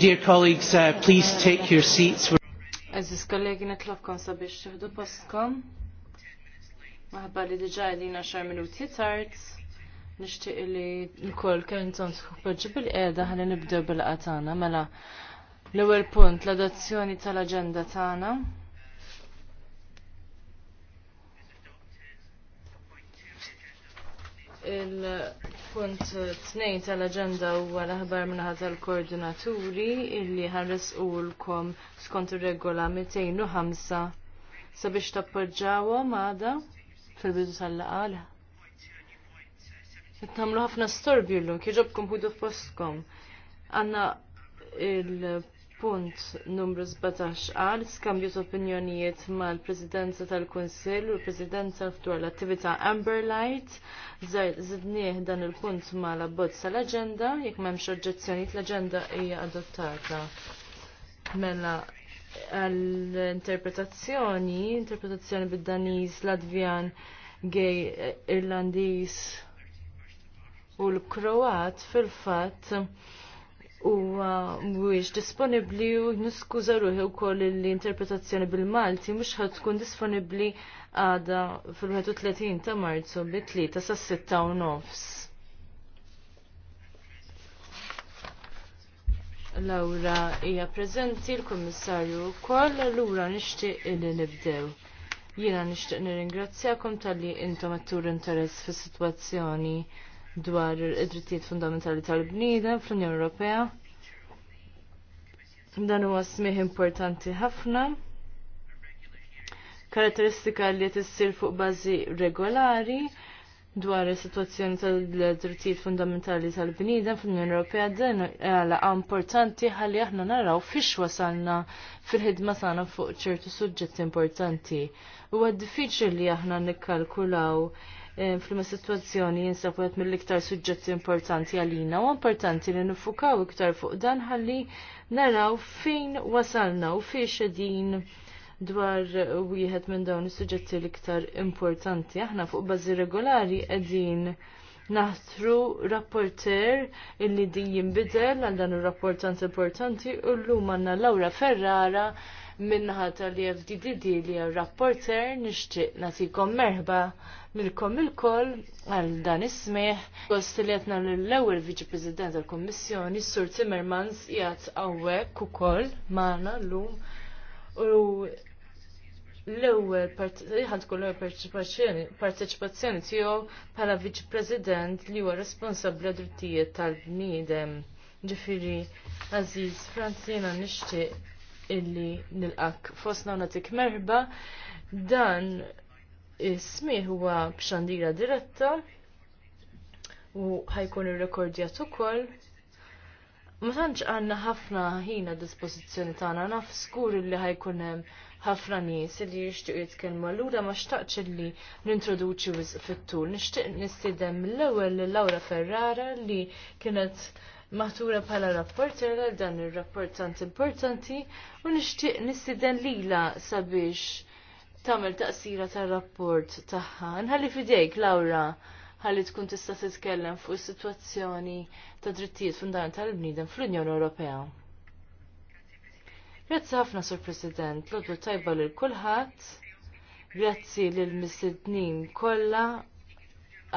Dear colleagues, uh, please take your seats. Aziz kollegi nitlobkom sabiex tieħdu postkom. Maħba li diġa għedina xar minuti tard. Nixtieq li l-koll kien tont ħubbaġi bil-qiegħda ħalli nibdew bil-qatana mela l-ewwel punt l-adozzjoni tal agenda tagħna. il Punt t tnejn tal-agenda u għal aħbar minnaħa tal-koordinaturi illi ħarres u ħarresqulkom skont ir-regola 205 sabiex tappoġġawhom maħda fil-bidu tal-laqal. Tamlu ħafna storbju l-lum, kieġobkom f-postkom. Għanna il- punt numru 17 għal skambju opinjonijiet mal-Presidenza tal-Kunsill u l-Presidenza f'dwar l-attività Amberlight. Zidnieh dan il-punt mal-abbozz l agenda jekk m'hemmx oġġezzjonijiet l-agenda hija adottata. Mela għall-interpretazzjoni, interpretazzjoni bid-Daniż, Latvjan, Gej, Irlandiż u l-Kroat fil-fatt u uh, mhuwiex disponibbli u niskuża ruħi wkoll l-interpretazzjoni bil-Malti mhux ħad tkun disponibbli għada fil-31 ta' Marzu bit-3 sa' 6 u nofs. Laura hija prezenti l-Kummissarju wkoll lura nixtieq li nibdew. Jiena nixtieq nirringrazzjakom tal-li intom għattur interess fis-sitwazzjoni dwar id-drittijiet fundamentali tal-bniedem fl-Unjoni Ewropea. Dan huwa smih importanti ħafna. Karatteristika li tissir fuq bażi regolari dwar is-sitwazzjoni tal-drittijiet fundamentali tal-bniedem fl-Unjoni Ewropea din għala importanti ħalli aħna naraw fiex wasalna fil-ħidma tagħna fuq ċertu suġġetti importanti. Huwa diffiċli li aħna nikkalkulaw Eh, fl-ma situazzjoni jinsabu għet mill-iktar suġġetti importanti għalina u importanti li nifukaw iktar fuq dan ħalli naraw fejn wasalna u fiex xedin dwar wieħed minn dawn is-suġġetti l-iktar importanti. Aħna fuq bażi regolari qegħdin naħtru rapporter illi di jimbidel għal dan il-rapportant importanti u l-lum għanna Laura Ferrara minnaħat tal-EFDDD li għal rapporter nishtiq natikom merħba milkom il-koll għal dan ismiħ. Gost li għetna l-ewel viċi prezident tal-Kommissjoni, Sur Timmermans, jgħat għawek u koll maħna l-lum. U l-ewel ħadkun l parteċipazzjoni tiegħu bħala viċi president li huwa responsabbli drittijiet tal-bniedem. Ġifieri Aziz Franzina nixtieq illi nil-ak fosna u nagħtik merba dan Ismi huwa b'xandira diretta u ħajkun ir-rekordjat ukoll. Ma tantx għandna ħafna ħin għad dispożizzjoni tagħna naf skur li ħajkun hemm ħafna nies li jixtiequ l allura ma xtaqx li nintroduċi wisq fit-tul. Nixtieq nistidem mill-ewwel lil Laura Ferrara li kienet maħtura bħala rapporter għal dan ir-rapport tant importanti u nixtieq nistieden lila sabiex tagħmel taqsira tar-rapport tagħha. Nħalli fidejk Laura ħalli tkun tista' titkellem fuq is-sitwazzjoni ta' drittijiet fundamentali tal-bniedem fl-Unjoni Ewropea. Grazzi ħafna Sur President, l tajba lil kulħadd. Grazzi lil mistednin kollha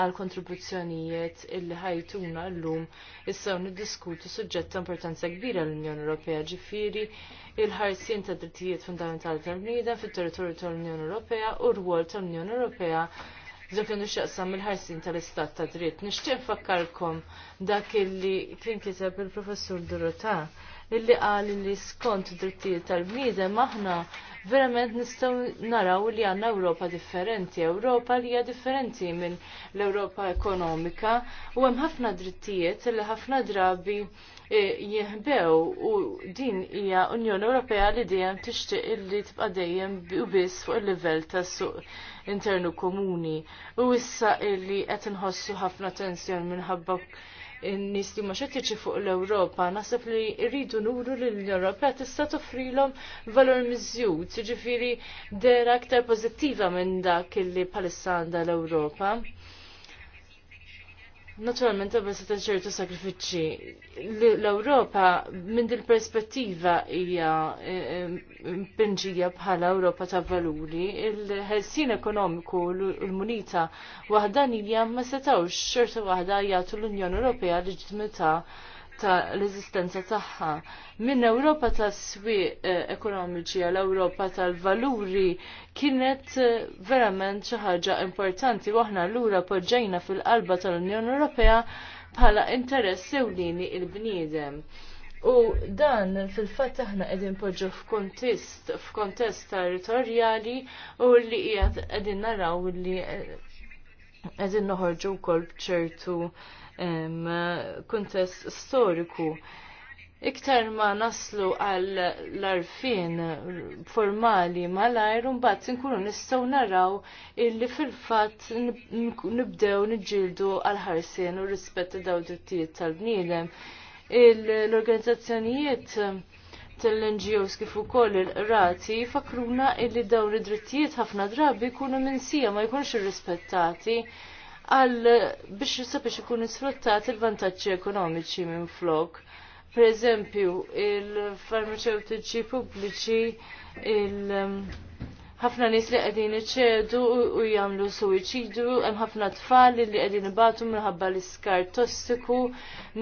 għal kontribuzzjonijiet illi ħajtuna l-lum niddiskutu suġġett ta' importanza kbira l-Unjoni Ewropea ġifiri il-ħarsien ta' drittijiet fundamentali tal-bniedem fit-territorju tal-Unjoni Ewropea u r-wol tal-Unjoni Ewropea Dak kienu xaqsam il-ħarsin tal-istat ta' dritt. Nixtieq nfakkarkom dak illi kien kiteb il-professur Durota illi qal li skont drittijiet tal-bniedem aħna verament nistgħu naraw li għandna Ewropa differenti, Ewropa li hija differenti minn l-Ewropa ekonomika u hemm ħafna drittijiet li ħafna drabi e, jihbew u din hija Unjoni Ewropea li dejjem tixtieq li tibqa' dejjem u biss fuq il-livell tas-suq internu komuni. U issa illi qed inħossu ħafna tensjon minħabba n-nies li ma fuq l-Ewropa, naħseb li rridu nuru li l europa tista' toffrilhom valor miżjud, jiġifieri dera aktar pożittiva minn dak li palissanda għandha l-Ewropa. Naturalment, għabel se ċertu sakrifiċi, L-Europa minn il perspettiva hija eh, eh, pinġija bħala Europa ta' valuri, il-ħelsin ekonomiku l-munita waħda nilja ma setawx ċertu waħda jgħatu l-Unjoni l leġitimità ta' l eżistenza tagħha. Minn Ewropa ta' swieq eh, ekonomiċi għal Ewropa tal-valuri kienet eh, verament xi ħaġa importanti u aħna lura poġġejna fil-qalba tal-Unjoni Ewropea bħala interess ewlieni il-bniedem. U dan fil-fatt aħna qegħdin poġġu f'kontest f'kontest territorjali u li qiegħed qegħdin naraw li eh, qegħdin noħorġu wkoll b'ċertu kuntest storiku. Iktar ma naslu għal l-arfin formali ma ajru mbagħad nkunu nistgħu naraw illi fil-fatt nibdew niġġieldu għal ħarsien u rispetta daw drittijiet tal-bniedem. L-organizzazzjonijiet tal-NGOs kif ukoll il-rati fakruna illi dawn id-drittijiet ħafna drabi jkunu minsija ma jkunx irrispettati. rispettati għal biex sabiex ikun sfruttat il-vantaġġi ekonomiċi minn flok. Per eżempju, il-farmaceutiċi pubbliċi, il-, -farmaceutici, ħafna nies li qegħdin iċedu u jagħmlu suwiċidu, hemm ħafna tfal li qegħdin ibatu minħabba l-iskar tossiku,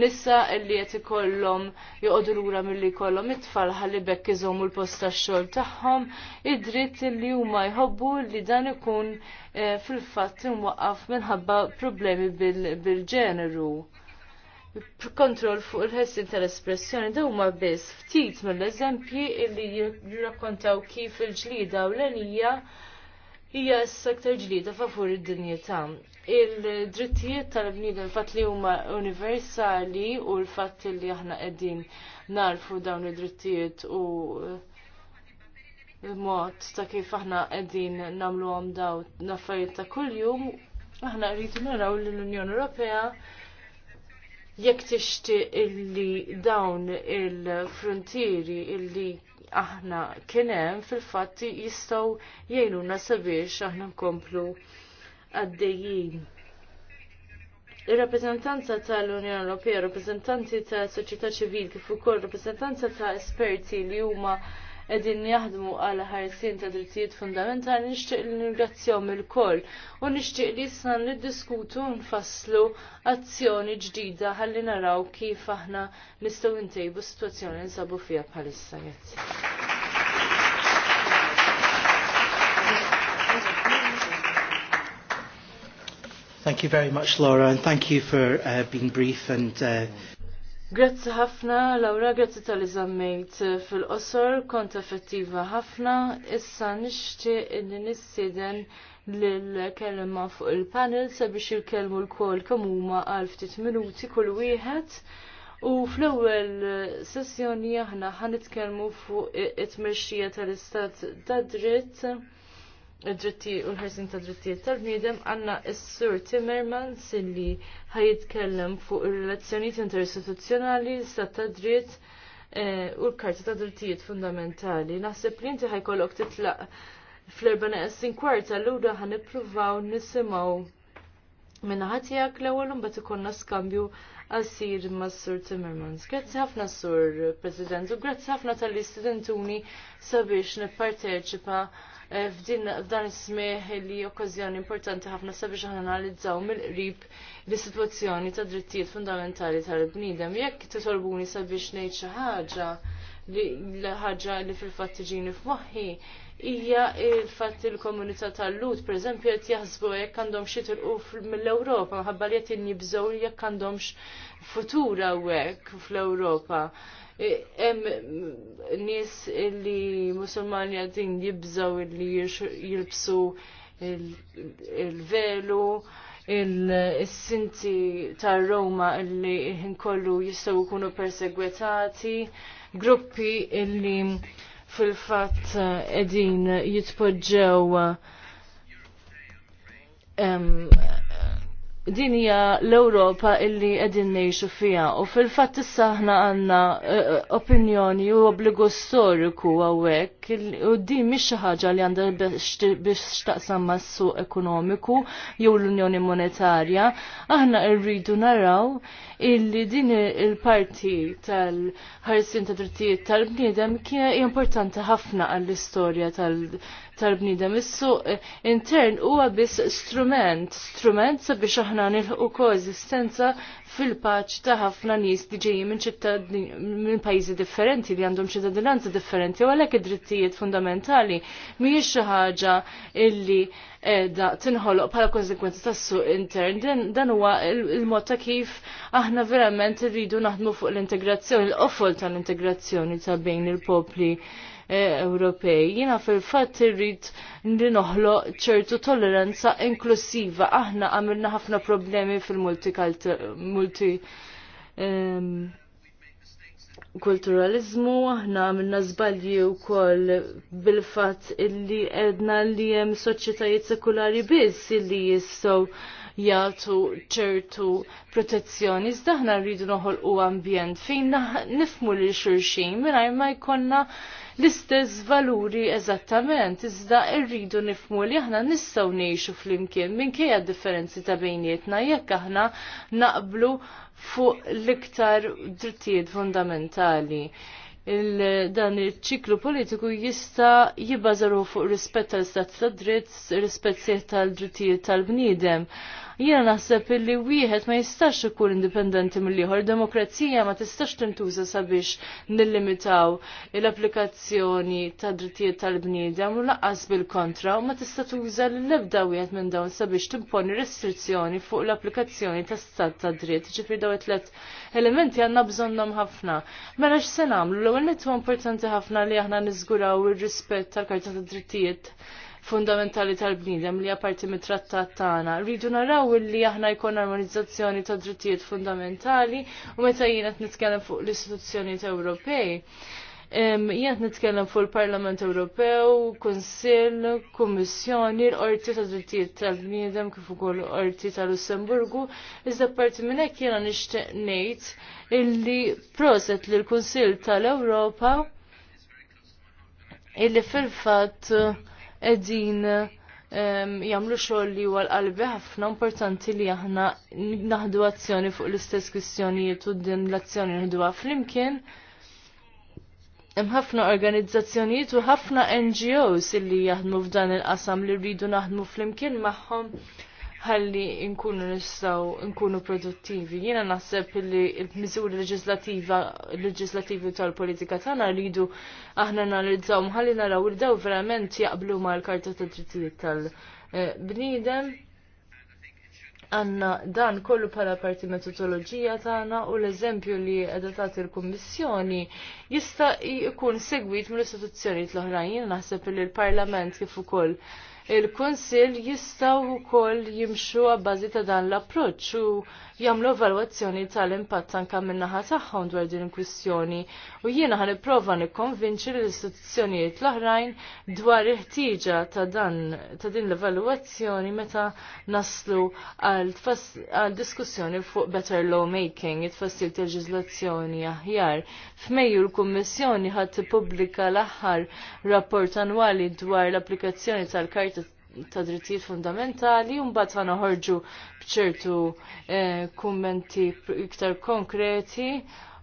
nisa li qed ikollhom joqogħdu lura milli jkollhom it-tfal ħalli bekk iżommu l-post tax-xogħol tagħhom, id-dritt li huma jħobbu li dan ikun eh, fil-fatt imwaqqaf minħabba problemi bil-ġeneru. Bil kontrol fuq il-ħessin tal-espressjoni da huma biss ftit mill-eżempji illi jirrakkontaw kif il-ġlida u l-enija hija s-sektar ġlida favur id-dinjità. Il-drittijiet tal-bniedem fatt li huma universali u l-fatt li aħna qegħdin narfu dawn id-drittijiet u l mod ta' kif aħna qegħdin nagħmluhom daw naffariet ta' kuljum, aħna rridu naraw l-Unjoni Ewropea jekk tixti illi dawn il-frontieri illi aħna kien hemm fil fatti jistgħu jgħinuna sabiex aħna nkomplu għaddejjin. Ir-rappreżentanza tal-Unjoni Ewropea, rappreżentanti ta' soċjetà ċivil kif ukoll rappreżentanza ta' esperti li huma edin jaħdmu għal ħarsin ta' drittijiet fundamentali nixtieq li nirgrazzjahom il-koll u nixtieq li issa niddiskutu nfasslu azzjoni ġdida ħalli naraw kif aħna nistgħu ntejbu s-sitwazzjoni li nsabu fiha bħalissa. Thank you very much, Laura, and thank you for uh, being brief and. Uh... Grazzi ħafna, Laura, grazzi tal iżammejt fil-qosor, kont effettiva ħafna, issa nishti inni nissiden l-kelma fuq il-panel sabiex il-kelmu l-kol kamuma għal ftit minuti kull wieħed. U fl-ewwel sessjoni aħna ħanitkellmu fuq it-tmexxija tal-istat tad dritt id-dritti u l-ħarsin ta' drittijiet tal-bniedem għanna s-sur Timmerman silli ħajitkellem fuq il-relazzjoniet interistituzzjonali sa' ta' dritt eh, u l-karta ta' drittijiet fundamentali. Naħseb li inti ħajkollok titlaq fl-erba neqsin kwarta l-ura ħan ippruvaw nisimaw minna ħatijak l-ewel un bat ikonna skambju għasir ma' s-sur Timmermans. Grazzi ħafna s-sur President u grazzi ħafna tal istudentuni sabiex nipparteċipa Eh, f'dan ismeħ li okkażjoni importanti ħafna sabiex aħna analizzaw mill-qrib l-sitwazzjoni ta' drittijiet fundamentali tal-bniedem. Jekk titolbuni sabiex ngħid xi ħaġa li ħaġa li fil-fatt tiġini f'moħħi hija il-fatt il-komunità tal-lut, pereżempju qed jaħsbu jekk għandhom xi tilqu mill-Ewropa, minħabba li qed jinjibżgħu jekk għandhomx futura hekk fl-Ewropa hemm e, nies li musulmani għadin jibżaw li jilbsu il-velu il-sinti ta' Roma illi ħin kollu jistaw kunu persegwetati, gruppi illi fil-fat edin jitpoġġew din hija l-Ewropa illi qegħdin ngħixu fiha u fil-fatt issa aħna għandna eh, eh, opinjoni u obbligu storiku hawnhekk u din mhix xi ħaġa li għandha biex taqsam mas-suq ekonomiku jew l-Unjoni Monetarja. Aħna rridu naraw illi din il-parti tal-ħarsin ta' drittijiet tal-bniedem kien importanti ħafna għall-istorja tal-Unjoni tal-bnidem. Is-suq eh, intern huwa biss strument, strument sabiex aħna nilħu koeżistenza fil-paċ ta' ħafna nies li ġejjin minn minn pajjiżi differenti li għandhom ċittadinanza differenti u għalhekk id-drittijiet fundamentali mhijiex xi ħaġa illi edha tinħoloq bħala konsekwenza tas-suq intern. Dan huwa il-mod ta' kif aħna verament irridu naħdmu fuq l-integrazzjoni, l-qofol tal-integrazzjoni ta' bejn il-popli Ewropej. Jiena fil-fatt irrid li ċertu tolleranza inklusiva. Aħna għamilna ħafna problemi fil-multikulturalizmu, ehm, um, aħna għamilna żbalji wkoll bil-fatt illi edna li hemm soċjetajiet sekulari biss illi jistgħu jgħatu ċertu protezzjoni. Iżda rridu rridu noħolqu ambjent fejn nifmu li xurxin mingħajr ma jkollna l-istess valuri eżattament, iżda rridu nifmu li aħna nistgħu ngħixu flimkien minkejja differenzi ta' bejnietna jekk aħna naqblu fuq l-iktar drittijiet fundamentali dan il-ċiklu politiku jista jibbażaru fuq rispett tal-istat tad dritt, rispett tal-drittijiet tal-bniedem. Jiena naħseb illi wieħed ma jistax ikun indipendenti mill-ieħor. Demokrazija ma tistax tintuża sabiex nillimitaw l-applikazzjoni ta' drittijiet tal-bniedem u laqqas bil-kontra u ma tista' tuża l-ebda wieħed minn dawn sabiex timponi restrizzjoni fuq l-applikazzjoni ta' stat ta' dritt. Ġifier daw tliet elementi għandna bżonnhom ħafna. Mela x'se nagħmlu l-ewwel nittu importanti ħafna li aħna niżguraw ir-rispett tal-Karta ta' Drittijiet fundamentali tal bnidem li apparti mit-trattat tagħna. Rridu naraw li aħna jkun armonizzazzjoni ta' drittijiet fundamentali u meta jien nitkellem fuq l-istituzzjonijiet Ewropej. Jgħat nitkellem fuq il-Parlament Ewropew, Kunsill, Kummissjoni, l-Orti ta' Drittijiet tal-Bniedem kif ukoll l-Orti ta' Lussemburgu, iżda parti minn hekk jiena nixtieq ngħid illi proset lill kunsill tal-Ewropa illi fil-fatt edin jamlu xoll li huwa l-qalbi ħafna importanti li aħna naħdu azzjoni fuq l-istess kwistjonijiet u din l-azzjoni nħduha flimkien. Hemm ħafna organizzazzjonijiet u ħafna NGOs illi jaħdmu f'dan il-qasam li rridu naħdmu flimkien magħhom ħalli nkunu nistaw nkunu produttivi. Jiena naħseb li l-miżuri leġislativa leġislativi tal-politika tagħna rridu aħna analizzawhom ħalli naraw il daw verament jaqblu mal-karta ta' drittijiet tal-bniedem. Għanna dan kollu pala parti metodoloġija tagħna u l-eżempju li qiegħda tagħti l-Kummissjoni jista' jkun segwit mill-istituzzjonijiet l-oħrajn. naħseb li l-Parlament kif ukoll il-Kunsill u wkoll jimxu għabbażi ta' dan l-approċċ u jagħmlu evalwazzjoni tal-impatt anka min-naħa tagħhom dwar din il-kwistjoni u jiena ħan nipprova nikkonvinċi l-istituzzjonijiet l-oħrajn dwar il ta' ta' din l-evalwazzjoni meta naslu għal diskussjoni fuq better lawmaking, it-fassil leġiżlazzjoni aħjar. F'Mejju l-Kummissjoni ħadd tippubblika l-aħħar rapport annwali dwar l-applikazzjoni tal-Karta ta' drittijiet fundamentali un mbagħad għana ħorġu bċertu eh, kummenti iktar konkreti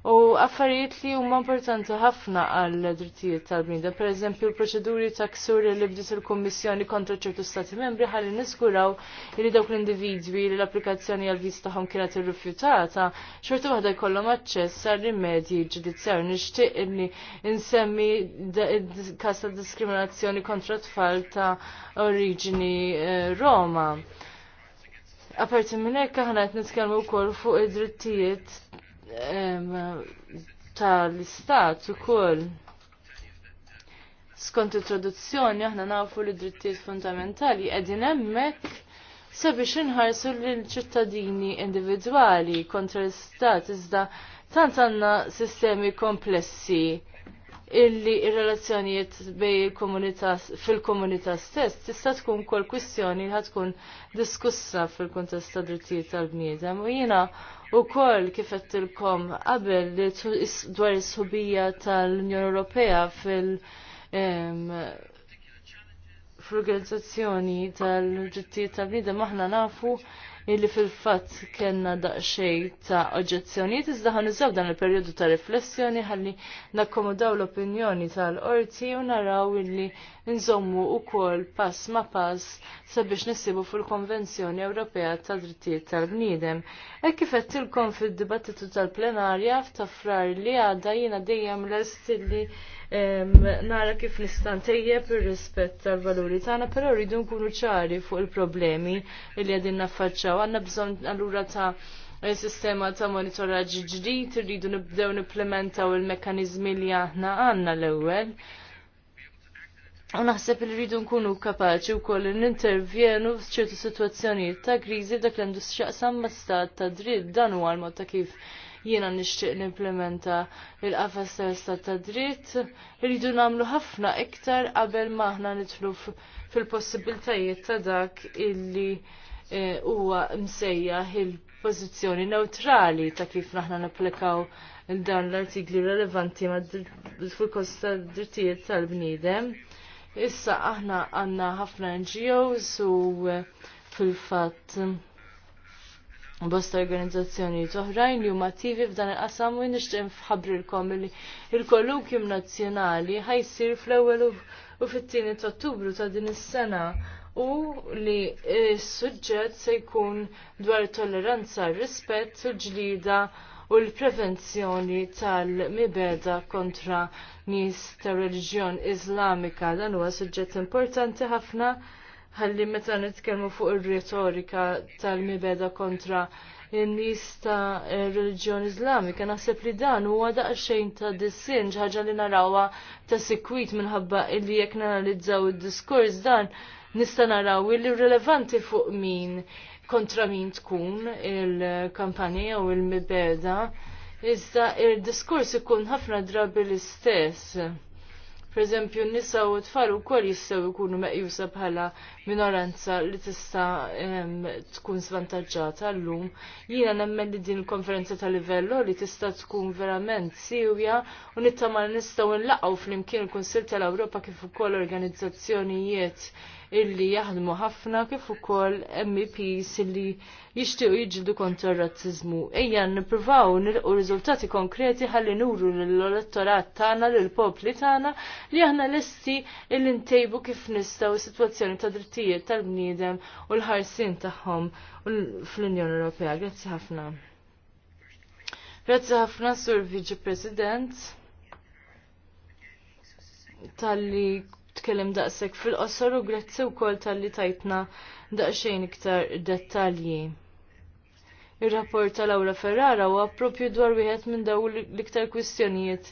u affarijiet li huma importanti ħafna għal drittijiet tal per Pereżempju l-proċeduri ta' ksur li bdis il-Kummissjoni kontra ċertu Stati membri ħalli niskuraw li dawk l-individwi li l-applikazzjoni għal viz tagħhom kienet irrifjutata, xorta waħda jkollhom aċċess għal rimedji ġudizzjar nixtieq li insemmi każ ta' diskriminazzjoni kontra tfal ta' oriġini eh, Roma. Aparti minn hekk aħna qed nitkellmu wkoll fuq id-drittijiet tal-istat ukoll. Skont it-traduzzjoni aħna nafu li drittijiet fundamentali qegħdin hemmhekk sabiex inħarsu lill-ċittadini individwali kontra l-istat iżda tant għandna sistemi komplessi illi il relazzjonijiet bej komunità fil-komunità stess tista' tkun kol kwistjoni li ħatkun diskussa fil-kuntest ta' drittijiet tal-bniedem u jiena wkoll kif qedtilkom qabel li dwar is-subija tal-Unjoni Ewropea fil- fl-organizzazzjoni tal-ġittijiet tal-bniedem aħna nafu illi fil-fatt kellna daqsxejn ta' oġġezzjonijiet iżda ħan dan il periodu ta' riflessjoni ħalli nakkomodaw l-opinjoni tal-qorti u naraw illi nżommu wkoll pass ma pass sabiex nisibu fil-Konvenzjoni Ewropea ta' Drittijiet tal-Bniedem. Hekk kif il-kon fid-dibattitu tal-plenarja f'tafrar li għadha jiena dejjem l li nara kif nistan tejjeb ir-rispett tal-valuri tagħna, però rridu nkunu ċari fuq il-problemi li qegħdin naffaċċaw. Għanna bżonn allura ta' il-sistema ta' monitoraġġ ġdid irridu nibdew nipplementaw il-mekkaniżmi li aħna għandna l-ewwel U naħseb li rridu nkunu kapaċi u koll n-intervjenu f'ċertu sitwazzjonijiet ta' kriżi dak li għandu xjaqsam ma' stat ta' dritt dan huwa l-mod ta' kif jiena nixtieq nimplementa il-qafas tal-istat ta' dritt. Rridu nagħmlu ħafna iktar qabel ma aħna nidħlu fil-possibiltajiet ta' dak illi eh, huwa msejjaħ il-pożizzjoni neutrali ta' kif naħna napplikaw dan l-artikli relevanti ma' fil-kosta drittijiet tal-bniedem. Issa aħna għanna ħafna NGOs u eh, fil-fat bosta organizzazzjoni toħrajn li huma attivi f'dan il-qasam u nixtieq nfħabbrilkom li l kolokjum nazzjonali ħajsir fl-ewwel u fit-tieni ta' Ottubru ta' din is-sena u li s-suġġett se jkun dwar r rispett u ġlida u l-prevenzjoni tal-mibeda kontra nies ta' reliġjon Iżlamika. Dan huwa suġġett importanti ħafna ħalli meta nitkellmu fuq ir-retorika tal-mibeda kontra n-nis ta' reġjon Islamika naħseb li dan huwa daqsxejn ta' dissin ħaġa li narawha ta' sikwit minħabba illi jekk nanalizzaw id-diskors dan nista' naraw li rilevanti fuq min kontra min tkun il-kampanja u il-mibeda. Iżda il-diskors ikun ħafna drabi l-istess. Per eżempju, nisa u tfal u kol jistaw ikunu meqjusa bħala minoranza li tista tkun svantagġata l-lum. Jina nemmen li din konferenza ta' livello li tista tkun verament siwja u nittama nistaw nlaqaw fl-imkien il-Konsil tal-Europa kif ukoll organizzazzjonijiet illi jaħdmu ħafna kif ukoll MEPs illi jixtiequ jiġdu kontra r-razziżmu. Ejja nippruvaw nilqu riżultati konkreti ħalli nuru lill-elettorat tagħna lill-popli tagħna li aħna lesti illi ntejbu kif nistgħu is-sitwazzjoni ta' drittijiet tal-bniedem u l-ħarsin tagħhom fl-Unjoni Ewropea. Grazzi ħafna. Grazzi ħafna, Sur Viċi President tal-li tkellim daqshekk fil-qosor u grazzi wkoll tal-li tajtna daqsxejn iktar dettalji. Ir-rapport ta' awra Ferrara huwa proprju dwar wieħed minn daw l-iktar kwistjonijiet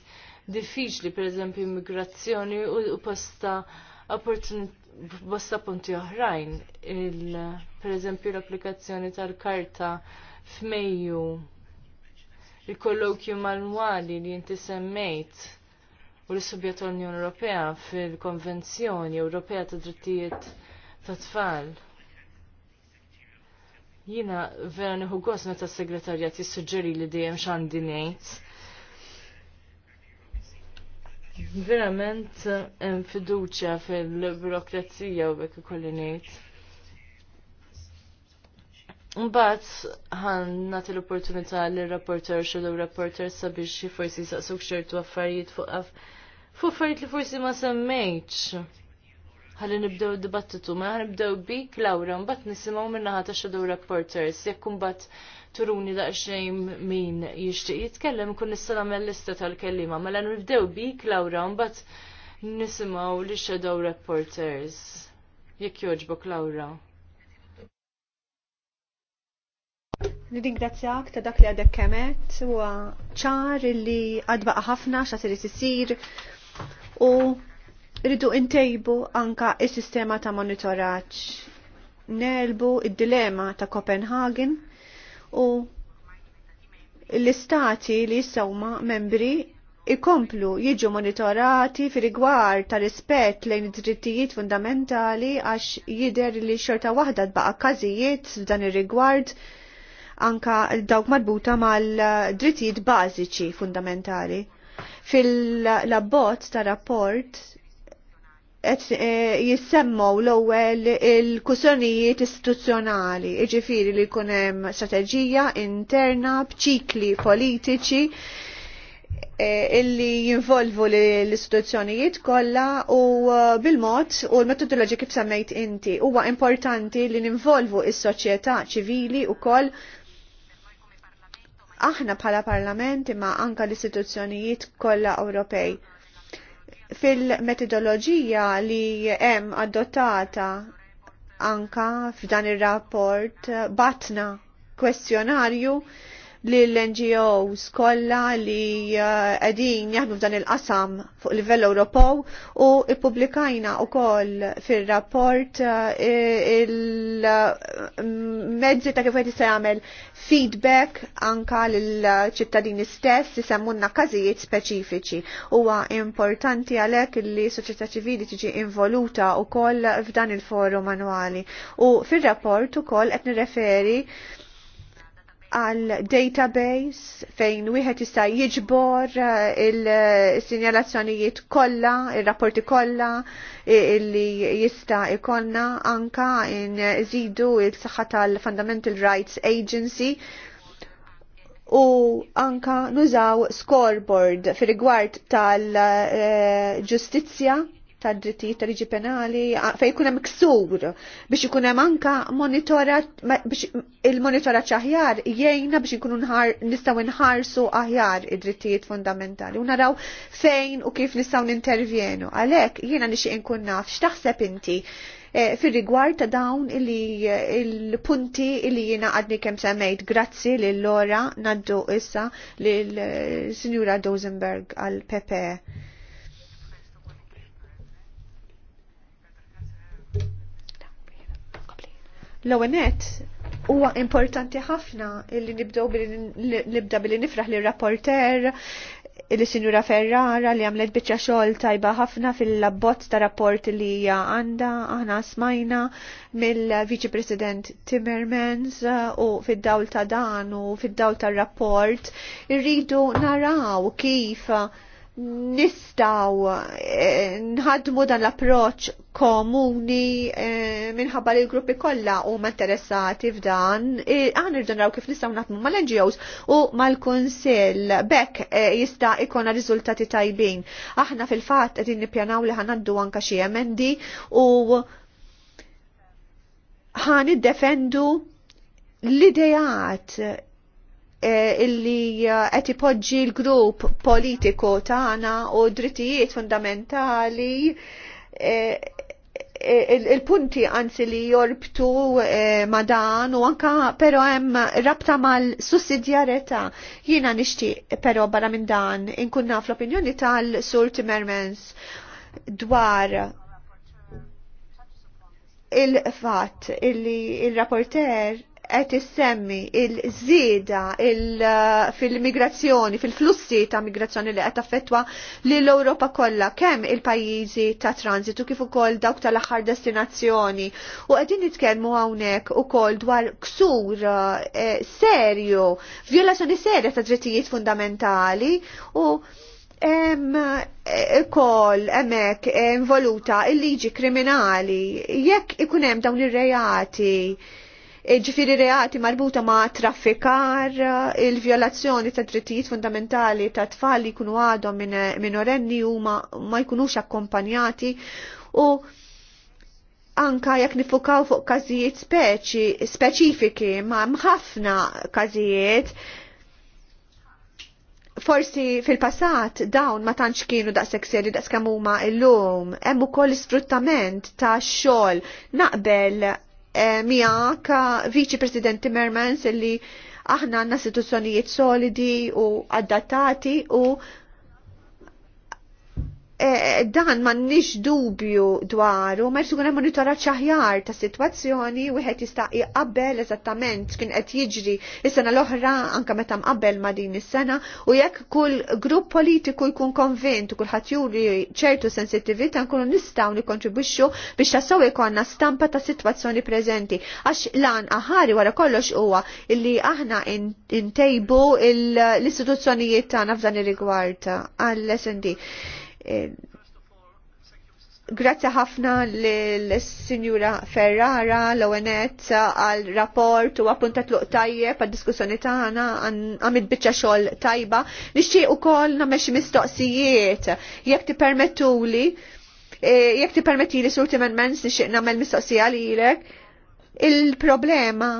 diffiċli, pereżempju immigrazzjoni u posta bosta punti oħrajn, pereżempju l-applikazzjoni tal-karta f'Mejju il-kollokju manwali li inti semmejt u l-subjet tal-Unjoni Ewropea fil-Konvenzjoni Ewropea ta' Drittijiet ta' Tfal. Jina vera nieħu gost meta s-segretarjat jissuġġeri li dejjem x'għandi ngħid. Verament hemm fiduċja fil-burokrazija u bekk ikolli ngħid. Mbagħad ħan nagħti l-opportunità lir rapporter xogħol rapporter sabiex forsi jsaqsuk xertu affarijiet fuq Fu li forsi ma semmejtx. Ħalli nibdew dibattitu, ma nibdew bik Laura, mbagħad nisimgħu minna ta' Shadow Reporters, jekk mbagħad turuni daqsxejn min jixtieq jitkellem, kun nista' nagħmel lista tal-kellima, mela nibdew bik Laura, mbagħad nisimgħu li xadu Reporters. Jekk jogħġbok Lawra. Nidingrazzjak ta' dak li għadek kemet u ċar li għadbaqa ħafna xa' siri sisir u rridu intejbu anka is-sistema ta' monitoraġġ. Nelbu id-dilema ta' Copenhagen u l-istati li jissawma membri ikomplu jiġu monitorati fi rigwar ta' rispett lejn id-drittijiet fundamentali għax jider li xorta waħda tbaqa każijiet f'dan ir-rigward anka dawk marbuta mal-drittijiet bażiċi fundamentali. Fil-labbot ta' rapport e, jissemmaw l-ewwel il kusonijiet istituzzjonali, iġifiri li jkun hemm strateġija interna b'ċikli politiċi e, illi jinvolvu l-istituzzjonijiet kollha u e, bil-mod u l-metodoloġi kif semmejt inti huwa importanti li ninvolvu is-soċjetà ċivili wkoll aħna bħala parlament imma anka l-istituzzjonijiet kollha Ewropej. Fil-metodoloġija li hemm adottata anka f'dan ir-rapport batna kwestjonarju l-NGOs kollha li uh, qegħdin jahdu f'dan il-qasam fuq livell Ewropew u ippubblikajna wkoll fir-rapport uh, il-mezzi ta' kif qed jista' jagħmel feedback anka lill-ċittadini stess isemmunna każijiet speċifiċi. Huwa importanti għalhekk li soċjetà ċivili tiġi involuta wkoll f'dan il-forum annwali. U fir-rapport ukoll qed nirreferi għal database fejn wieħed jista' jiġbor eh, il-sinjalazzjonijiet kollha, ir-rapporti kollha eh, illi jista' ikollna anka nżidu il-saħħa tal-Fundamental Rights Agency u anka nużaw scoreboard fir rigward tal-ġustizzja eh, tad-drittijiet tal-liġi penali fejn ikun hemm ksur biex ikun hemm monitorat biex il-monitoraġġ aħjar jgħinna biex nħar, nistgħu nħarsu aħjar id-drittijiet fundamentali u naraw fejn u kif nistgħu nintervjenu. Għalhekk jiena nixtieq inkun naf x'taħseb inti eh, fir rigward ta' dawn li eh, il-punti li jina għadni kem semmejt grazzi l-lora naddu issa l-Sinjura eh, Dozenberg għal Pepe. L-ONET huwa importanti ħafna li nibdew nibda billi nifraħ li rapporter li sinjura Ferrara li għamlet bieċa xogħol tajba ħafna fil-labbozz ta' rapport li hija għandha aħna smajna mill-Viċi President Timmermans uh, u fid-dawl ta' dan u fid-dawl tar-rapport irridu naraw kif nistaw eh, nħadmu dan l-approċ komuni eh, minħabba li l-gruppi kollha u interessati f'dan, għan eh, irdu naraw kif nistaw naħdmu mal-NGOs u mal-Kunsill bekk jista' ikona riżultati tajbin. Aħna fil-fatt qegħdin nippjanaw li ħanaddu anke xi emendi u ħan id-defendu l-idejat Eh, illi eh, qed ipoġġi l-grupp politiku tagħna u drittijiet fundamentali eh, il-punti anzi li jorbtu ma dan u anka però hemm rabta mal-sussidjarjetà. Jiena nishti però barra minn dan inkun naf l-opinjoni tal-Sur Timmermans dwar il-fatt illi il-rapporter qed issemmi il-żieda eh, fil-migrazzjoni, fil-flussi ta' migrazzjoni li qed affettwa lil Ewropa kollha kemm il-pajjiżi ta' transitu kif ukoll dawk tal-aħħar destinazzjoni. U qegħdin nitkellmu hawnhekk ukoll dwar ksur eh, serju, vjolazzjoni serja ta' drittijiet fundamentali u Em, eh, kol, emek, involuta il-liġi kriminali, jekk ikunem dawn ir-rejati, ġifiri reati marbuta ma' traffikar, il-violazzjoni ta' drittijiet fundamentali ta' tfal li jkunu għadhom minorenni u ma' jkunux akkompanjati u anka jekk nifukaw fuq każijiet speċi, speċifiki ma' mħafna każijiet forsi fil-passat dawn ma tantx kienu daqshekk seksjeri daqs kemm huma illum hemm ukoll sfruttament ta' xogħol naqbel Eh, ka Viċi President Timmermans li aħna għanna situazzjonijiet solidi u adattati u Eh, eh, dan ma nix dubju dwaru, ma jkun monitora ċaħjar aħjar ta' sitwazzjoni wieħed jista' iqabbel eżattament kien qed jiġri is-sena l-oħra anke meta mqabbel ma' din is-sena u jekk kull grupp politiku jkun konvent u kulħadd juri ċertu sensitivita nkunu nistgħu nikkontribwixxu biex tassew ikollna stampa ta' sitwazzjoni preżenti għax lan aħari wara kollox huwa illi aħna intejbu l-istituzzjonijiet tagħna f'dan ir-rigward għall-SND. Eh, grazzi ħafna l-Sinjura Ferrara l-ONET għal rapport u appunta luq tajjeb għad diskussjoni tagħna għamid biċċa xogħol tajba. Nixtieq ukoll nagħmel xi mistoqsijiet jekk tippermettuli eh, jekk li sur timmerments nixtieq nagħmel mistoqsija lilek. Il-problema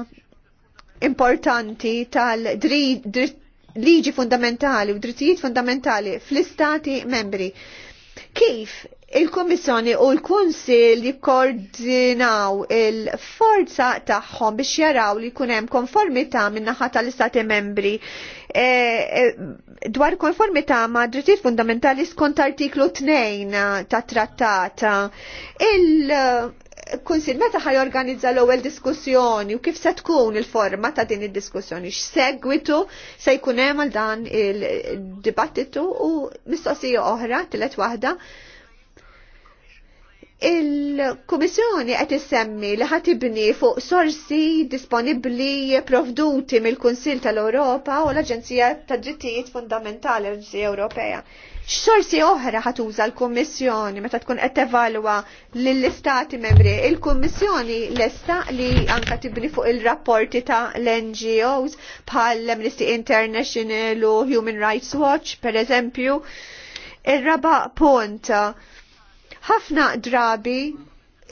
importanti tal-dritt liġi fundamentali u drittijiet fundamentali fl-istati membri. Kif il komissjoni u l-Kunsil jikkoordinaw il-forza tagħhom biex jaraw li jkun hemm konformità min-naħa tal-Istati membri e, e, dwar konformità ma' drittijiet fundamentali skont artiklu 2 ta' trattata. Il- kunsil meta ħaj organizza l-ewwel diskussjoni u kif se tkun il-forma ta' din id-diskussjoni x'segwitu se jkun hemm għal dan il-dibattitu u mistoqsija oħra tilet waħda Il-Kummissjoni qed issemmi li ħatibni fuq sorsi disponibbli provduti mill-Kunsill tal-Ewropa u l-Aġenzija tad-Drittijiet Fundamentali l-Aġenzija Ewropea. X'sorsi oħra ħatuża l-Kummissjoni meta tkun qed tevalwa lill-Istati membri. Il-Kummissjoni lesta li anka tibni fuq il-rapporti ta' l-NGOs bħal Amnesty International u Human Rights Watch, per eżempju. Il-raba punt Ħafna drabi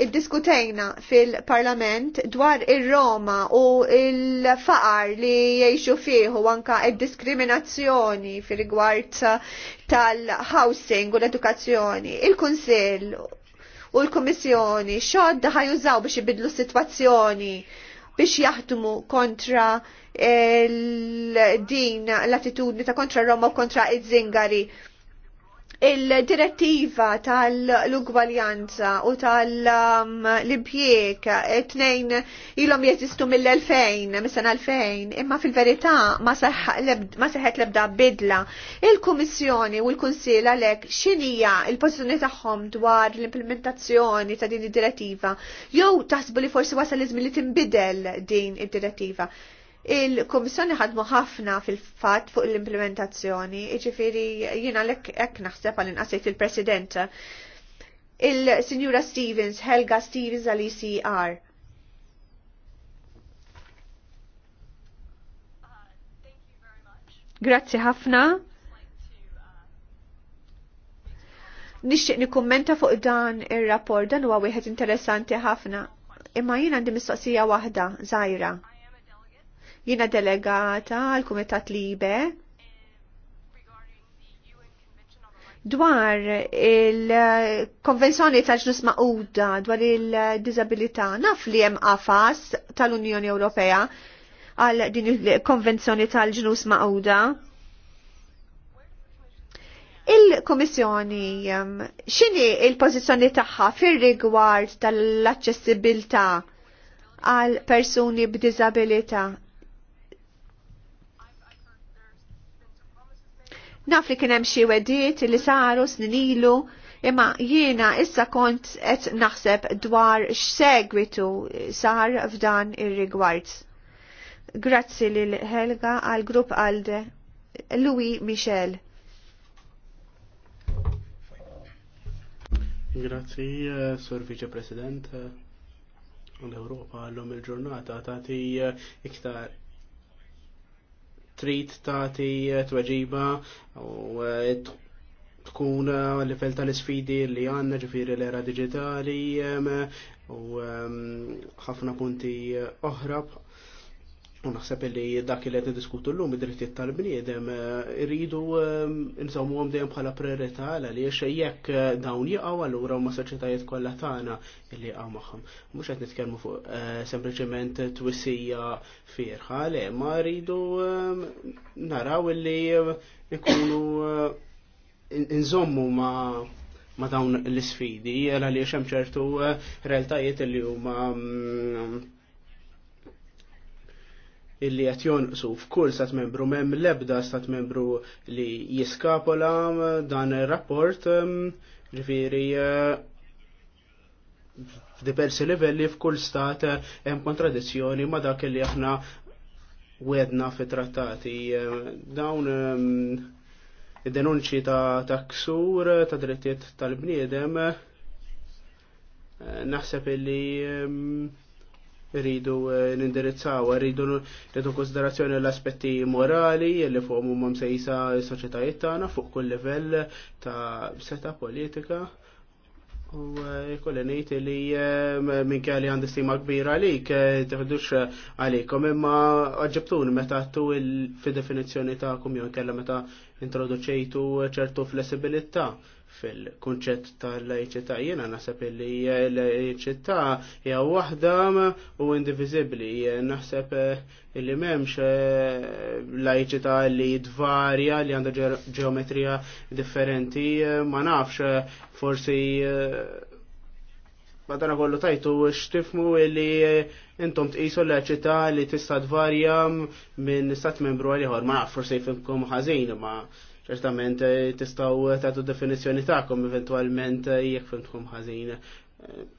iddiskutejna fil-parlament dwar ir-Roma u il-faqar li jiexu fiħu anka il diskriminazzjoni fil-rigward tal-housing u l-edukazzjoni. Il-Kunsill u l-Komissjoni xodda ħajużaw biex ibidlu situazzjoni biex jaħdmu kontra din l-attitudni ta' kontra Roma u kontra il zingari il-direttiva tal-ugwaljanza u tal t tnejn ilhom jesistu mill-2000, mis-sena 2000, imma fil-verità ma seħet lebda bidla. Il-Kummissjoni u l konsil għalhekk x'inhija l-pożizzjoni tagħhom dwar l-implementazzjoni ta' din id-direttiva jew taħsbu li forsi wasal li tinbidel din id-direttiva. Il-Komissjoni ħadmu ħafna fil-fat fuq l-implementazzjoni, iġifiri jina l-ek naħseb għal-inqasajt il-President. Il-Signora Stevens, Helga Stevens għal-ECR. Grazzi ħafna. Nixtieq nikkummenta fuq dan ir-rapport dan huwa wieħed interessanti ħafna. Imma jien għandi mistoqsija waħda żgħira. Jina delegata għal Kumitat Libe dwar il-konvenzjoni tal-ġnus maquda dwar il-disabilità naf li hemm afas tal-Unjoni Ewropea għal din il-konvenzjoni tal-ġnus maquda. Il-Komissjoni ehm, x'inhi il-pożizzjoni tagħha fir-rigward tal-aċċessibilità għal persuni b'diżabilità Naf li kienem xie weddiet li saru sninilu, imma jiena issa kont qed naħseb dwar x'segwitu sar f'dan ir-rigward. Grazzi lil Helga għal grupp Alde, Louis Michel. Grazzi, Sur Vice President. L-Europa l-lum il-ġurnata tagħti iktar trid tagħti eh, tweġiba u eh, tkun eh, livell tal-isfidi li għandna ġifieri l-era diġitali u ehm, ħafna punti oħra U naħseb li dak li qed diskutu llum id-drittijiet tal-bniedem eh, irridu eh, nżommu għom dejjem bħala priorità għaliex jekk eh, dawn jaqgħu allura huma soċjetajiet kollha tagħna li jaqgħu magħhom. Mhux qed nitkellmu fuq sempliċement twissija fierħa, li ma rridu naraw li ikunu nżommu ma' ma dawn l-sfidi, għaliex hemm ċertu realtajiet li huma mm, illi qed jonqsu f'kull stat membru m'hemm l-ebda stat membru li jiskapola um, dan ir-rapport um, ġifieri uh, f'diversi livelli f'kull stat uh, hemm kontradizzjoni ma dak li aħna wedna fit-trattati. Uh, dawn um, id-denunċi ta' taksur ta' drittijiet tal-bniedem naħseb illi rridu eh, nindirizzaw, rridu rridu konsiderazzjoni l-aspetti morali li u mam msejsa s-soċetajiet tagħna fuq kull livell ta' seta politika. U eh, kolli nejt li eh, minn kelli għandi stima kbira għalik, teħdux għalikom, imma għagġibtun meta tu fi definizjoni ta' kumjon kella meta introduċejtu ċertu flessibilità fil-kunċett tal-laiċità. Jena naħseb li l hija waħda u indivizibbli. Naħseb eh, eh, li m'hemmx laiċità li dvarja li għandha ġeometrija differenti. Ma nafx eh, forsi Madana kollu tajtu xtifmu li intom tqisu l ċita li tista' dvarja minn stat membru għal ieħor. Ma naf forsi jfimkom ħażin ma' ċertament eh, tistaw tagħtu definizzjoni tagħkom eventwalment eh, jekk fimtkom ħażin. Eh,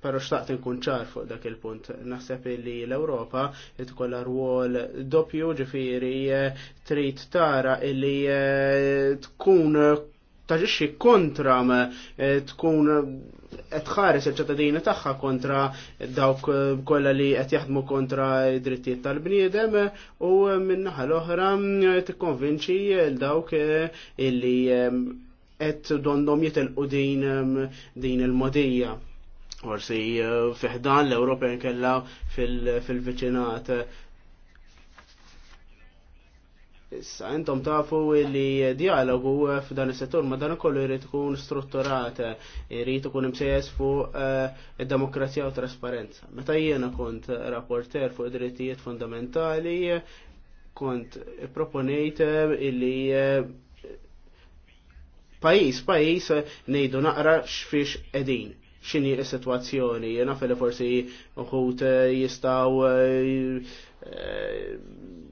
Pero xtaqt nkun ċar fuq dak il-punt. Naħseb li l-Ewropa tkollha rwol doppju ġifieri trid tara illi tkun taġixxi kontra tkun qed il-ċittadini tagħha kontra dawk eh, kollha li qed jaħdmu kontra id-drittijiet tal-bniedem u minnaħa l-oħra tikkonvinċi mm, l dawk eh, illi eh, qed dondom jitilqu din din il-modija. Forsi fiħdan l-Ewropa kella fil-viċinat. fil viċinat fil Issa, intom tafu li dialogu f'dan is-settur ma dan ukoll irid ikun strutturat, irid ikun imsejjes fuq eh, id-demokrazija u trasparenza. Meta jiena kont rapporter fuq id-drittijiet fundamentali, kont proponejt illi eh, pajis, pajis nejdu naqra x'fiex edin X'inhi s sitwazzjoni jiena fil forsi uħut eh, jistaw Eh,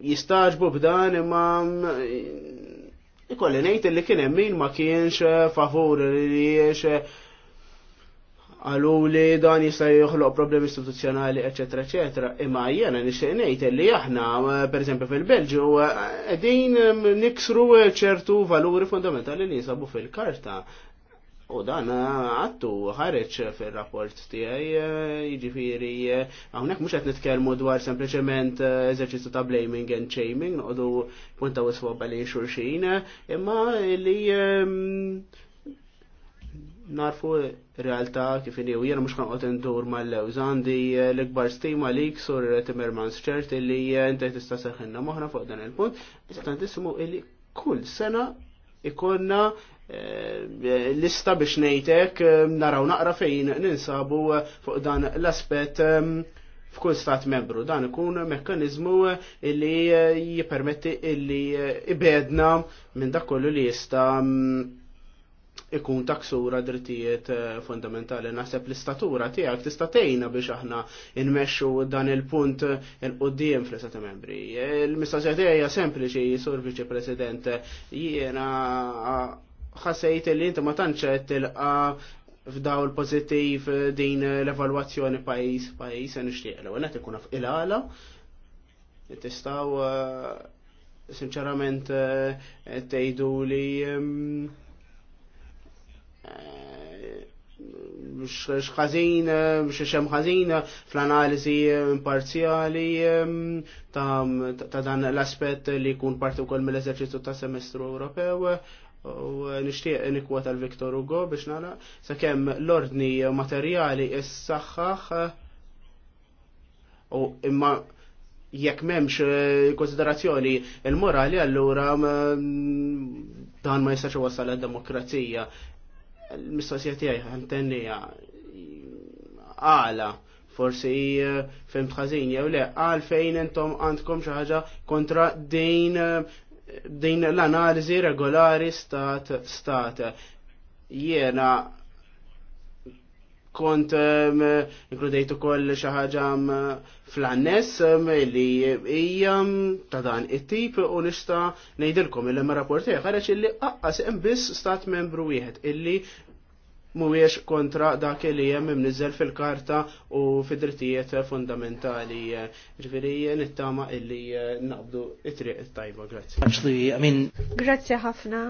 jistaġbu b'dan imma eh, ikolli ngħid li kien hemm min ma kienx eh, favur li għalu li dan jista' joħloq problemi istituzzjonali ecc. eċetera. Imma jena nixtieq ngħid li aħna pereżempju fil-Belġju qegħdin mm, niksru ċertu valuri fundamentali li jinsabu fil-karta. U dan eh, għattu ħareċ fil-rapport tijaj, eh, iġifiri, eh, għawnek mux għet nitkelmu dwar sempliciment eżerċizzu ta' blaming and shaming, du punta u swabba li xurxin, imma li narfu realtà kif inhi u jiena mhux għotin dur mal l għandi l-ikbar stima lik sur Timmermans ċert li jente tista' seħinna maħna fuq dan il-punt, iżda tisimu illi kull sena ikonna Eh, lista biex nejtek eh, naraw naqra fejn ninsabu eh, fuq dan l-aspet f'kull stat membru. Dan ikun mekkanizmu illi jipermetti illi ibedna minn dak kollu li jista mm, ikun taksura drittijiet fundamentali. Naħseb l-istatura tiegħek tista' tgħinna biex aħna nmexxu dan il-punt il-qudiem fl istat Membri. Il-mistoqsija tijak hija sempliċi, Sur Viċi President, jiena ħasejt li inti ma tantx qed f'daw f'dawl pozittiv din l-evalwazzjoni pajjiż pajis għan nixtieq l għanet ikuna il-għala eh, sinċerament eh, tejdu li mm, eh, xħazin, xħem ħazin fl-analizi imparzjali mm, ta' dan l-aspet li kun parti kol mill eżerċitu ta' semestru Ewropew u nishtiq nikwota l-Viktor Hugo biex nara sakemm l-ordni materjali s-saxħax u imma jekk memx eh, konsiderazzjoni il-morali allura mm, dan ma jistax wassal għad-demokrazija. L-mistoqsija tiegħi ħantennija għala forsi eh, fim tħażin jew le għal fejn intom għandkom xi ħaġa kontra din eh, din l-analiżi regolari stat stat. Jiena kont inkludejt ukoll xi ħaġa fl-annes li hija ta' dan it-tip u nista' ngħidilkom il-lemma rapport tiegħek illi aqqas hemm biss stat membru wieħed illi mhuwiex kontra dak li hemm imniżel fil-karta u fid-drittijiet fundamentali. Ġviri, nittama illi eh, naqbdu it-triq it-tajba, grazzi. Actually, I mean Grazzi ħafna.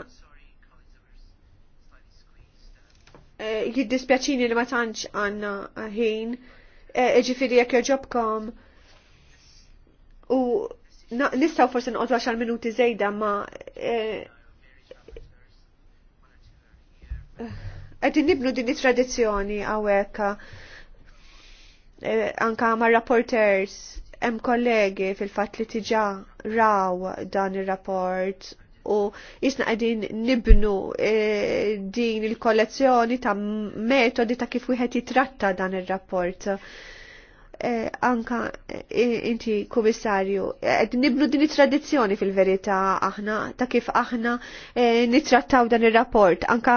Eh, jiddispjaċini li ma tantx għandna ħin. Eh, ġifieri jekk joġobkom u nistaw forsi nqodu 10 minuti zejda ma Għedin nibnu din it-tradizjoni għawek eh, anka ma' rapporters hemm kollegi fil-fatt li tiġa raw dan ir-rapport u jisna qegħdin nibnu eh, din il-kollezzjoni ta' metodi ta' kif wieħed jitratta dan ir-rapport. Eh, anka eh, inti komissarju, eh, nibnu niblu din it-tradizzjoni fil-verità aħna ta' kif aħna nitrattaw dan ir-rapport anka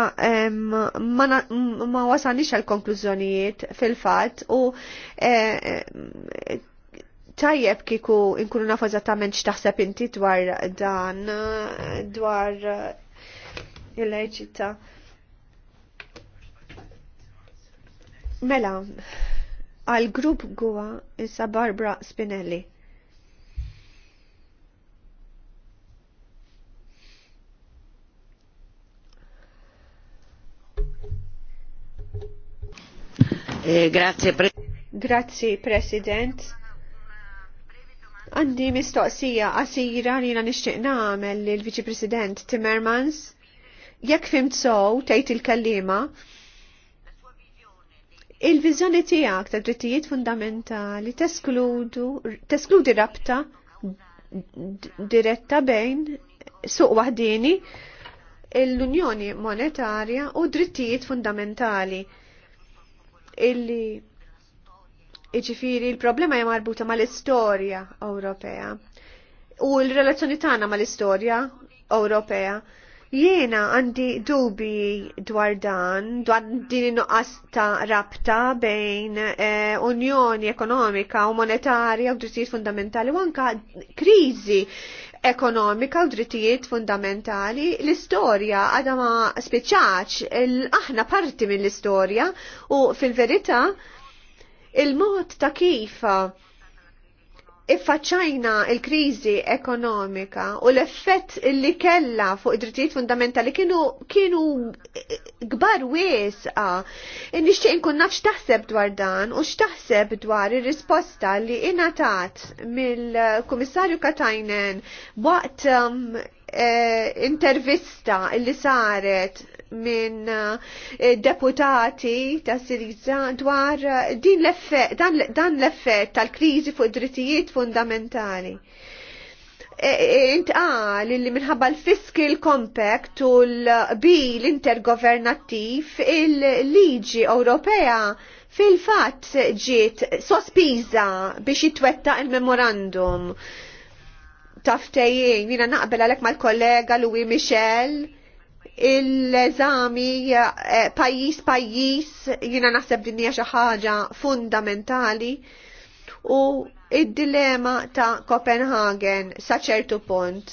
ma wasanix għal konklużjonijiet fil-fatt u tajjeb kiku inkunu nafu eżattament x'taħseb inti dwar dan dwar il-leġita. Mela, għal grupp għuwa issa Barbara Spinelli. Eh, grazie, pre grazie President. Għandi mistoqsija għasira li na nixtieq nagħmel lill-Viċi President Timmermans. Jekk fimt sow tgħid il kallima Il-vizjoni tiegħek ta' drittijiet fundamentali teskludi rabta diretta bejn suq wahdini l-Unjoni Monetarja u drittijiet fundamentali illi iġifiri il-problema hija marbuta mal-istorja Ewropea u l-relazzjoni tagħna mal-istorja Ewropea Jiena għandi dubi dwar dan, dwar din nuqqas ta' rabta bejn eh, unjoni ekonomika u monetarja u drittijiet fundamentali u anka kriżi ekonomika u drittijiet fundamentali. L-istorja għadha ma spiċċaċ, aħna parti mill-istorja u fil-verità il-mod ta' kif iffaċċajna il-kriżi ekonomika u l-effett li kella fuq id-drittijiet fundamentali kienu kienu gbar wiesqa. Nixtieq inkun naf x'taħseb dwar dan u x'taħseb dwar ir-risposta li ingħatat mill-Kummissarju Katajnen waqt um, eh, intervista li saret minn eh, deputati ta' Siriza dwar eh, din l-effett, dan l-effett tal-krizi fuq drittijiet fundamentali. E, e, intqal li minħabba l-Fiscal Compact u l-bil intergovernattiv il-liġi Ewropea fil-fat ġiet sospiża biex jitwetta il-memorandum taftejjien, jina naqbel għalek mal-kollega Louis Michel il-eżami pajis eh, pajis jina naħseb din hija xi ħaġa fundamentali u id-dilema ta' Copenhagen sa' ċertu punt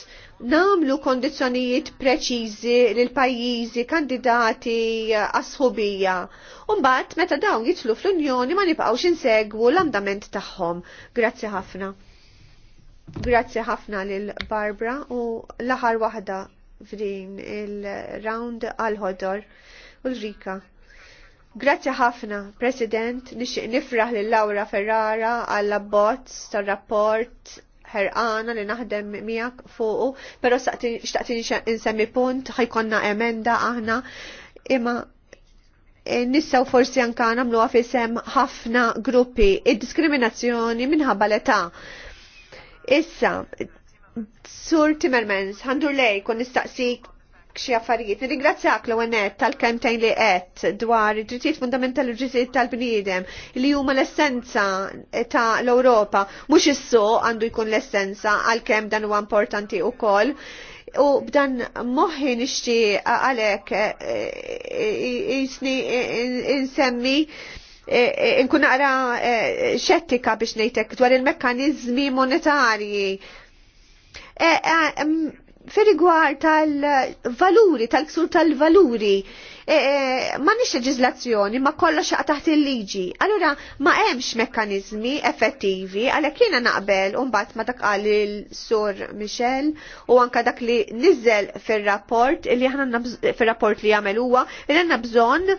namlu kondizjonijiet preċiżi lil pajjiżi kandidati eh, għasħubija. Umbat, meta dawn jitlu fl-Unjoni ma nibqgħux insegwu l-andament tagħhom. Grazzi ħafna. Grazzi ħafna lil Barbara u l-aħar waħda f'din il-round għal-ħodor Ulrika. Grazzi ħafna, President, nixtieq nifraħ lil Laura Ferrara għall abbozz tar-rapport ħerqana li naħdem miegħek fuqu, però x'taqtin insemmi punt ħajkonna emenda aħna imma eh, nissaw forsi anka namlu għafisem ħafna gruppi id-diskriminazzjoni minħabba l-età. Issa, Sur Timmermans, għandur lej, kun nistaqsik kxie affarijiet. Nirringrazzjak l-għanet tal-kemtejn li għet dwar id-drittijiet fundamentali u id-drittijiet tal-bniedem li huma l-essenza ta' l-Europa. Mux issu għandu jkun l-essenza għal-kem dan huwa importanti u koll. U b'dan moħi nixti għalek eh, eh, jisni eh, insemmi nkun għara xettika biex nejtek dwar il-mekkanizmi monetarji Eh, eh, fir rigward tal-valuri, tal-ksur tal-valuri, eh, ma nix leġizlazzjoni, ma kollox taħt il-liġi. Allora, ma hemmx mekkanizmi effettivi, għalhekk jiena naqbel u mbagħad ma dak qal il-sur Michel u anka dak li nizzel fir-rapport li aħna fir-rapport li jagħmel huwa li għandna bżonn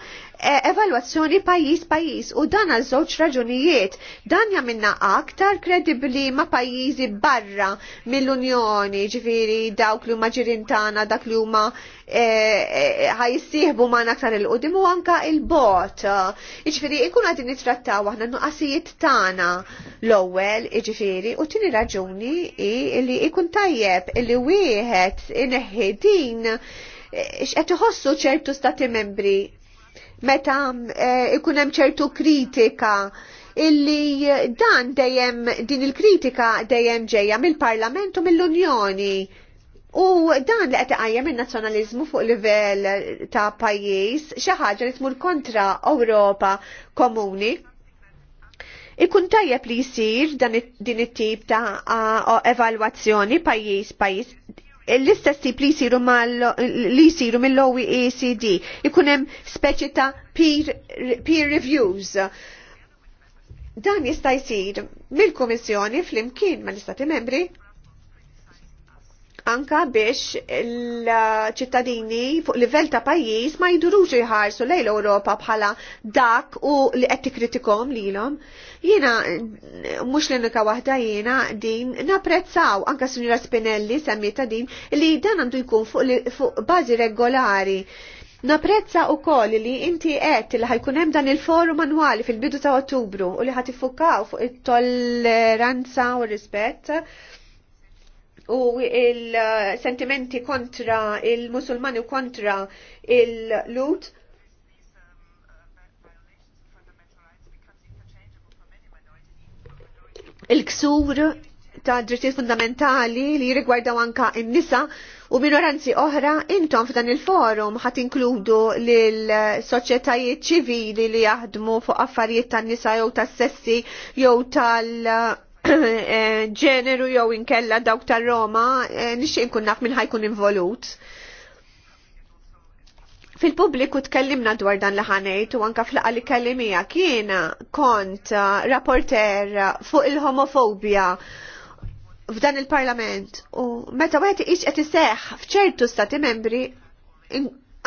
E, evalwazzjoni pajjiż pajjiż u dan għal żewġ raġunijiet. Dan jagħmilna aktar kredibbli ma' pajjiżi barra mill-Unjoni, ġifieri dawk li huma ġirin ġirintana, dak li huma e, e, ħajsieħbu ma' aktar il-qudiem u anka il-bot. Jiġifieri ikun qegħdin nittrattaw aħna nuqqasijiet tagħna l-ewwel, jiġifieri, u tieni raġuni li jkun tajjeb li wieħed ineħħi din x'qed iħossu ċertu stati membri meta eh, ikun hemm ċertu kritika illi dan dejjem din il-kritika dejjem ġejja mill-Parlament u mill-Unjoni. U dan li qed iqajjem in-nazzjonaliżmu fuq livell ta' pajjiż xi ħaġa li tmur kontra Ewropa komuni ikun tajjeb li jisir din it-tip ta' evalwazzjoni pajjiż pajjiż l-istess tip li jisiru li jisiru mill-lowi ECD ikun hemm speċi ta' peer, peer reviews. Dan jista' jsir mill-Kummissjoni fl-imkien mal-Istati Membri anka biex l-ċittadini fuq livell ta' pajjiż ma jidurux jħarsu lejn l-Ewropa bħala dak u li qed tikkritikom lilhom. Jiena mhux l-unika waħda jiena din napprezzaw anka Sinjura Spinelli semmieta din li dan għandu jkun fuq, fuq bażi regolari. Naprezza u koll li inti qed li ħajkun hemm dan il-forum manwali fil-bidu ta' Ottubru u li ħatifukaw fuq it-tolleranza u rispett u il-sentimenti kontra il-Musulmani u kontra il-Lut. Il-ksur ta' drittijiet fundamentali li jirigwardaw anka in-nisa u minoranzi oħra intom f'dan il-forum ħat inkludu lil soċjetajiet ċivili li jaħdmu fuq affarijiet tan-nisa jew tas-sessi jew tal- Eh, ġeneru jew inkella dawk tar Roma, eh, nixtieq nkun naf minn ħajkun involut. Fil-pubbliku tkellimna dwar dan li ħanejt u anka fl li kellimija kiena kont eh, rapporter fuq il-homofobija f'dan il-parlament u meta wieħed iqis qed iseħħ f'ċertu stati membri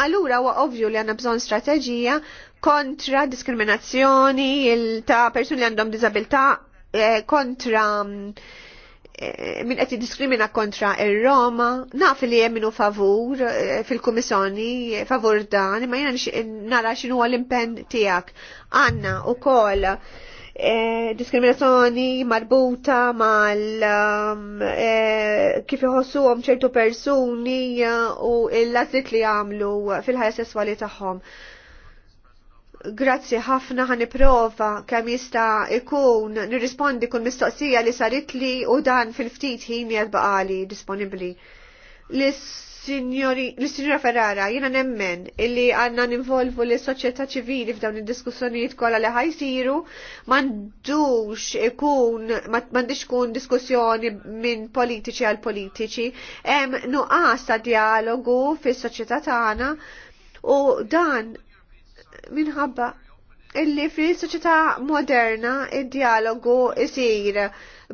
allura huwa ovvju li għandna bżonn strateġija kontra diskriminazzjoni ta' persuni li għandhom diżabilità Eh, kontra eh, min qed diskrimina kontra ir-Roma, naf li hemm minnu favur eh, fil-Kummissjoni favur dan, imma jiena nara x'inhu l-impenn tiegħek. Għandna wkoll diskriminazzjoni marbuta mal um, kif iħossuhom ċertu persuni u l-lażlit li għamlu fil-ħajja sesswali tagħhom. Grazzi ħafna ħan prova kemm jista' ikun nirrispondi kull mistoqsija li sarit li u dan fil-ftit ħin li disponibli. disponibbli. L-Sinjora Ferrara, jiena nemmen illi għandna ninvolvu l soċjetà ċivili f'dawn id-diskussjonijiet kollha li ħajsiru m'għandux ikun m'għandix tkun diskussjoni minn politiċi għal politiċi, hemm nuqqas ta' dialogu fis-soċjetà tagħna u dan minħabba illi fil soċjetà moderna il dialogu isir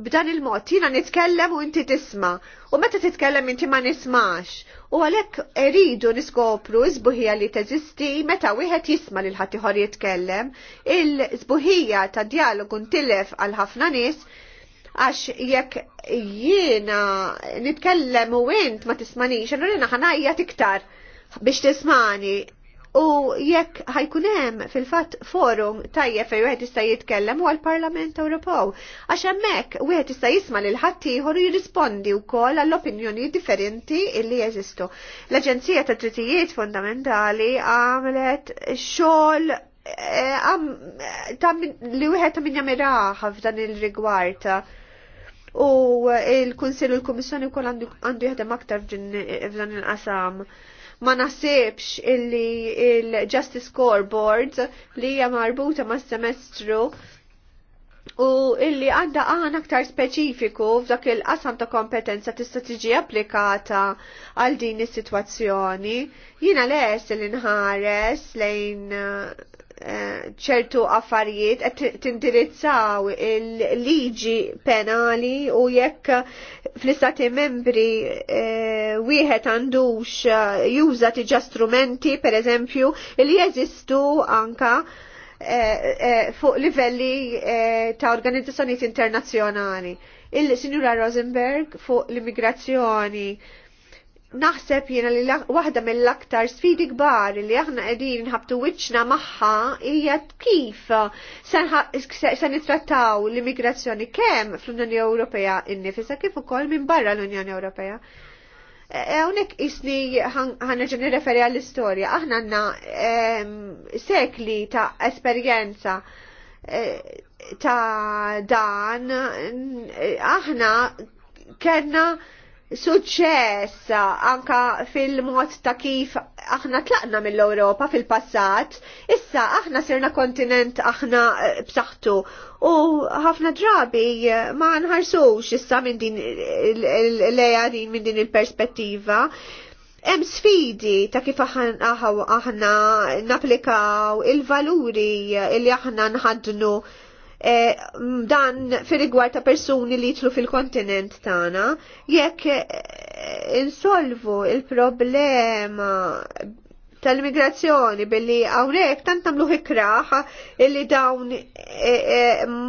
b'dan il-mod jina nitkellem u inti tisma u meta titkellem inti ma nismax u għalhekk eridu niskopru żbuħija li teżisti meta wieħed jisma l-ħatiħor jitkellem il-żbuħija ta' dialogu ntilef għal ħafna nies għax jekk jiena nitkellem u int ma tismanix, allura ħanajja iktar biex tismani U jekk ħajkun hemm fil-fatt forum tajjeb fejn wieħed jista' jitkellem huwa l-Parlament Ewropew. Għax hemmhekk wieħed jista' jisma' lil ħaddieħor u jirrispondi wkoll għall-opinjoni differenti illi jeżistu. L-Aġenzija ta' Drittijiet Fundamentali għamlet xogħol eh, li wieħed ta' min jagħmilha f'dan il-rigward u il-Kunsill u l-Kummissjoni wkoll għandu jaħdem aktar f'dan il-qasam. il qasam ma nasibx illi il-Justice Scoreboard li hija marbuta ma' semestru u illi għanda għan aktar speċifiku f'dak il-qasam ta' kompetenza tista' tiġi applikata għal din is-sitwazzjoni. Jiena es li nħares lejn ċertu affarijiet qed tindirizzaw il-liġi penali u jekk fl-istati membri e, wieħed għandux e, juża tiġa strumenti pereżempju li jeżistu anka e, fuq livelli ta' organizzazzjonijiet internazzjonali. Il-Sinjura Rosenberg fuq l-immigrazzjoni naħseb jiena li waħda mill-aktar sfidi kbar li aħna qegħdin nħabtu wiċċna magħha hija kif se nittrattaw l-immigrazzjoni kemm fl-Unjoni Ewropea innifisa kif ukoll minn barra l-Unjoni Ewropea. E, e, hawnhekk isni ħanerġa' nirreferi għall-istorja. Aħna għandna sekli ta' esperjenza e, ta' dan aħna kellna suċċess anka fil-mod ta' kif aħna tlaqna mill-Ewropa fil-passat, issa aħna sirna kontinent aħna eh, b'saħħtu u ħafna drabi eh, ma nħarsux issa minn din eh, l-leja din minn din il-perspettiva. Hemm sfidi ta' kif aħna naplikaw il-valuri li aħna nħadnu Eh, dan fi rigward ta' persuni li jitlu fil-kontinent tagħna, jekk eh, insolvu il-problema tal-migrazzjoni billi hawnhekk tant nagħmlu ikraħ illi dawn e, e,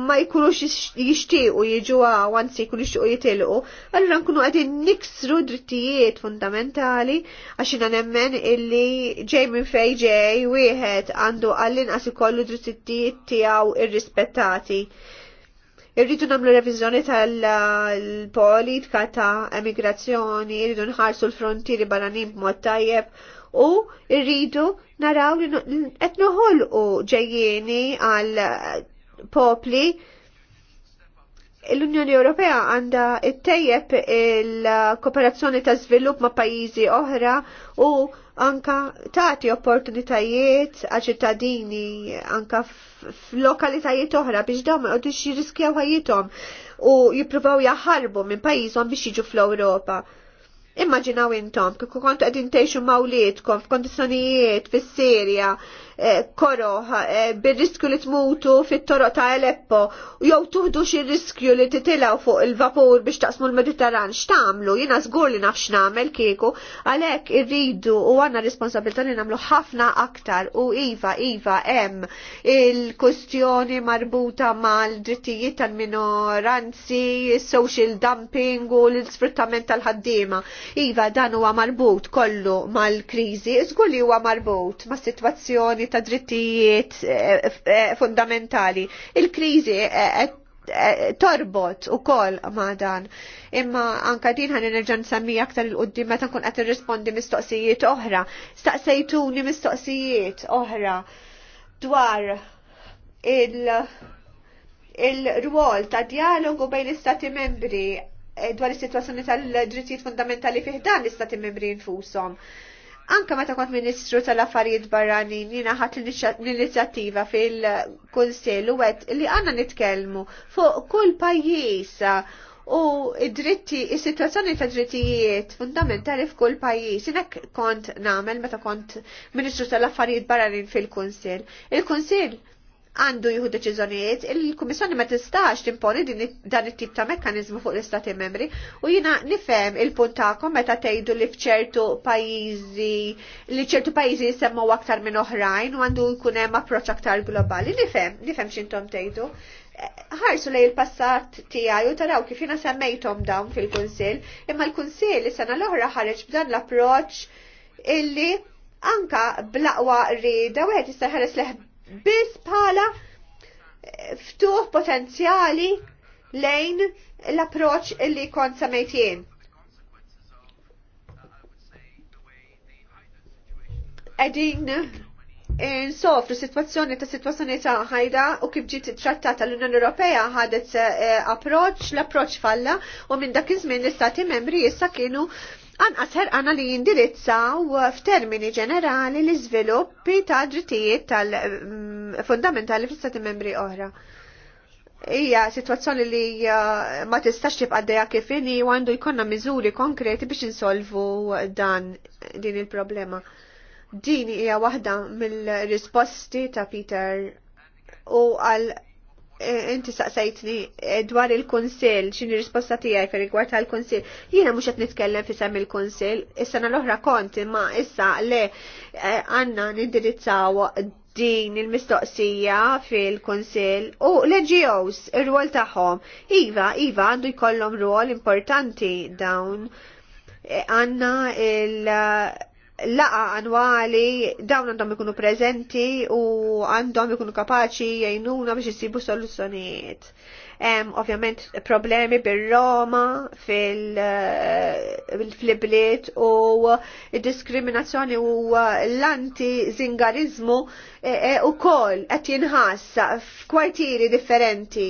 ma jkunux jixtiequ jiġu għaw anzi jkunu jixtiequ jitilqu, allura nkunu qegħdin niksru drittijiet fundamentali għax jiena nemmen illi ġej minn fejn ġej wieħed għandu għall-inqas ikollu drittijiet tiegħu irrispettati. Irridu namlu revizjoni tal-politika ta' emigrazzjoni, irridu nħarsu l frontiri barranin b'mod tajjeb u rridu naraw li qed noħolqu ġejjieni għal eh, popli l-Unjoni Ewropea għandha ttejjeb il-kooperazzjoni ta' żvilupp ma' pajjiżi oħra u anka tagħti opportunitajiet għal ċittadini anka f'lokalitajiet oħra biex dawn ma jiriskjaw ħajjithom u jippruvaw jaħarbu minn pajjiżhom biex jiġu fl-Ewropa. Immaġinaw intom, kieku kontu għedin teħxu mawlietkom f'kondizjonijiet fis serja Eh, koro eh, bir-riskju li tmutu fit-toroq ta' Aleppo jew tuħdu xi riskju li titilgħu fuq il-vapur biex taqsmu l-Mediterran x'tagħmlu jiena żgur li naf x'nagħmel kieku għalhekk irridu u għandna responsabilità li nagħmlu ħafna aktar u iva iva hemm il-kustjoni marbuta mal-drittijiet tal-minoranzi, social dumping u l-sfruttament tal-ħaddiema. Iva dan huwa marbut kollu mal-kriżi, żgur li huwa marbut ma' sitwazzjoni violazzjoni ta' drittijiet eh, eh, fundamentali. Il-krizi eh, torbot u kol ma dan. Imma anka din ħan nerġan sammi aktar il-qoddim meta nkun qed irrispondi mistoqsijiet oħra. Staqsejtuni mistoqsijiet oħra dwar il- il-rwol ta' dialogu bejn l-istati membri dwar is-sitwazzjoni tal-drittijiet fundamentali fih dan l-istati membri infushom. Anka meta kont Ministru tal-Affarijiet Barranin jiena ħat l-inizjattiva fil kunsell u għedt li għanna nitkellmu fuq kull pajis u id-dritti, il sitwazzjoni ta' drittijiet fundamentali f'kull pajjiż. Jinek kont nagħmel meta kont Ministru tal-Affarijiet Barranin fil kunsell Il-Kunsill għandu jieħu deċiżjonijiet, il-Kummissjoni ma tistax timponi dan it-tip ta' mekkaniżmu fuq l-Istati membri u jiena nifhem il-punt tagħkom meta tgħidu li f'ċertu pajjiżi li ċertu pajjiżi jisemmu aktar minn oħrajn u għandu jkun hemm approċċ aktar globali. Nifhem, nifhem x'intom tgħidu. Ħarsu lej il-passat tiegħi u taraw kif jiena semmejthom dawn fil-Kunsill, imma l-Kunsill is-sena l-oħra ħareġ b'dan l-approċċ illi anka blaqwa rida wieħed jista' ħares leħ biss bħala eh, ftuħ potenzjali lejn l-approċ li kont samajtien. Edin insofru eh, situazzjoni ta' situazzjoni ta' ħajda u kif ġiet trattata l-Unjoni Ewropea ħadet eh, approċ, l-approċ falla u minn dak iż-żmien l-istati membri issa kienu anqas ħerqana li jindirizzaw f'termini ġenerali l-iżviluppi ta' drittijiet tal-fundamentali mm, fl-istati membri oħra. Ija situazzjoni li uh, ma tistax tibqa' kif inhi u għandu jkollna miżuri konkreti biex insolvu dan din il-problema. Din hija waħda mill-risposti ta' Peter u għal Eh, inti saqsajtni eh, dwar il-konsil, xini risposta tijaj per rigward tal-konsil. Jiena mux għet nitkellem fisem il-konsil, issa l-oħra konti, ma issa le eh, għanna nindirizzaw din il-mistoqsija fil-konsil u l-NGOs, il-rol taħħom. Iva, Iva għandu jkollhom rol importanti dawn għanna il- laqa anwali dawn għandhom ikunu prezenti u għandhom ikunu kapaċi jgħinuna biex jisibu soluzzjonijiet. Um, ovvjament problemi bir-Roma fil eh, flibliet fil u diskriminazzjoni u l-anti-zingarizmu e, u kol qed jinħassa f'kwartieri differenti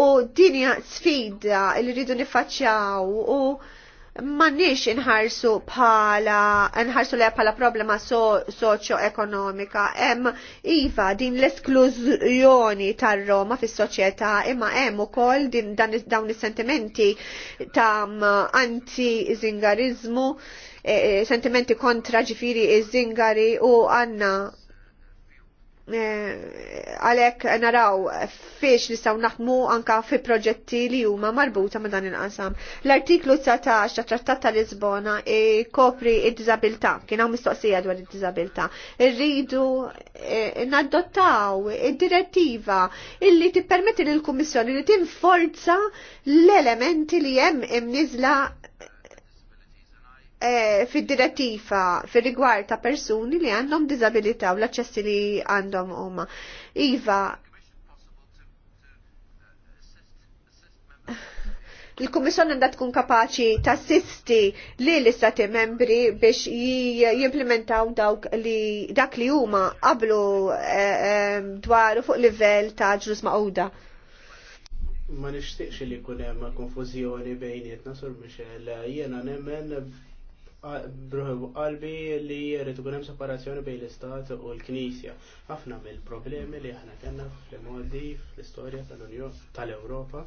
u dinja sfida li rridu nifacċaw u nix inħarsu bħala nħarsu leja bħala problema so, soċjo-ekonomika. Hemm iva din l-esklużjoni tar-Roma fis-soċjetà imma hemm ukoll din dawn is-sentimenti ta' anti zingarizmu e, e, sentimenti kontra ġifiri iż-żingari u għanna għalek naraw fiex nistaw naħdmu anka fi proġetti li huma marbuta ma' dan il-qasam. L-artiklu 19 ta' Trattat ta' Lisbona kopri id-dizabilta, kien hawn mistoqsija dwar id-dizabilta. Irridu eh, naddottaw id-direttiva illi tippermetti lill kummissjoni li tinforza l-elementi li hemm imnizla fil eh, fid-direttiva fil rigward ta' persuni li għandhom disabilità u l-aċċessi li għandhom huma. Iva, il-Kummissjoni għandha tkun kapaċi tassisti li l-istati membri biex jimplementaw dawk li dak li huma qablu eh, eh, dwaru fuq livell ta' ġlus maqoda ma nixtieqx li jkun hemm konfużjoni bejnietna sur Michelle. jiena nemmen qalbi li jrid ikun hemm separazzjoni bejn l-Istat u l-Knisja. Ħafna mill-problemi li aħna kellna fl-modi fl-istorja tal-Unjoni tal-Ewropa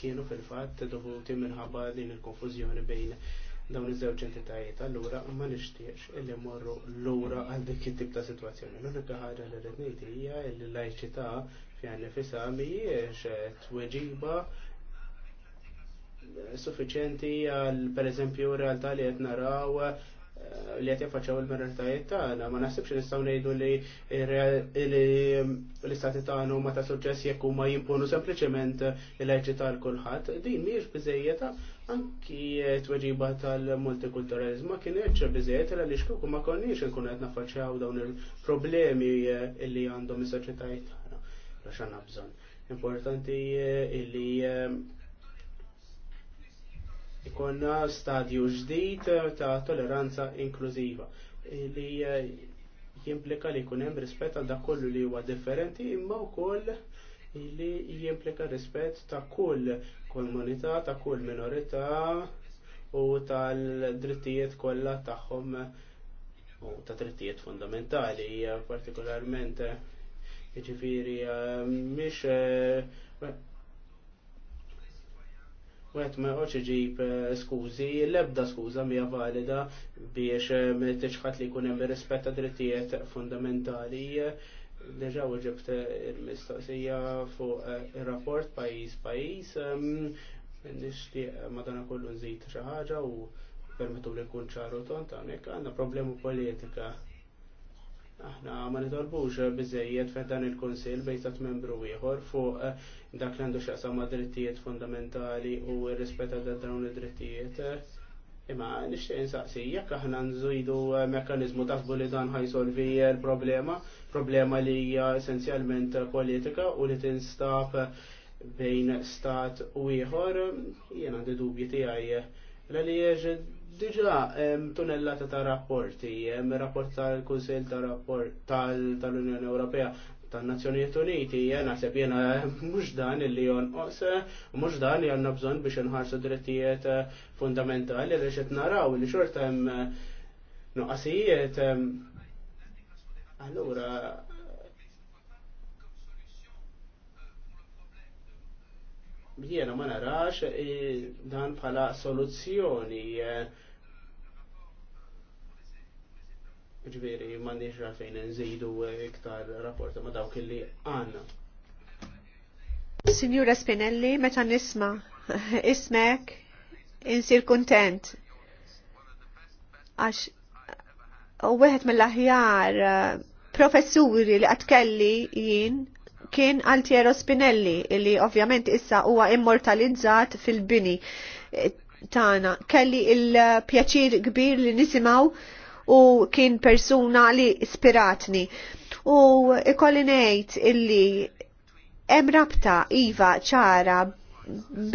kienu fil-fatt dovuti minħabba din il-konfużjoni bejn dawn iż-żewġ entitajiet. Allura ma nixtiex illi morru lura għal dik it-tip ta' situazzjoni. L-unika ħaġa li rrid ngħid hija l-lajċità fjan nifisha mhijiex tweġiba suffiċenti għal per eżempju realtà li qed naraw eh, li qed jaffaċċaw il realtajiet tagħna, ma naħsibx nistgħu ngħidu li l-istati tagħna huma ta' suċċess jekk huma jimponu sempliċement il-leġi tal kulħadd. Din mhijiex biżejjed anki tweġiba tal-multikulturalizmu kienieċ biżejjed għaliex kieku ma konniex inkun qed naffaċċjaw dawn il-problemi eh, li għandhom is-soċjetajiet tagħna għax għandna bżonn. Importanti eh, illi ikonna stadju ġdid ta' toleranza inklużiva li eh, jimplika li jkun hemm għal dak kollu li huwa differenti imma wkoll li jimplika rispett ta' kull komunità, ta' kull minorità u tal-drittijiet kollha tagħhom u ta' drittijiet fundamentali partikolarment jiġifieri mhix U għet ma uċ iġib eh, skużi, lebda skuża mija valida biex eh, tiċħat li kunem rispetta drittijiet fundamentali. Deġa u ġibt eh, il-mistoqsija fuq il-rapport pajis pajis. Ehm, Nishtiq madana kollu nżid xaħġa u permetu li kun ċaru tont għanna problemu politika. Aħna ma nitolbux biżejjed f'dan il-Kunsill bejn membru ieħor fuq eh, dak li għandu x'aqsam ma' drittijiet fundamentali u r-rispetta ta' dawn id-drittijiet. Imma nixtieq insaqsi jekk aħna nżidu eh, mekkaniżmu ta' li dan ħajsolvi l-problema, problema li hija essenzjalment politika u li tinstab bejn stat u ieħor, jiena għandi dubji tiegħi l-għaliex Diġa, tunnellata ta' rapporti, rapport tal-Kunsil ta' rapport tal-Unjoni Ewropea, tal-Nazzjonijiet Uniti, jena seb jena mux dan li jonqos, mux dan li għanna bżon biex nħarsu drittijiet fundamentali li xet naraw li xorta jem nuqqasijiet. Allura, jiena ma narax eh, dan bħala soluzzjoni eh, Ġveri, nixra fejn nżidu iktar rapporta ma dawk li għanna. Signora Spinelli, meta nisma ismek, insir kontent. Għax, u wieħed mill-aħjar eh, professuri li għatkelli jien kien Altiero Spinelli, li ovvjament issa huwa immortalizzat fil-bini eh, tana. Kelli il-pjaċir kbir li nisimaw u kien persuna li ispiratni. U ikolli ngħid illi hemm rabta iva ċara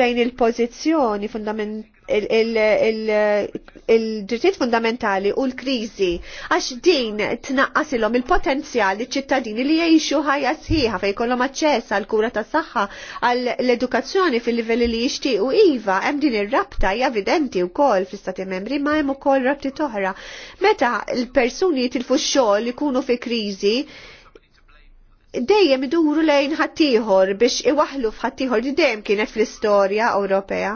bejn il-pożizzjoni fundament il-drittijiet fundamentali u l-krizi għax din tnaqqasilhom il-potenzjal iċ-ċittadini li jgħixu ħajja sħiħa fejn kollom aċċess għal kura tas-saħħa għal l-edukazzjoni fil-livelli li jixtiequ iva hemm din ir-rabta hija evidenti wkoll fl-istati membri ma hemm ukoll rabti toħra. Meta l-persuni tilfu x-xogħol ikunu fi kriżi dejjem iduru lejn ħaddieħor biex iwaħlu f'ħaddieħor li dejjem kienet fl-istorja Ewropea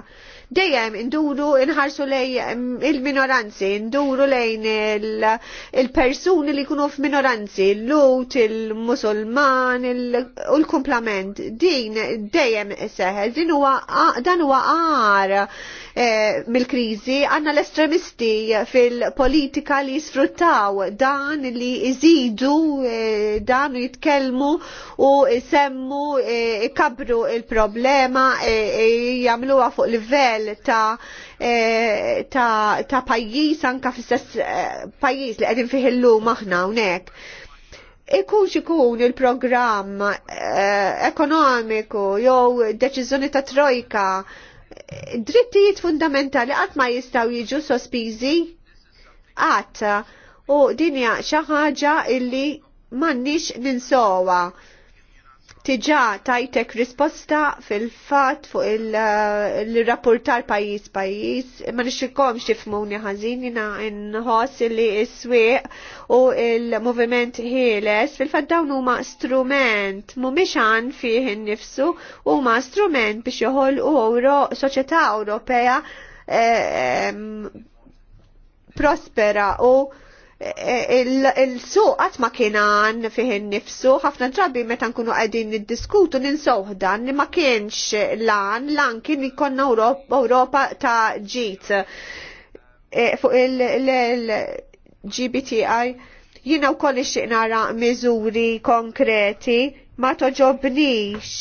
dejjem induru inħarsu lejn il-minoranzi, induru lejn il-persuni li jkunu f'minoranzi, l-lut, il-musulman, u l-kumplament. Din dejjem seħel, din huwa dan huwa għar Eh, mill-kriżi għandna l-estremisti fil-politika li jisfruttaw dan li jizidu eh, dan u jitkellmu u jsemmu eh, kabru il-problema jagħmluha fuq livell ta' ta', ta pajjiż anka fl-istess pajjiż li qegħdin fih illum aħna hawnhekk ikun ikun il-programm eh, ekonomiku jew deċiżjoni ta' trojka drittijiet fundamentali qatt ma jistgħu jiġu sospiżi għat u dinja xi ħaġa illi m'għandniex ninsowa tiġa tajtek risposta fil-fat fuq il-rapportar eh, pajis pajis, ma nixikom xifmuni ħazin jina nħoss li iswi u il-moviment ħieles fil-fat dawn huma strument mu għan fih nifsu huma strument biex joħol u Euro, soċjetà Ewropea eh, prospera u il-suq qatt ma kien għan fih innifsu, ħafna drabi meta nkunu qegħdin niddiskutu ninsow dan li ma kienx lan, lan kien ikonna Ewropa ta' ġit e, fuq il-GBTI. Jiena wkoll ixtieq nara miżuri konkreti ma toġobnix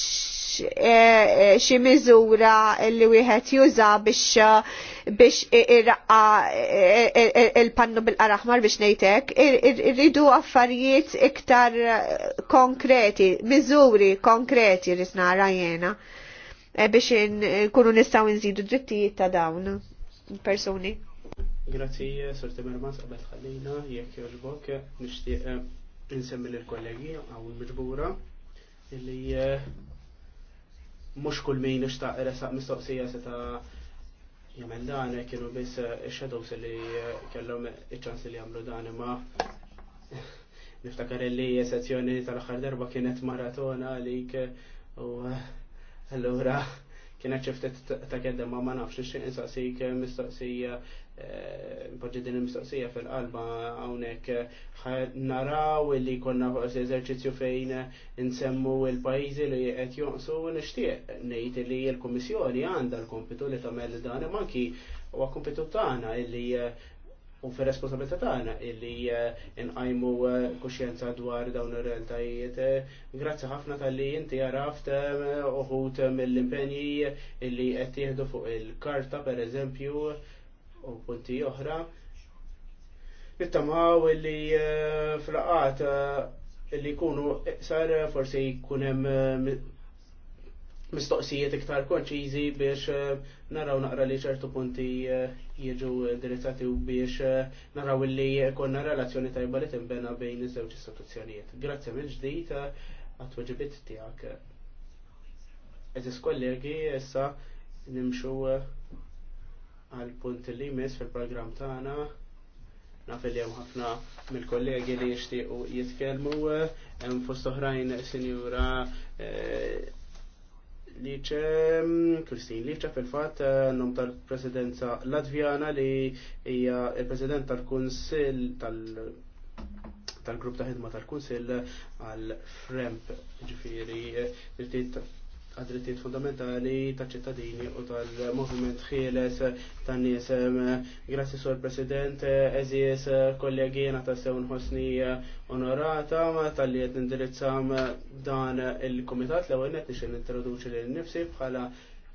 E, e, xi miżura li wieħed juża biex biex irqa e, il-pannu bil-qaraħmar biex nejtek, irridu affarijiet iktar konkreti, miżuri konkreti rrid nara biex kunu nistgħu nżidu drittijiet ta' dawn persuni. Grazzi, sorti mermas, qabel ħallina, jek jogħġbok, nixtieq eh, insemmi l kollegi għaw il-miġbura li mux kull min ixtaq resaq mistoqsija seta jagħmel dan kienu biss il eh, shadows li eh, kellhom iċ-ċans li jagħmlu dan ma niftakar li sezzjoni tal-aħħar darba kienet maratona għalik eh, u allura kienet ċiftet ta' kedda ma ma nafx xi insaqsik mistoqsija Eh, poġġi din il-mistoqsija fil-qalba għawnek naraw li konna forse eżerċizzju fejn nsemmu il pajzi li qed jonqsu nixtieq ngħid li l-Kummissjoni għandha l-kompitu li tagħmel dan imma anki huwa kompitu tagħna illi u fir responsabilità tagħna illi eh, nqajmu eh, kuxjenza dwar dawn ir-realtajiet. Grazzi ħafna tal-li inti għaraft uħut mill-impenji illi qed jieħdu fuq il-karta pereżempju u punti oħra. Nittamaw li eh, flaqat eh, li kunu iqsar forsi kunem eh, mistoqsijiet iktar konċizi biex naraw naqra li ċertu punti jieġu dirizzati u biex naraw li konna relazzjoni tajba li timbena bejn iż-żewġ istituzzjonijiet. Grazzi mill ġdid għat-tweġibiet tiegħek. Eżis kollegi issa nimxu għal punti li jmiss fil-programm tagħna naf ħafna mill-kollegi li jixtiequ jitkellmu hemm fost oħrajn sinjura eh, Liċe, mm, Kristin Liċe fil-fat, eh, nom tal-presidenza Latvjana li hija il-president tal-Kunsil tal-grupp ta' ħidma tal-Kunsil għal-Fremp, ġifiri, eh, għad-drittijiet fundamentali ta' ċittadini u tal-movement ħieles tan nies. Grazie, sur President, eżies kollegina ta' sew nħosni onorata tal-li nindirizzam dan il-komitat l ewwel nixen introduċi l nifsi bħala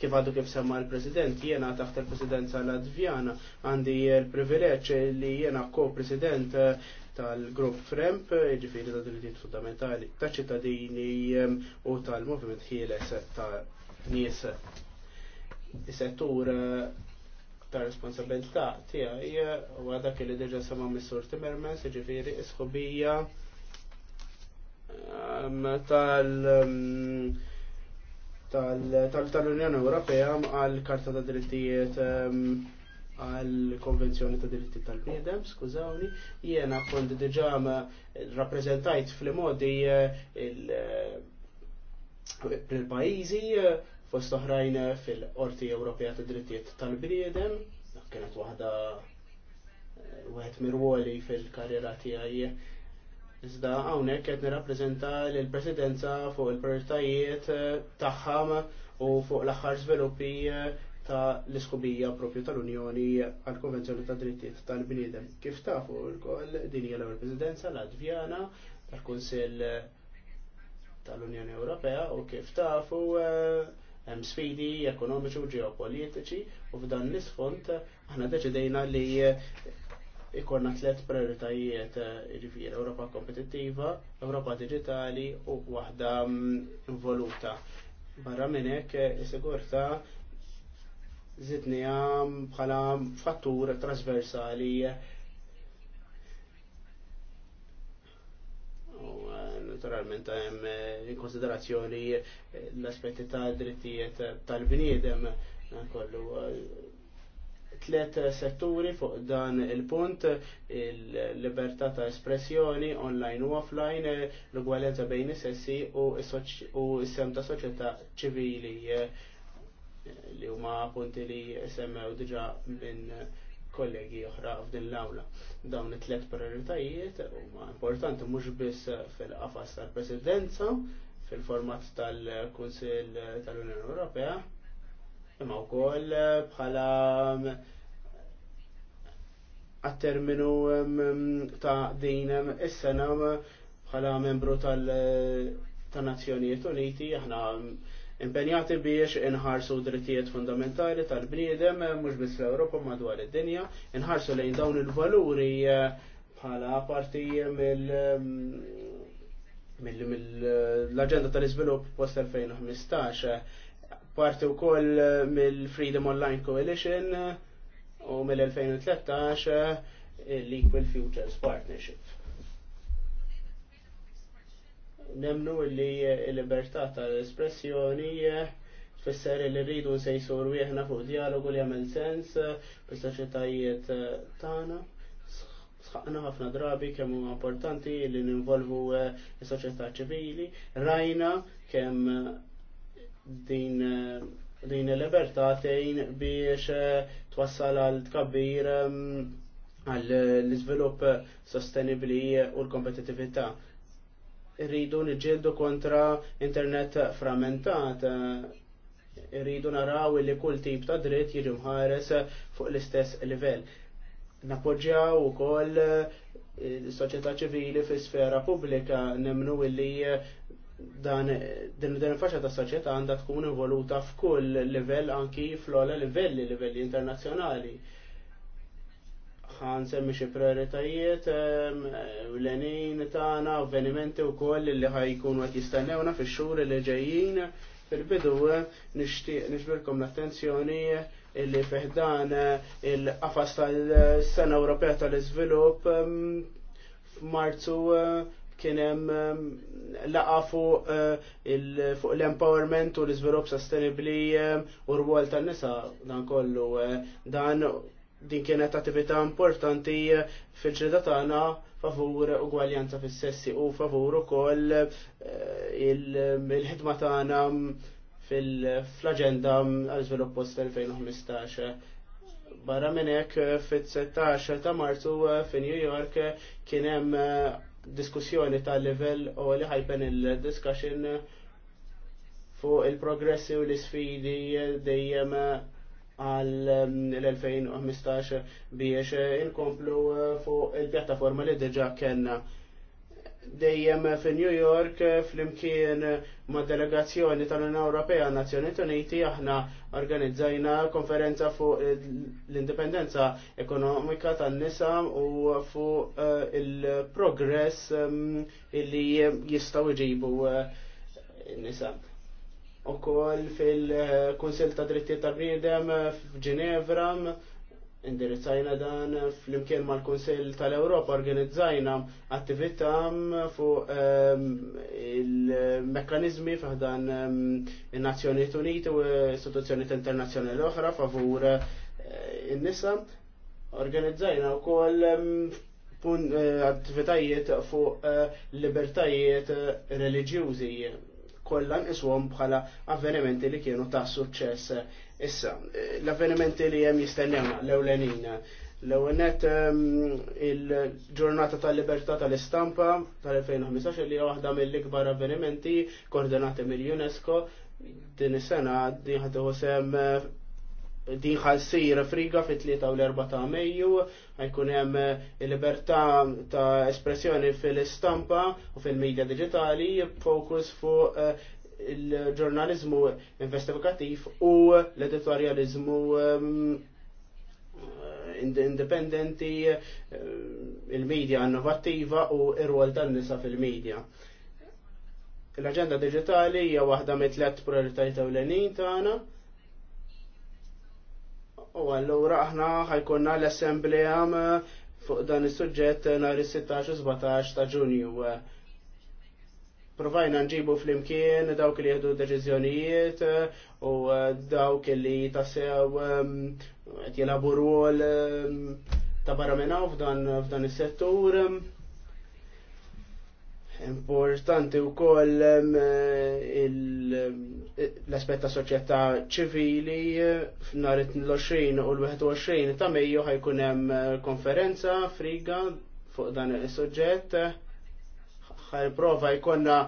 kif għadu kif semma l-President, jiena taħt il-Presidenza l-Advjana għandi l privileġġ li jiena ko-President tal-grupp FREMP, ġifiri ta' drittijiet fundamentali ta' ċittadini u tal-movement ħieles ta' nies. Is-settur eh, ta' responsabilità tiegħi eh, u għadak li deġa sama missur Timmermans, ġifiri isħobija tal- tal-Unjoni Ewropea għal Karta ta' Drittijiet għal-Konvenzjoni ta' Diritti tal-Bniedem, skużawni, jiena kont diġà rappreżentajt fl-modi eh, eh, il-pajizi eh, fost oħrajn fil-Qorti Ewropea ta' Drittijiet tal-Bniedem, kienet waħda wieħed mirwoli fil-karriera tiegħi. Iżda hawnhekk qed nirrappreżenta lill-Presidenza fuq il-prioritajiet tagħha u fuq l-aħħar sviluppi ta' l-iskubija propju tal-Unjoni għal-Konvenzjoni ta' Drittijiet tal-Bniedem. Kif tafu l-koll din hija l-ewwel Presidenza Latvjana tal-Kunsill tal-Unjoni Ewropea u kif tafu eh, hemm sfidi ekonomiċi u ġeopolitiċi u f'dan l-isfond aħna deċidejna li eh, ikollna tliet prioritajiet eh, ġifier Ewropa kompetittiva, Ewropa digitali u waħda involuta. Mm, Barra minn hekk is-sigurtà zidni għam bħala fattur trasversali eh, naturalment hemm eh, in konsiderazzjoni eh, l-aspetti ta' drittijiet tal-bniedem kollu tliet setturi fuq dan il-punt il-libertà ta' espressjoni online u offline l-ugwalenza bejn is-sessi u s-sem ta' soċjetà ċivili li huma punti li semmew diġa minn kollegi oħra f'din l-awla. Dawn it-tlet prioritajiet huma importanti mhux biss fil-qafas tal-Presidenza, fil-format tal-Kunsill tal-Unjoni Ewropea, imma wkoll bħala mm, għat-terminu mm, ta' din mm, is-sena bħala membru tal-Nazzjonijiet Uniti aħna impenjati biex inħarsu drittijiet fundamentali tal-bniedem eh, mhux biss fl-Ewropa madwar id-dinja, inħarsu lejn dawn il-valuri eh, bħala parti mill-agenda eh, tal-iżvilupp post 2015 parti u koll mill-Freedom Online Coalition u mill-2013 l-Equal Futures Partnership nemnu li eh, l-libertà tal-espressjoni eh, tfisser li rridu nsejsu rwieħna fuq dialogu li għamil sens eh, fis-soċjetajiet tagħna sħaqna ħafna drabi kemm huwa importanti li ninvolvu s-soċjetà ċivili, rajna kemm din din il-libertà tgħin biex twassal għal tkabbir mm, għall iżvilupp sostenibbli u l-kompetitività rridu niġġieldu kontra internet frammentat. Rridu naraw li kull tip ta' dritt jiġu mħares fuq l-istess livell. Napoġġjaw ukoll eh, soċjetà ċivili fi sfera pubblika nemnu li eh, dan din din faċa ta' soċjetà għandha tkun involuta f'kull livell anki fl-ola livelli, livelli internazzjonali għan semmi xi prioritajiet l-għenin tagħna avvenimenti wkoll li ħajkun qed jistennewna fix-xhur li ġejjin fil-bidu nixtieq nixbirkom l-attenzjoni illi fiħdan il-qafas tal-Sena Ewropea tal-Iżvilupp f'Marzu kien hemm laqa fuq eh, fuq l-empowerment u l-iżvilupp sostenibbli u r-rwol tan-nisa dan kollu eh, dan din kienet attività importanti fil-ġrida tagħna favur ugwaljanza fis-sessi u favur ukoll eh, il-ħidma tagħna fil-aġenda għal żvilupp post 2015. Barra minn hekk fit-16 ta' Marzu eh, fi New York kien hemm eh, diskussjoni tal-livell u li ħajpen il-discussion fuq il-progressi u l-isfidi dejjem għal um, l-2015 biex uh, inkomplu uh, fuq il-pjattaforma li diġa kena dejjem fi New York uh, flimkien ma' delegazzjoni tal-Unjoni Ewropea Nazzjoni Uniti aħna organizzajna konferenza fuq l-indipendenza ekonomika tan-nisa u fuq il-progress um, illi jistgħu jġibu n-nisa u koll fil-Konsil ta' Drittijiet ta' bniedem f'Ġinevra indirizzajna dan fl-imkien mal-Konsil tal-Europa organizzajna attività fuq ehm, il-mekkanizmi f'dan ehm, il-Nazzjonijiet Uniti u istituzzjonijiet internazzjonali oħra favur eh, in-nisa organizzajna wkoll ehm, eh, attivitajiet fuq eh, libertajiet religjużi kollha nqishom bħala avvenimenti li kienu ta' suċċess. Issa, l-avvenimenti li hemm jistennewna l-ewlenin. L-ewwel net ehm, il-Ġurnata tal-Libertà tal-Istampa tal-2015 li hija waħda mill-ikbar avvenimenti koordinati mill-UNESCO din is-sena diħdu sem din ħalsir friga fit-3 u l-4 ta' Mejju, jkun hemm il-libertà eh, ta' espressjoni fil-istampa u fil-medja digitali, fokus fuq eh, il-ġurnalizmu investigativ u l-editorializmu ehm, indipendenti, eh, il-medja innovattiva u ir-rwol tan-nisa fil-medja l aġenda digitali hija waħda mit tliet prioritajiet ewlenin tagħna U allura aħna ħajkonna l-assembleja eh, fuq dan is-suġġett nhar is-16 u 17 ta' Ġunju. Provajna nġibu fl-imkien dawk li jieħdu deċiżjonijiet eh, u eh, dawk li tassew qed jilabu rwol ta' barra minnaw f'dan is-settur. Importanti wkoll il- l-aspetta soċjetà ċivili eh, f'nar it-20 u l-21 ta' Mejju ħajkun hemm eh, konferenza friga fuq dan is-suġġett. prova jkollna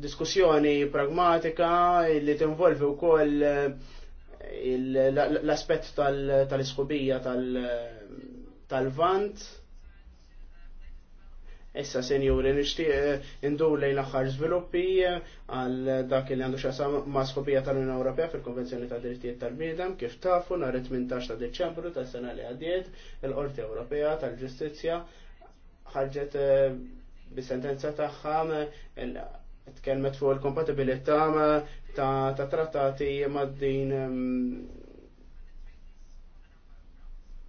diskussjoni pragmatika li tinvolvi wkoll eh, l-aspett tal-iskubija tal-vant. Tal Issa senjuri nixtieq indur lejn aħħar sviluppi eh, għal dak li għandu xasam ma' skopija tal-Unjoni Ewropea fil-Konvenzjoni ta' Drittijiet tal-Bniedem kif tafu nhar 18 ta' Deċembru tas-sena li għaddiet il-Qorti Ewropea tal-Ġustizzja ħarġet eh, bis-sentenza tagħha tkellmet fuq il-kompatibilità ta' trattati ma' din mm,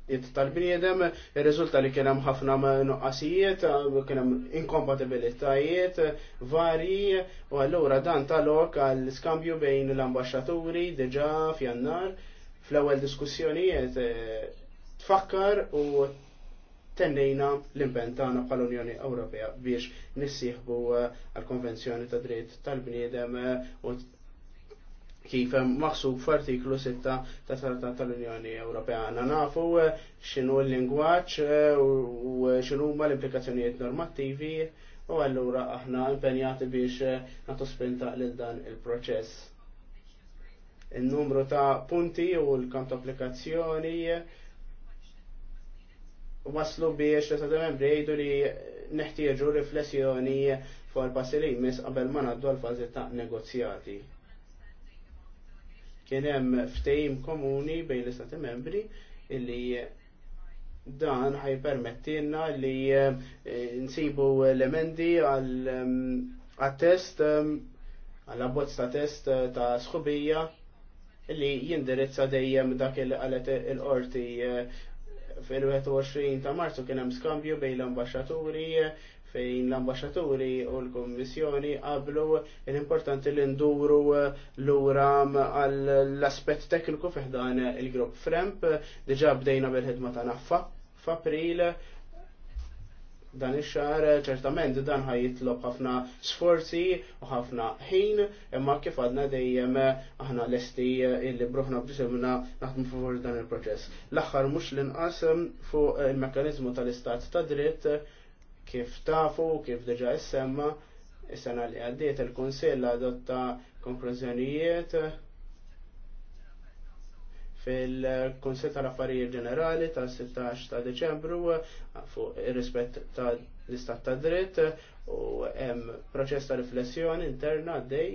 it tal-bniedem, il-rizulta li kienem ħafna nuqqasijiet, kienem inkompatibilitajiet, varji, u għallura dan tal-ok għall-skambju bejn l-ambasċaturi deġa fjannar, fl-ewel diskussjonijiet eh, tfakkar u tennejna l-impentana bħal-Unjoni Ewropea biex nissieħbu eh, għal-Konvenzjoni ta' dritt tal-bniedem eh, u kif hemm maħsub f'artiklu 6 ta' Trattat tal-Unjoni Ewropea. nafu eh, x'inhu l-lingwaġġ eh, u x'inhu huma l-implikazzjonijiet normattivi u allura aħna impenjati biex eh, nagħtu spinta lil dan il-proċess. Il-numru ta' punti u l-kamp ta' applikazzjoni waslu biex ta' membri jgħidu li neħtieġu riflessjoni fuq il-passi li jmiss qabel ma ngħaddu għal fażi ta' negozjati kien hemm ftehim komuni bejn l-istati membri illi dan ħajpermettilna li eh, nsibu l-emendi għal-test, mm, mm, għal-abbozz ta' test eh, ta' sħubija li jindirizza dejjem dak il-qalet il-qorti eh, fil-21 ta' marzu kien hemm skambju bejn l-ambaxxaturi fejn l-ambasċaturi u l-Kommissjoni qablu l-importanti li nduru eh, l-ura mm, għall-aspet tekniku fiħdan il-grupp Fremp, diġa bdejna bil-ħidma ta' naffa f'April dan ix-xahar eh, ċertament dan ħajitlob ħafna sforzi u ħafna ħin, imma kif għadna dejjem eh, aħna lesti illi bruħna b'disimna naħdmu favor dan il-proċess. L-aħħar mhux l-inqas fuq il-mekkaniżmu tal-istat ta' dritt Kif tafu, kif deġa jissemma, is-sena li għaddiet il-Kunsill adotta konklużjonijiet fil-Kunsill tal-Affarijiet Ġenerali tas-16 ta' Deċembru fuq ir-rispett ta' l-istat ta' dritt u hemm proċess ta' riflessjoni interna għaddej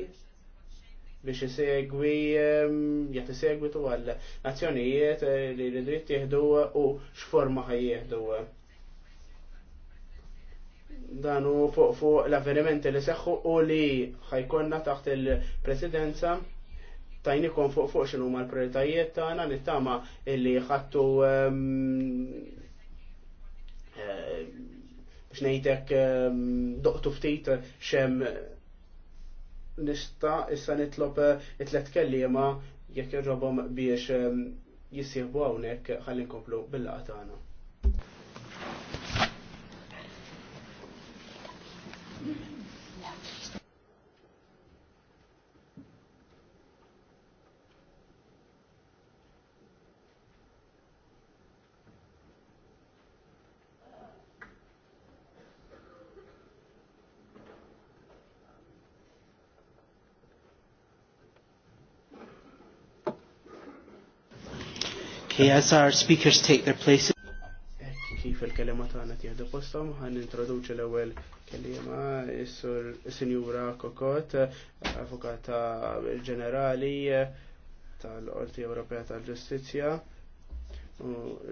biex isegwi ehm, jagħti tu għal nazjonijiet li jridu jittieħdu u x'forma ħajjieħdu dan fuq fu l-avvenimenti li seħħu u li ħajkonna taħt il-presidenza tajnikom fuq fuq xinu ma l-prioritajiet tagħna nittama illi ħattu ehm, eh, biex ehm, doqtu ftit xem nista issa nitlob eh, it-tlet kelliema jekk irrobhom biex ehm, jissieħbu hawnhekk ħalli nkomplu bil-laqgħa tagħna. Okay, as our speakers take their places. Kif il-kelima tagħna tieħdu postom, ħan introduċi l-ewwel kelima is-sur Sinjura Kokot, avukata ġenerali tal-Qorti Ewropea tal-Ġustizzja.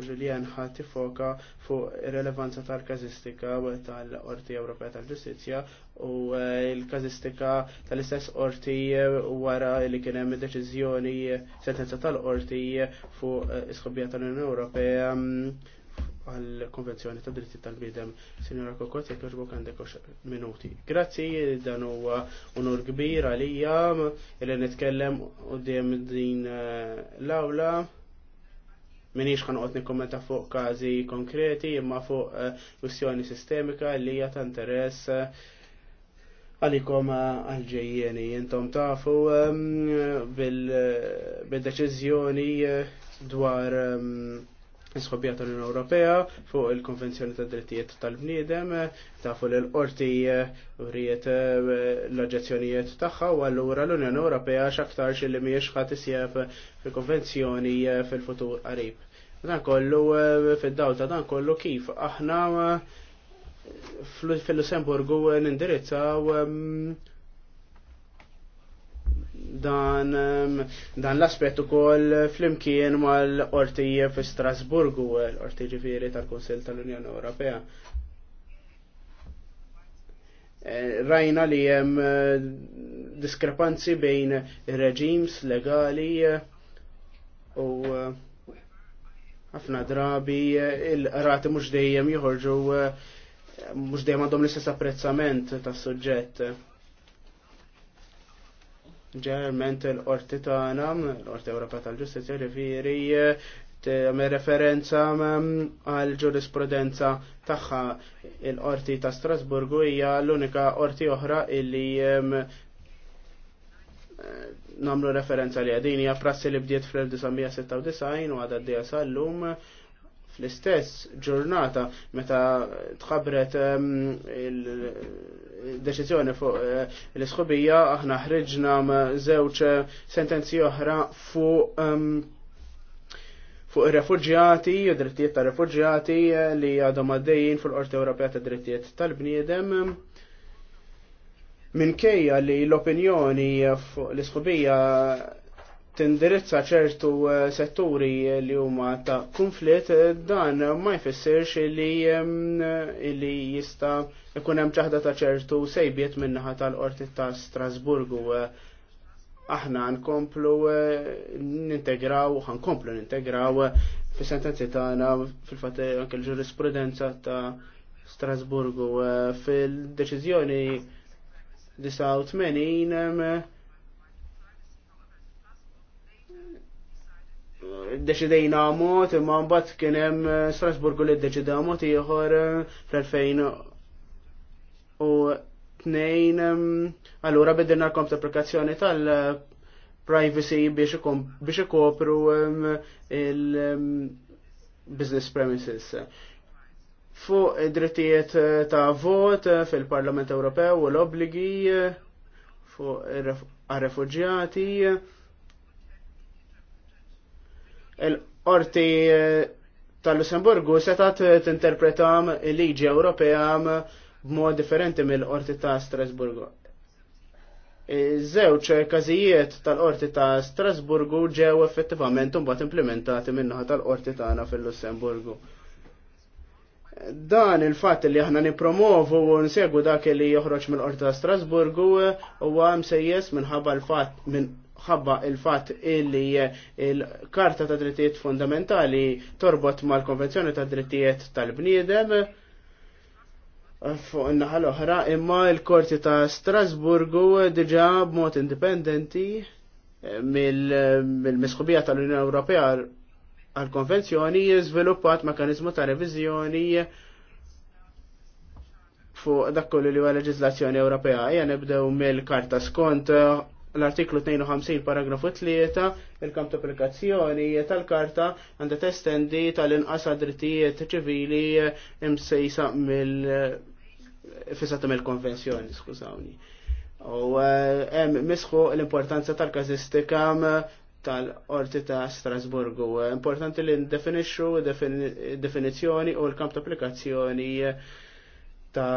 Ġulien ħat tifoka fuq ir-relevanza tal-kazistika tal-Qorti Ewropea tal-Ġustizzja u eh, l-kazistika tal-istess qorti wara li kien hemm deċiżjoni sentenza tal-qorti fuq eh, iskobbija tal-Unjoni Ewropea mm, għal-Konvenzjoni ta' Dritti tal-Bidem. Signora Kokot, jek jorbok għandek minuti. Grazzi, dan huwa unur kbir għalija, il-nitkellem u din eh, l-awla minix għotni kommenta fuq każi konkreti imma fuq eh, kwistjoni sistemika li hija ta' interess eh, għalikom eh, għalġejjeni. Intom tafu bil-deċizjoni dwar nisħobija tal-Unjoni Ewropea fuq il-Konvenzjoni ta' Drittijiet tal-Bniedem, ta' fuq il-qorti urijiet eh, l-oġezzjonijiet tagħha u allura l-Unjoni Ewropea x'aktarx li mhijiex ħadd isjeb fil-konvenzjoni eh, fil-futur qarib. Dan kollu eh, fid-dawl ta' dan kollu kif aħna fil-Lussemburgu nindirizzaw dan, dan l-aspet ukoll flimkien mal ortijie fi Strasburgu, l ortijie ġifiri tal-Konsil tal-Unjoni Ewropea. Eh, rajna li jem eh, diskrepanzi bejn reġims legali eh, u ħafna drabi il-rati mux dejjem joħorġu mux dejjem għandhom l-istess apprezzament tas-suġġett ġeneralment l-qorti tagħna, l-qorti Ewropa tal-Ġustizzja rivieri tagħmel referenza għal ġurisprudenza tagħha l-qorti ta' Strasburgu hija l-unika qorti oħra illi namlu referenza li għadin hija prassi li bdiet fl-1996 u għadha d sal-lum fl-istess ġurnata meta tħabret il deċizjoni fuq eh, l-isħobija aħna ħriġna żewġ eh, sentenzi oħra fuq ehm, fuq ir-refuġjati u drittijiet ta' refuġjati eh, li għadhom għaddejjin l qorti Ewropea ta' Drittijiet tal-Bniedem. Minkejja li l-opinjoni fuq l-isħobija tindirizza ċertu eh, setturi li huma ta' konflitt, eh, dan ma jfissirx li, eh, li jista ikun hemm ċaħda ta' ċertu sejbiet minnaħa tal-qorti ta' Strasburgu. Aħna nkomplu nintegraw, ħankomplu nintegraw fi sentenzi tagħna fil-fatt anke l-ġurisprudenza ta' Strasburgu fil-deċiżjoni 89 deċidejna mot, imma mbagħad kien hemm eh, Strasburgu li ddeċida mot ieħor eh, fl-2000 u eh, tnejn allura bidilna l-komp applikazzjoni tal-privacy biex ikopru il-business premises. Fuq id-drittijiet ta' vot fil-Parlament Ewropew u l-obligi fuq għal-refugjati l-qorti eh, tal-Lussemburgu setat eh, t-interpretam il-liġi Ewropea b'mod differenti mill-qorti ta' Strasburgu. Żewġ e, każijiet tal-qorti ta' Strasburgu ġew effettivament imbagħad implementati minnaħa tal-qorti tagħna fil-Lussemburgu. Dan il-fatt li aħna nipromovu u nsegu dak li joħroġ mill-qorti ta' Strasburgu eh, huwa sejjes minħabba l fat minn ħabba il-fat illi il-Karta ta' Drittijiet Fundamentali torbot mal-Konvenzjoni ta' Drittijiet tal-Bniedem eh, fuq naħa l-oħra imma l-Korti ta' Strasburgu diġa b'mod indipendenti eh, mill-misħubija tal-Unjoni Ewropea għal-Konvenzjoni jizviluppat mekanizmu ta' reviżjoni fuq dak kollu li huwa leġiżlazzjoni Ewropea. Ejja nibdew mill-karta skont l-artiklu 52 paragrafu 3 il-kamp applikazzjoni tal-karta għandha testendi tal-inqas drittijiet ċivili imsejsa mill fissata mill-konvenzjoni, skużawni. U eh, hemm misħu l-importanza tal-kazistika tal-orti ta' Strasburgu. Importanti li ndefinixxu definizzjoni u l-kamp applikazzjoni ta'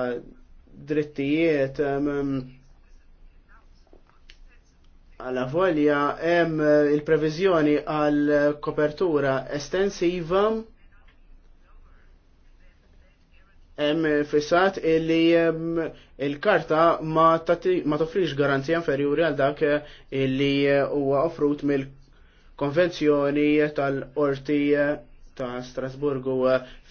drittijiet mm, Għala volja hemm eh, il-previżjoni għal kopertura estensiva hemm fissat illi eh, il-karta ma toffrix garanzija inferjuri għal dak eh, illi huwa offrut mill-konvenzjoni tal-qorti ta' Strasburgu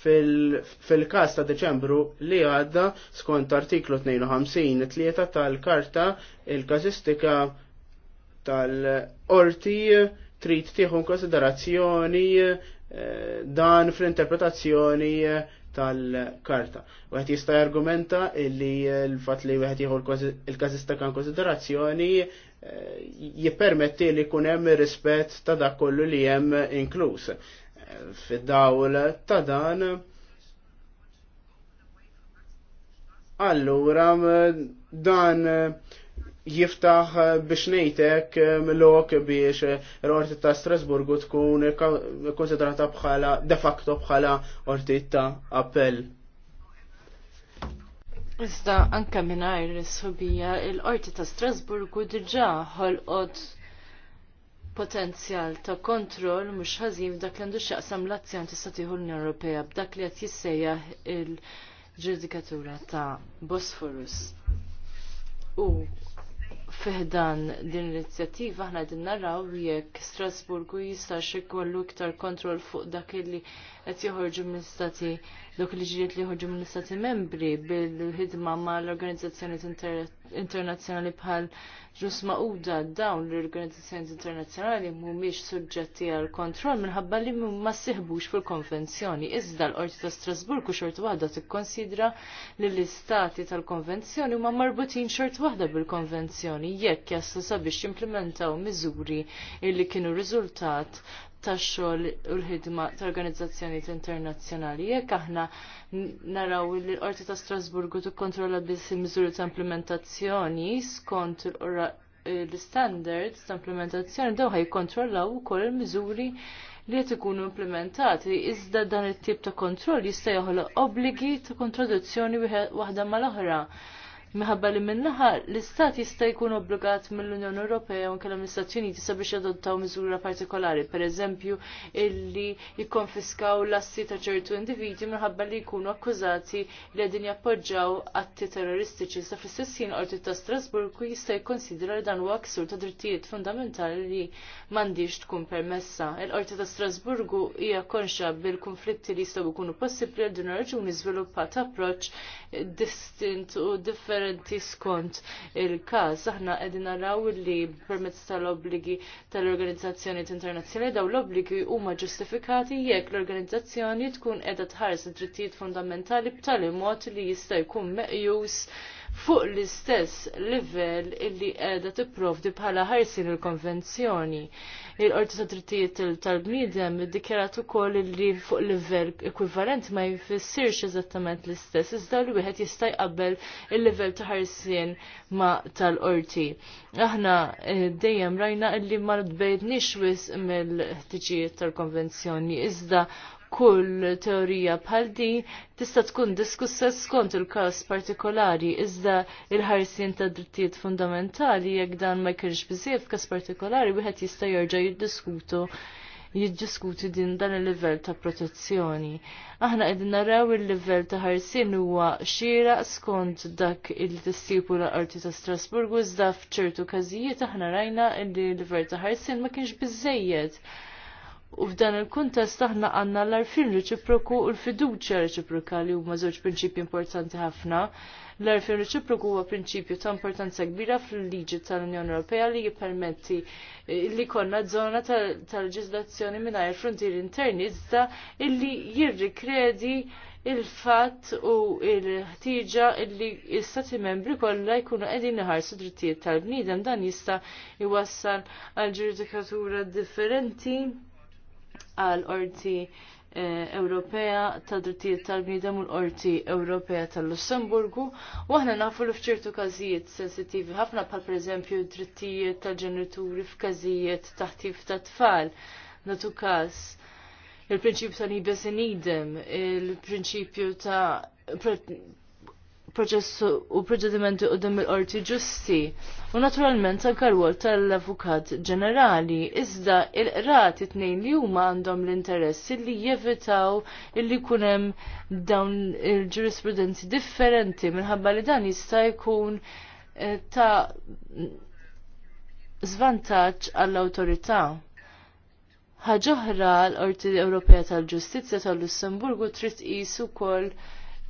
fil-kas ta' Deċembru li għadda skont artiklu 52-3 tal-karta il-kazistika tal-orti trid tieħu konsiderazzjoni eh, dan fl-interpretazzjoni tal-karta. Wieħed jista' jargumenta illi l-fatt li wieħed jieħu l-każista kan konsiderazzjoni eh, jippermetti li jkun hemm rispett ta' dak kollu li hemm inkluż. Fid-dawl ta' dan Allura dan jiftaħ eh, biex nejtek eh, l-ok biex eh, l-orti ta' Strasburgu tkun konsiderata bħala, de facto bħala orti ta' appell. Iżda anka minnajr subija l-orti ta' Strasburgu diġa ħolqot potenzjal ta' kontroll mhux ħażin dak li għandu xaqsam l-azzjon tista' tieħu l Ewropea b'dak li qed jissejjaħ il-ġudikatura ta' Bosforus. U fiħdan din l-inizjattiva aħna din naraw jekk Strasburgu jistax ikollu iktar kontroll fuq dak illi qed joħorġu mill-istati dok li ġiet li ħoġu minn istati membri bil-ħidma ma l-organizzazzjoni internazzjonali bħal ġus maquda dawn l-organizzazzjoni internazzjonali mhumiex suġġetti għal kontroll minħabba li ma siħbux fil-konvenzjoni. Iżda l-Qorti ta' Strasburgu xort waħda tikkonsidra li l-istati tal-konvenzjoni huma marbutin xort waħda bil-konvenzjoni jekk jaslu sabiex jimplementaw miżuri illi kienu riżultat tax-xogħol u l-ħidma ta' organizzazzjonijiet internazzjonali. Jekk aħna naraw li l-Qorti ta' Strasburgu tikkontrolla biss il-miżuri ta' implementazzjoni skont l-standards ta' implementazzjoni daw ħajkontrollaw ukoll il-miżuri li qed ikunu implementati. Iżda dan it-tip ta' kontroll jista' joħloq obbligi ta' kontradizzjoni waħda mal-oħra minħabba li minnaħa l-Istat jista' jkun obbligat mill-Unjoni Ewropea u kellhom l-Istati Uniti sabiex jadottaw miżura partikolari, pereżempju illi jikkonfiskaw l-assi ta' ċertu individwi minħabba li jkunu akkużati li qegħdin jappoġġaw atti terroristiċi sa fl-istess qorti ta' Strasburgu jista' jikkonsidra li dan huwa ksur ta' drittijiet fundamentali li m'għandix tkun permessa. Il-Qorti ta' Strasburgu hija konxa bil-konflitti li jistgħu jkunu possibbli għal din raġuni żviluppat approċċ distint u differenti differenti skont il-każ. Aħna qegħdin naraw li permezz tal-obbligi tal-organizzazzjoni internazzjonali daw l-obbligi huma ġustifikati jekk l-organizzazzjoni tkun qiegħda tħares id-drittijiet fundamentali b'tali mod li jista' jkun meqjus fuq l-istess livell illi qiegħda tipprovdi bħala ħarsin il-konvenzjoni. il konvenzjoni il-Qorti ta' Drittijiet tal-Bniedem iddikjarat ukoll li fuq livell ekwivalent ma jfissirx eżattament l-istess, iżda li wieħed jista' jqabbel il-livell ta' ħarsien ma tal-qorti. Aħna eh, dejjem rajna li ma nbejdniex wis mill-ħtiġijiet tal-konvenzjoni, iżda kull teorija bħal din tista' tkun diskussa skont il-każ partikolari iżda il-ħarsien ta' drittijiet fundamentali jekk dan ma jkunx biżejjed f'każ partikolari wieħed jista' jerġa' jiddiskutu jiddiskuti din dan il-livell ta' protezzjoni. Aħna qegħdin naraw il-livell ta' ħarsien huwa xira skont dak il tistipu l-Qorti ta' Strasburgu iżda f'ċertu każijiet aħna rajna li l-livell ta' ħarsien ma kienx biżejjed U f'dan il-kuntest aħna għanna l-arfin reċiproku u l-fiduċja reċiproka li huma żewġ prinċipji importanti ħafna. L-arfin reċiproku huwa prinċipju ta' importanza kbira fil-liġi tal-Unjoni Ewropea li jippermetti eh, li konna żona tal ta mingħajr frontieri interni iżda illi jirrikredi il-fatt u il-ħtiġa illi istati membri kollha jkunu qegħdin iħarsu drittijiet tal-bniedem dan jista' jwassal għal ġuridikatura differenti għal orti eh, Ewropea ta' drittijiet tal-bniedem u l-Qorti Ewropea tal-Lussemburgu u aħna nafu li f'ċertu każijiet sensittivi ħafna bħal pereżempju drittijiet tal-ġenituri f'każijiet taħtif ta' tfal. Natu każ il-prinċipju ta' nibes il-prinċipju ta' proċess u proċedimenti u dem il-qorti ġusti. U naturalment anke rwol tal-avukat ġenerali, iżda il-qrati tnejn li huma għandhom l-interess li jevitaw illi kunem dawn il-ġurisprudenzi differenti minħabba li dan jista' jkun eh, ta' zvantaġġ għall-awtorità. Ħaġoħra l-Qorti Ewropea tal-Ġustizzja tal-Lussemburgu trid qisu kol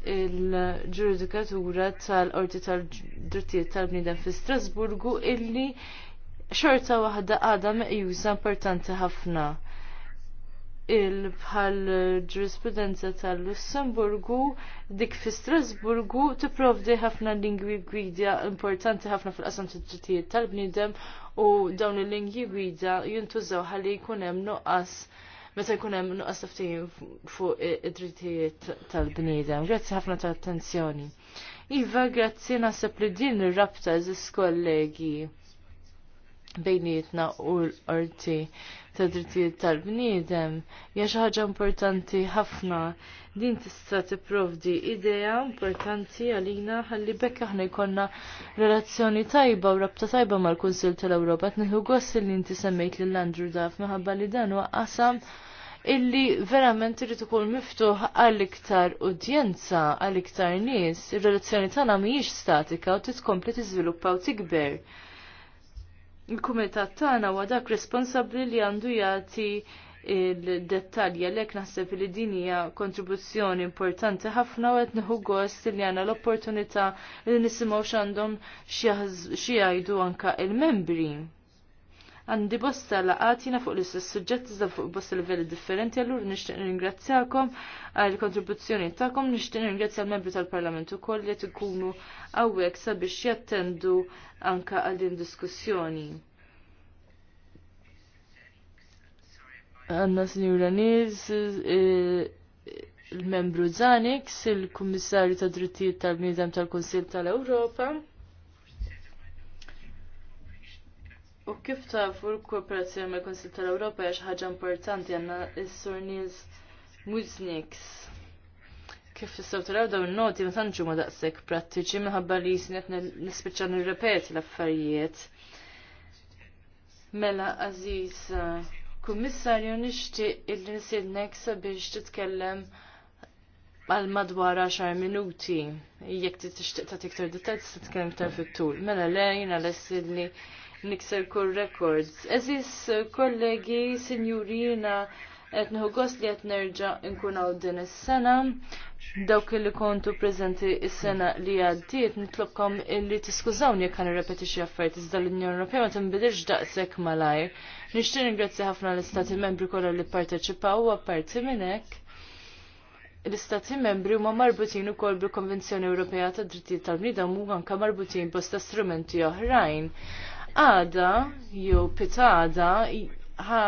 il-ġuridikatura tal-Qorti tal-Drittijiet tal-Bniedem fi Strasburgu illi xorta waħda għadha meqjusa importanti ħafna. Il-bħal ġurisprudenza tal-Lussemburgu dik fi Strasburgu tipprovdi ħafna lingwi gwida importanti ħafna fil-qasam tad-drittijiet tal-bniedem u dawn il-lingwi gwida jintużaw ħalli jkun hemm nuqqas no meta jkun hemm nuqqas ftehim fuq id-drittijiet tal-bniedem. Grazzi ħafna tal-attenzjoni. Iva, grazzi naħseb li din ir-rabta eżis kollegi bejnietna u l-qorti tal drittijiet tal-bniedem hija xi ħaġa importanti ħafna Din tista' tipprovdi idea importanti għalina ħalli bekk aħna jkollna relazzjoni tajba u rabta tajba mal-Kunsil tal-Ewropa. Tnieħu gost li inti semmejt lil Andrew Duff minħabba li dan huwa qasam illi verament irid ikun miftuħ għal iktar udjenza, għal iktar nies, ir-relazzjoni tagħna mhijiex statika u titkompli tiżviluppa u tikber il-kumitat tagħna huwa dak responsabbli li għandu jagħti il-dettalji għalhekk naħseb li din hija kontribuzzjoni importanti ħafna u qed nieħu gost li għandna l-opportunità li nisimgħu x'għandhom xi jgħidu anke il-membri. Għandi bosta laqatina fuq l-istess suġġett iżda fuq bosta livelli differenti allura nixtieq ringrazzjakom għal kontribuzzjoni tagħkom, nixtieq ringrazzja l-membri tal-Parlament ukoll li qed ikunu hawnhekk sabiex jattendu anke għal din diskussjoni. għanna Sinjura Nils, e, il-membru Zanix, il-Kummissarju ta' Drittijiet tal-Bnidem tal-Konsil tal-Ewropa. U kif ta' l-kooperazzjoni mal konsil tal europa hija ħagġa ħaġa importanti għandna s-Sur Nils Muznix. Kif tistgħu taraw dawn in-noti ma tantx ma daqshekk prattiċi minħabba li jisnet nispiċċa nirrepeti l-affarijiet. Mela, Aziz, Kummissarju nixtieq illi nsidnek sabiex titkellem għal madwar 10 minuti. Jekk tixtieq ta' tiktar detall tista' tkellem tal fit-tul. Mela lejn għaless illi nikser kull records. Eżis kollegi, sinjurina, qed nħu gost li qed nerġa' nkun għaw din is-sena. Dawk li kontu preżenti is-sena li għaddiet nitlobkom illi tiskużawni jekk nirrepeti xi affarijiet iżda l-Unjoni Ewropea ma tinbidilx daqshekk malajr. Nixtieq ningrazzja ħafna l-istati membri kollha li pparteċipaw u apparti minn hekk l-istati membri huma marbutin ukoll bil-Konvenzjoni Ewropea ta' Drittijiet tal-Bniedem u anke marbutin bosta strumenti oħrajn. Għada jew pitada ha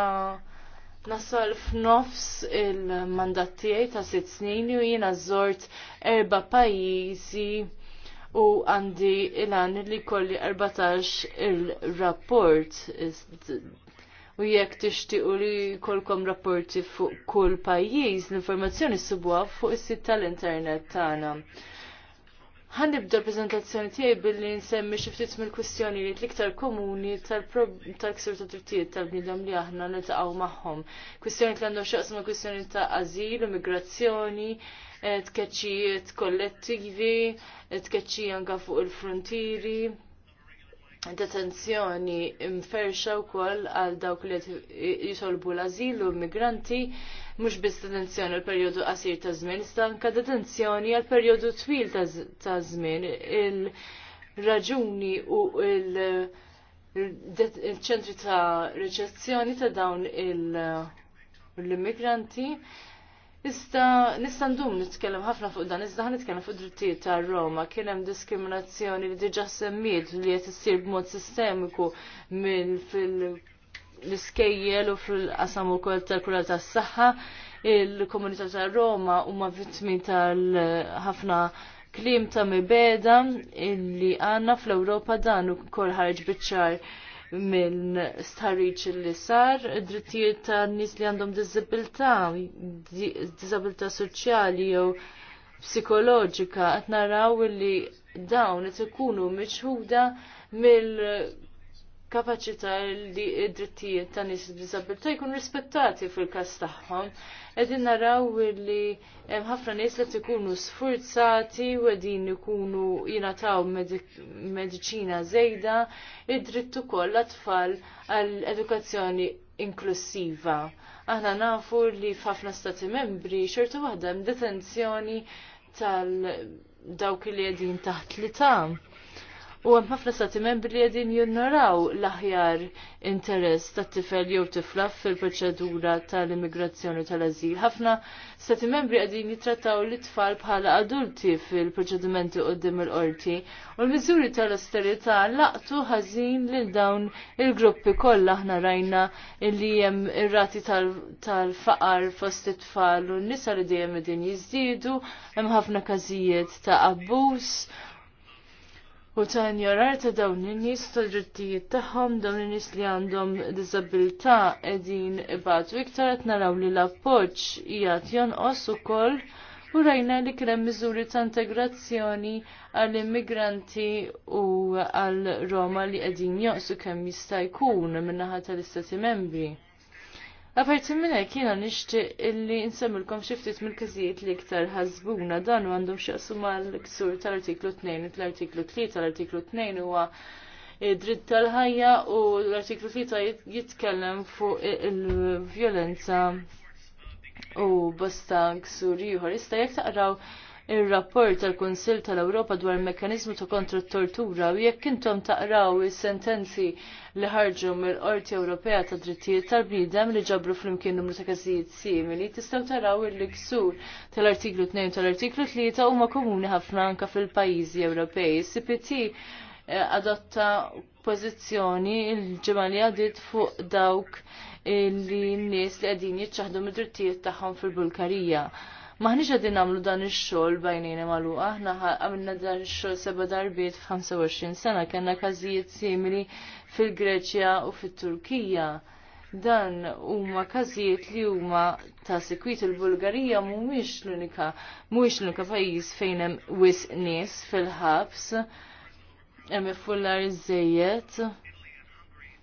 Nasal f'nofs il-mandat tiegħi ta' sitt snin u jiena żort erba' pajjiżi u għandi il-għan li kolli 14 il-rapport. U jekk tixtiequ li kolkom rapporti fuq kull pajjiż, l-informazzjoni subuha fuq is-sit tal-internet tagħna. Għan l-prezentazzjoni tiegħi billi nsemmi xi ftit mill li l-iktar komuni tal-ksur ta' drittijiet tal-bniedem li aħna niltaqgħu magħhom. Kwistjoni li għandhom x'aqsma kwistjoni ta' azil, immigrazzjoni, eh, tkeċċijiet kollettivi, eh, tkeċċija anke fuq il-frontieri, detenzjoni imferxa wkoll għal dawk li jisolbu l azilu u migranti mhux biss detenzjoni għal perjodu qasir ta' żmien, iżda anke detenzjoni għal perjodu twil ta' żmien. Il-raġuni u il-ċentri ta' riċezzjoni ta' dawn il-immigranti il Nista nista' ndum nitkellem ħafna fuq dan, iżda nitkellem fuq drittijiet ta' Roma, kien hemm diskriminazzjoni li diġà semmiet li qed issir b'mod sistemiku minn fil-iskejjel u fil-qasam ukoll tal-kura tas-saħħa, il-komunità ta' Roma huma vittmi tal-ħafna klim ta' mibeda illi għanna fl-Ewropa dan ukoll ħarġ biċ-ċar minn starriċ li sar, drittijiet ta' nis li għandhom disabilità, disabilità soċjali jew psikoloġika, qed naraw li dawn qed ikunu miċħuda mill kapaċità li id drittijiet ta' nies b'diżabilità jkun rispettati fil-każ tagħhom. Qegħdin naraw li ħafna nies li ikunu sfurzati u qegħdin ikunu jingħataw mediċina żejda id-dritt ukoll tfal għall edukazzjoni inklusiva. Aħna nafu li f'ħafna stati membri xertu waħda detenzjoni tal dawk li qegħdin taħt li tam u hemm ħafna stati membri li qegħdin jinnoraw l-aħjar interess ta' tifel jew tifla fil-proċedura tal-immigrazzjoni tal-ażil. Ħafna stati membri qegħdin jitrattaw l tfal bħala adulti fil-proċedimenti d-dim il-qorti u l-miżuri tal-austerità laqtu ħażin lil dawn il-gruppi kollha aħna rajna li hemm ir-rati tal-faqar fost it-tfal u n-nisa li dejjem qegħdin jiżdiedu, hemm ħafna każijiet ta' abbus u ta' njorar ta' dawn in-nies ta' drittijiet tagħhom dawn in-nies li għandhom diżabilità qegħdin ibatu iktar qed naraw li l-appoġġ qiegħed jonqos ukoll u rajna li kien hemm miżuri ta' integrazzjoni għall immigranti u għal Roma li qegħdin joqsu kemm jista' jkun min-naħa tal-Istati Membri. Aparti minna kiena nishti illi nsemmilkom xiftit mill-kazijiet li iktar ħazbuna dan u għandhom xaqsu l ksur tal-artiklu 2 u tal-artiklu 3 tal-artiklu 2 huwa dritt tal-ħajja u l-artiklu 3 jitkellem fuq il-violenza u bosta ksur ieħor. Ista' jekk taqraw ir-rapport tal-Kunsill tal-Ewropa dwar il ta' kontra t-tortura u jekk intom taqraw is-sentenzi li ħarġu mill-Qorti Ewropea ta' Drittijiet tal-Bniedem li ġabru flimkien numru ta' każijiet simili, tistgħu taraw il liksur tal-artiklu 2 tal-artiklu 3 huma komuni ħafna anka fil-pajjiżi Ewropej. CPT eh, adotta pożizzjoni il-ġimgħa li fuq dawk li n-nies li għedin jitċaħdu mid-drittijiet tagħhom fil-Bulgarija. Maħniġ għadin namlu dan il-xol bajnina malu, aħna għamilna dan il-xol seba darbiet f-25 sena, kena kazijiet simili fil-Greċja u fil-Turkija. Dan huma kazijiet li huma ta' sekwit il-Bulgarija mhumiex l-unika, mhuwiex l-unika pajjiż fejn hemm wis nies fil-ħabs, hemm iffullar iżejjed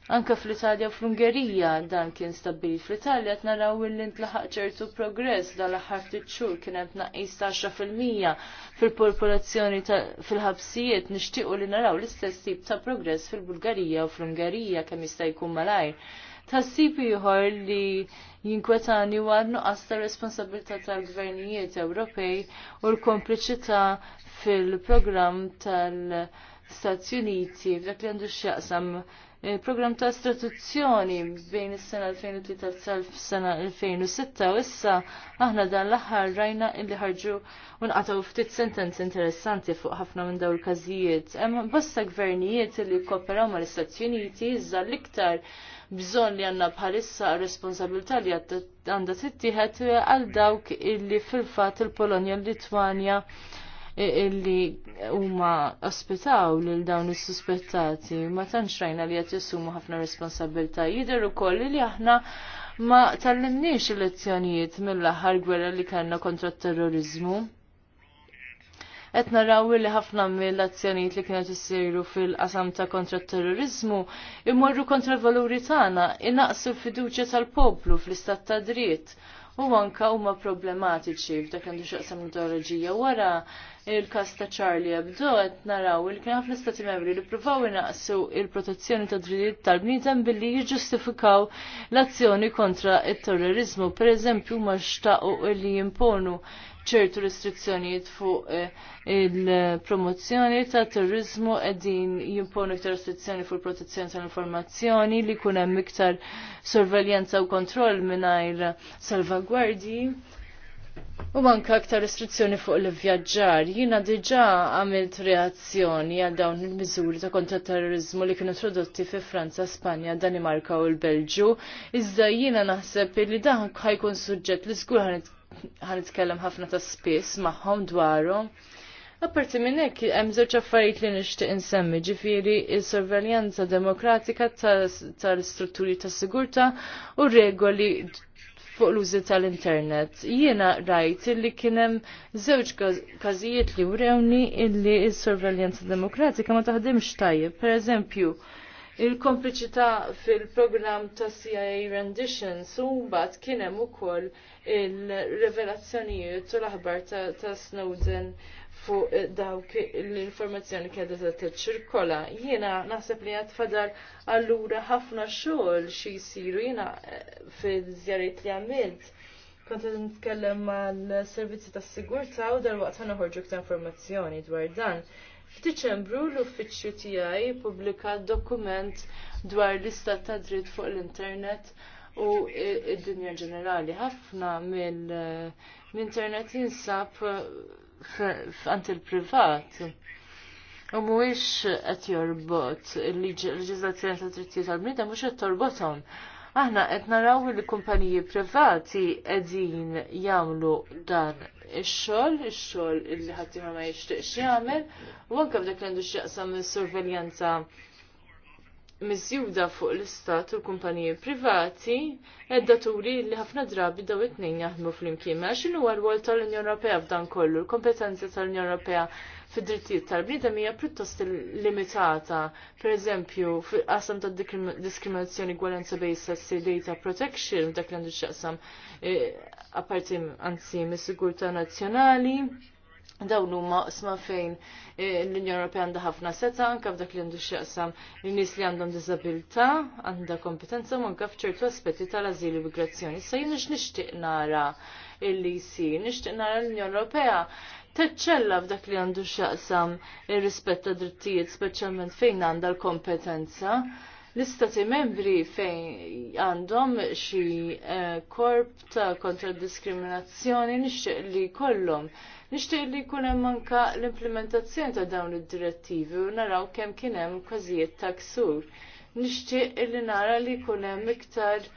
Anka fl-Italja u fl-Ungerija dan kien stabbili. Fl-Italja t-naraw li ntlaħaq ċertu progress dal-aħħar t-ċur kien hemm tnaqqis 10% fil-popolazzjoni fil-ħabsijiet nixtiequ li naraw l-istess tip ta' progress fil-Bulgarija u fl-Ungerija kemm jista' jkun malajr. Tassib juħor li jinkwetani huwa nuqqas ta' responsabilità tal-gvernijiet Ewropej u l-kompliċità fil-programm tal stazzjoniti Uniti li għandu x'jaqsam Eh, program ta' istituzzjoni bejn is-sena 2003 sena 2006 u issa aħna dan l-aħħar rajna illi ħarġu unqataw ftit sentenzi interessanti fuq ħafna minn dawn il-każijiet. Hemm bosta gvernijiet li kooperaw mal-Istati Uniti iżda l-iktar bżonn li għandna bħalissa responsabilità li għandha tittieħed għal dawk illi fil-fatt il-Polonja l-Litwanja il polonja l litwanja illi huma ospitaw lil dawn is-suspettati ma tantx rajna li qed jissumu ħafna responsabilità. Jidher ukoll li aħna ma tallimniex il-lezzjonijiet mill-aħħar gwerra li kellna kontra t-terrorizmu qed naraw li ħafna mill-azzjonijiet li kienet issiru fil-qasam ta' kontra t terrorizmu imorru kontra l-valuri tagħna, innaqsu l-fiduċja tal-poplu fl-istat ta' dritt u anka huma problematiċi f'dak għandu xaqsam mitoloġija. Wara il-kas ta' Charlie Hebdo qed naraw il kien ħafna stati membri li ppruvaw inaqsu il-protezzjoni ta' drittijiet tal-bniedem billi jiġġustifikaw l-azzjoni kontra it-terrorizmu. Pereżempju ma xtaqu li jimponu ċertu restrizzjonijiet fuq eh, il-promozzjoni ta' turizmu qegħdin jimponu iktar restrizzjoni fuq protezzjoni tal-informazzjoni li jkun hemm iktar sorveljanza u kontroll mingħajr salvagwardji. U manka aktar restrizzjoni fuq l-vjaġġar. Jiena diġa' għamilt reazzjoni għal dawn il-miżuri ta' kontra terrorizmu li kienu introdotti fi Franza, Spanja, Danimarka u l-Belġu. Iżda jiena naħseb li dan ħajkun suġġett li żgur ħan nitkellem ħafna ta' spiss magħhom dwarhom. Apparti minn hekk hemm żewġ affarijiet li nixtieq insemmi, ġifieri s-sorveljanza demokratika tal strutturi ta' sigurta u regoli fuq l-użi tal-internet. Jiena rajt li kienem żewġ każijiet li wrewni illi s-sorveljanza demokratika ma taħdimx tajjeb. Per eżempju, il-kompliċità fil-programm ta' CIA rendition su mbagħad kien hemm ukoll il-revelazzjonijiet u l-aħbar ta' Snowden fuq dawk l-informazzjoni kienet t-ċirkola. Jiena naħseb li għad fadar allura ħafna xogħol xi jsiru jiena eh, fil-żjarit li għamilt. Kont nitkellem mal-servizzi tas-sigurtà u dalwaqt ħa noħorġu ktar informazzjoni dwar dan. F'Diċembru l-uffiċċju tiegħi pubblika dokument dwar l-istat ta' dritt fuq l-internet u id-dinja ġenerali. Ħafna mill-internet jinsab f'ant il-privat. U mhuwiex qed jorbot il-leġiżlazzjoni ta' drittijiet tal-bniedem mhux qed torbothom. Aħna qed naraw li kumpaniji privati qegħdin jagħmlu dan ix-xogħol, ix-xogħol illi ħatti ma jixtieqx jagħmel, u anke f'dak l għandu x'jaqsam is-sorveljanza miżjuda fuq l-istat u l-kumpaniji privati, edda turi li ħafna drabi daw it-tnejn jaħdmu fl-imkien. Ma x'inhu għal rwol tal-Unjoni Ewropea f'dan kollu, l-kompetenza tal-Unjoni Ewropea fid-drittijiet tal-bniedem hija pjuttost limitata. Pereżempju, eżempju, qasam ta' diskriminazzjoni gwalenza bejn sessi data protection, dak l għandu x'jaqsam eh, apparti anzi mis-sigurta nazzjonali dawn huma qisma fejn eh, l-Unjoni Ewropea għandha ħafna seta' anke f'dak li għandu x'jaqsam lin-nies li għandhom diżabilità għandha kompetenza u anke f'ċertu aspetti tal-ażil u migrazzjoni. Sa jien nixtieq nara illi jsir, nixtieq nara l-Unjoni Ewropea teċċella f'dak li għandu x'jaqsam ir-rispett ta' drittijiet speċjalment fejn għandha l-kompetenza l-istati membri fejn għandhom xi eh, korp ta' kontra diskriminazzjoni nixtieq li kollom. Nixtieq li jkun hemm anke l-implementazzjoni ta' dawn id-direttivi u naraw kemm kien hemm kważijiet ta' ksur. Nixtieq li nara li jkun hemm iktar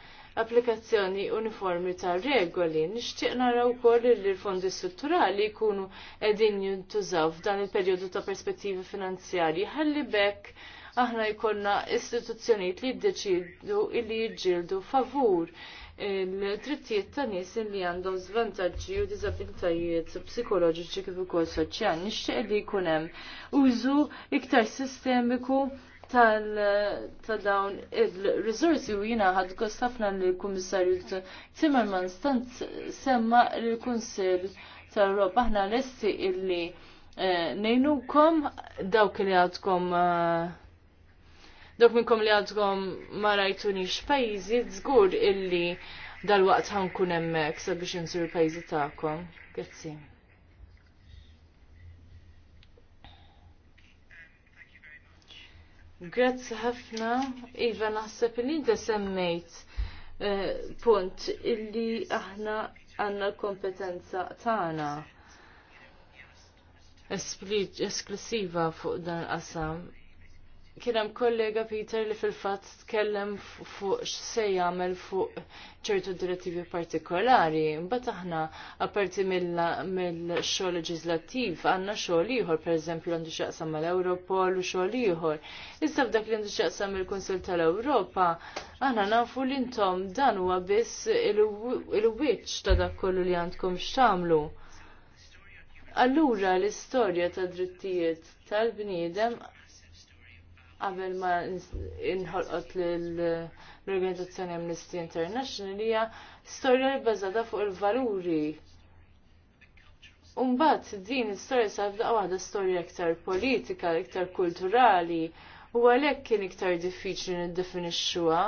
applikazzjoni uniformi ta' regoli. Nixtieq naraw ukoll li l-fondi strutturali jkunu qegħdin jintużaw f'dan il-perjodu ta' perspettivi finanzjarji ħalli bekk aħna jkollna istituzzjonijiet li jiddeċidu illi jiġġieldu favur il trittijiet ta' nies li għandhom zvantaġġi u diżabilitajiet psikoloġiċi kif ukoll soċjali nixtieq li jkun hemm użu iktar sistemiku ta' dawn il-rizorsi u jina ħad ħafna l-Kummissarju Timmerman stant semma l-Kunsil ta' Europa aħna lesti illi eh, nejnukom dawk li għadkom uh, dok minnkom li għadkom ma rajtunix pajjiżi żgur illi dal-waqt ħankun hemmhekk sabiex insur pajjiżi tagħkom. Grazzi. Grazzi ħafna, Iva naħseb li inti semmejt eh, punt illi aħna għanna l-kompetenza tagħna esklusiva fuq dan qasam Kien hemm kollega Peter li fil-fatt tkellem fuq x'se jagħmel fuq ċertu direttivi partikolari. Mbagħad aħna apparti mill-xogħol leġislattiv għandna xogħol ieħor pereżempju għandu x'jaqsam mal-Europol u xogħol ieħor. Issa f'dak li għandu x'jaqsam il-Kunsil tal-Ewropa, aħna nafu li intom dan huwa biss il-wiċċ ta' dak kollu li għandkom x'tagħmlu. Allura l-istorja ta' drittijiet tal-bniedem qabel ma inħolqot l-Organizzazzjoni Amnesty International hija storja bbażata fuq il-valuri. Umbat din is-storja sa fdaqa waħda storja iktar politika, iktar kulturali, u għalhekk kien iktar diffiċli niddefinixxuha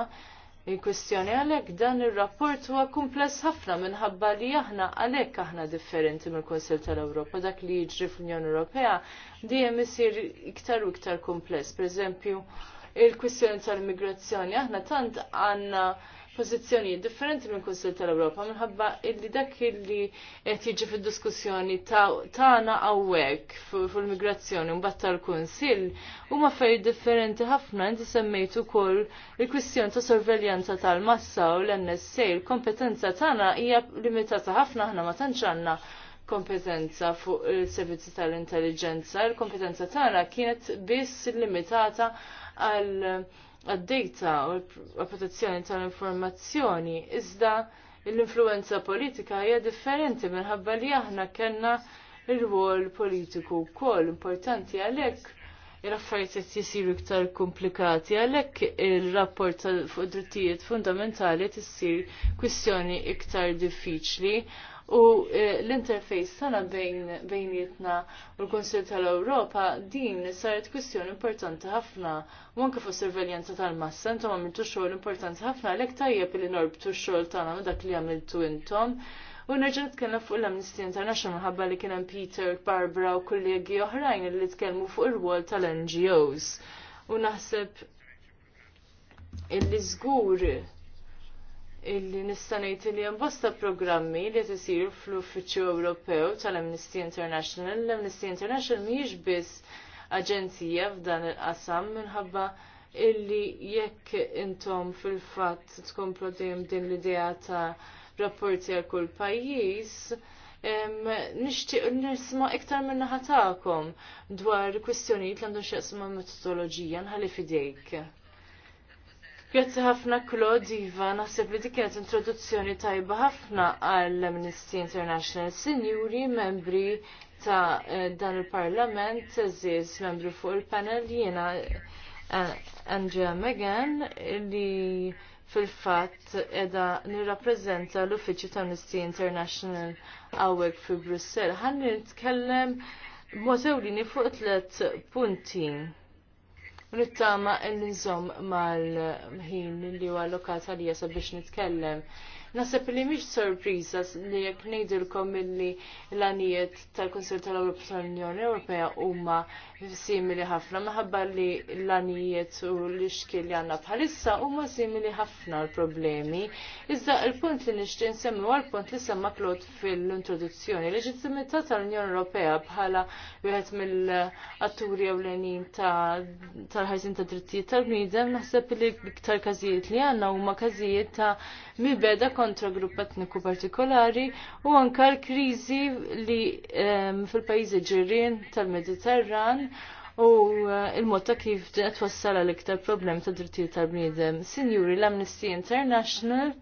il-kwestjoni għalhekk dan ir-rapport huwa kumpless ħafna minħabba li aħna għalhekk aħna differenti mill konsil tal-Ewropa dak li jiġri fl-Unjoni Ewropea dejjem isir iktar u iktar kumpless. Pereżempju, il-kwestjoni tal immigrazzjoni aħna tant għandna pożizzjonijiet differenti minn Kunsil tal europa minħabba illi dak illi qed jiġi fid-diskussjoni tagħna hawnhekk fil-migrazzjoni mbagħad tal-Kunsill huma affarijiet differenti ħafna inti semmejt ukoll il-kwistjoni ta' sorveljanza tal-massa u l-NSA il-kompetenza tagħna hija limitata ħafna aħna ma tantx għandna kompetenza fuq il-servizzi tal-intelligenza. Il-kompetenza tagħna kienet biss limitata għal għad dejta u l-protezzjoni tal-informazzjoni, iżda l-influenza politika hija differenti minħabba li aħna kellna il wol politiku wkoll importanti għalhekk il-affarijiet qed jisiru iktar komplikati għalhekk ir-rapport fuq drittijiet fundamentali tissir kwistjoni iktar diffiċli u eh, l-interface tagħna bejn bejnietna u l-Kunsill tal-Ewropa din saret kwistjoni importanti ħafna u anke fuq tal-massa intom għamiltu xogħol importanti ħafna għalhekk tajjeb li norbtu x-xogħol tagħna dak li għamiltu intom. U nerġa' nitkellem fuq l-Amnesty International ħabba li kien hemm Peter, Barbara u kollegi oħrajn li tkellmu fuq ir-wol tal-NGOs. U naħseb illi żgur illi nistanajt li bosta programmi li t sir fl-Uffiċċju Ewropew tal-Amnesty International. L-Amnesty International miġ biss aġenzija f'dan il-qasam minħabba illi jekk intom fil-fat tkomplu dejjem din l-idea ta' rapporti għal kull pajjiż, nishtiq nisma iktar minna ħatakom dwar kwistjonijiet li għandhom xieqsma metodoloġija nħalli fidejk. Grazzi ħafna Claude Iva, naħseb li dik kienet introduzzjoni tajba ħafna għall-Amnesty International Sinjuri, membri ta' dan il-Parlament, ziz membru fuq il-panel jiena eh, Andrea Megan li fil-fatt edha nirrappreżenta l-Uffiċċju ta' Amnesty International għawek fi Brussel. Ħan nitkellem mod ewlieni fuq tliet punti nittama il nizom mal-ħin li huwa allokat għalija sabiex nitkellem. Nasab li mhix sorpriza li jekk ngħidilkom milli l-għanijiet tal konsil tal europa tal-Unjoni Ewropea huma simili ħafna maħabba li l-anijiet u l-iskil li għanna bħalissa u ma simili ħafna l-problemi. Iżda il-punt li nishtin semmi u għal-punt li semma klot fil-introduzzjoni li ġittimità tal-Unjoni Ewropea bħala wieħed mill-atturi ewlenin tal-ħajsin ta' drittijiet tal bnidem naħseb li iktar każijiet li għanna huma każijiet ta' mibeda kontra grupp etniku partikolari u anka l-kriżi li ehm, fil-pajjiżi ġirien tal-Mediterran u uh, il-mod ta' kif ġiet wassal l iktar problem ta' drittijiet tal-bniedem. Sinjuri l-Amnesty International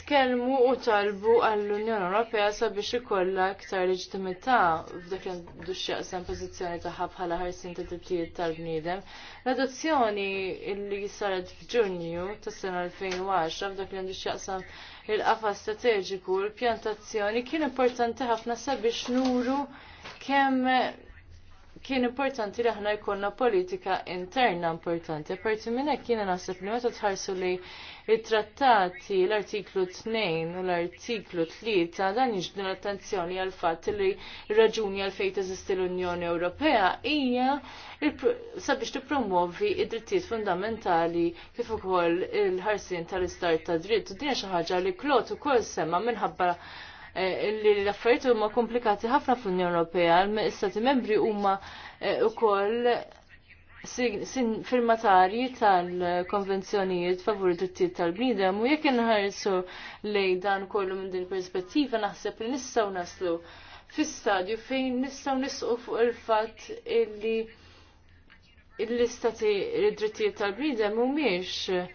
tkellmu u talbu għall-Unjoni Ewropea sabiex ikollha aktar leġitimità f'dak li għandu x'jaqsam pożizzjoni tagħha bħala ħarsin ta' drittijiet tal-bniedem. L-adozzjoni li saret f'Ġunju tas-sena 2010 f'dak li għandu x'jaqsam il-qafas strateġiku l pjantazzjoni kien importanti ħafna sabiex nuru kemm kien importanti li aħna jkollna politika interna importanti. Parti minn hekk jiena naħseb li meta tħarsu li it-trattati l-artiklu 2 u l-artiklu 3 dan jiġbdu l-attenzjoni għal fatt li raġuni għal fejn teżisti l-Unjoni Ewropea hija sabiex tippromovi id-drittijiet fundamentali kif ukoll il-ħarsien tal-istar ta' dritt. Din xi ħaġa li klot ukoll semma minħabba Eh, li l-affarijiet huma komplikati ħafna fl-Unjoni Ewropea, l stati membri huma wkoll eh, sin firmatari tal-konvenzjonijiet favur drittijiet tal-bnidem u jekk inħarsu lej dan kollu minn din perspettiva naħseb li nistgħu naslu fi stadju fejn nistgħu nisqu fuq il-fatt illi l-istati drittijiet tal-bnidem mhumiex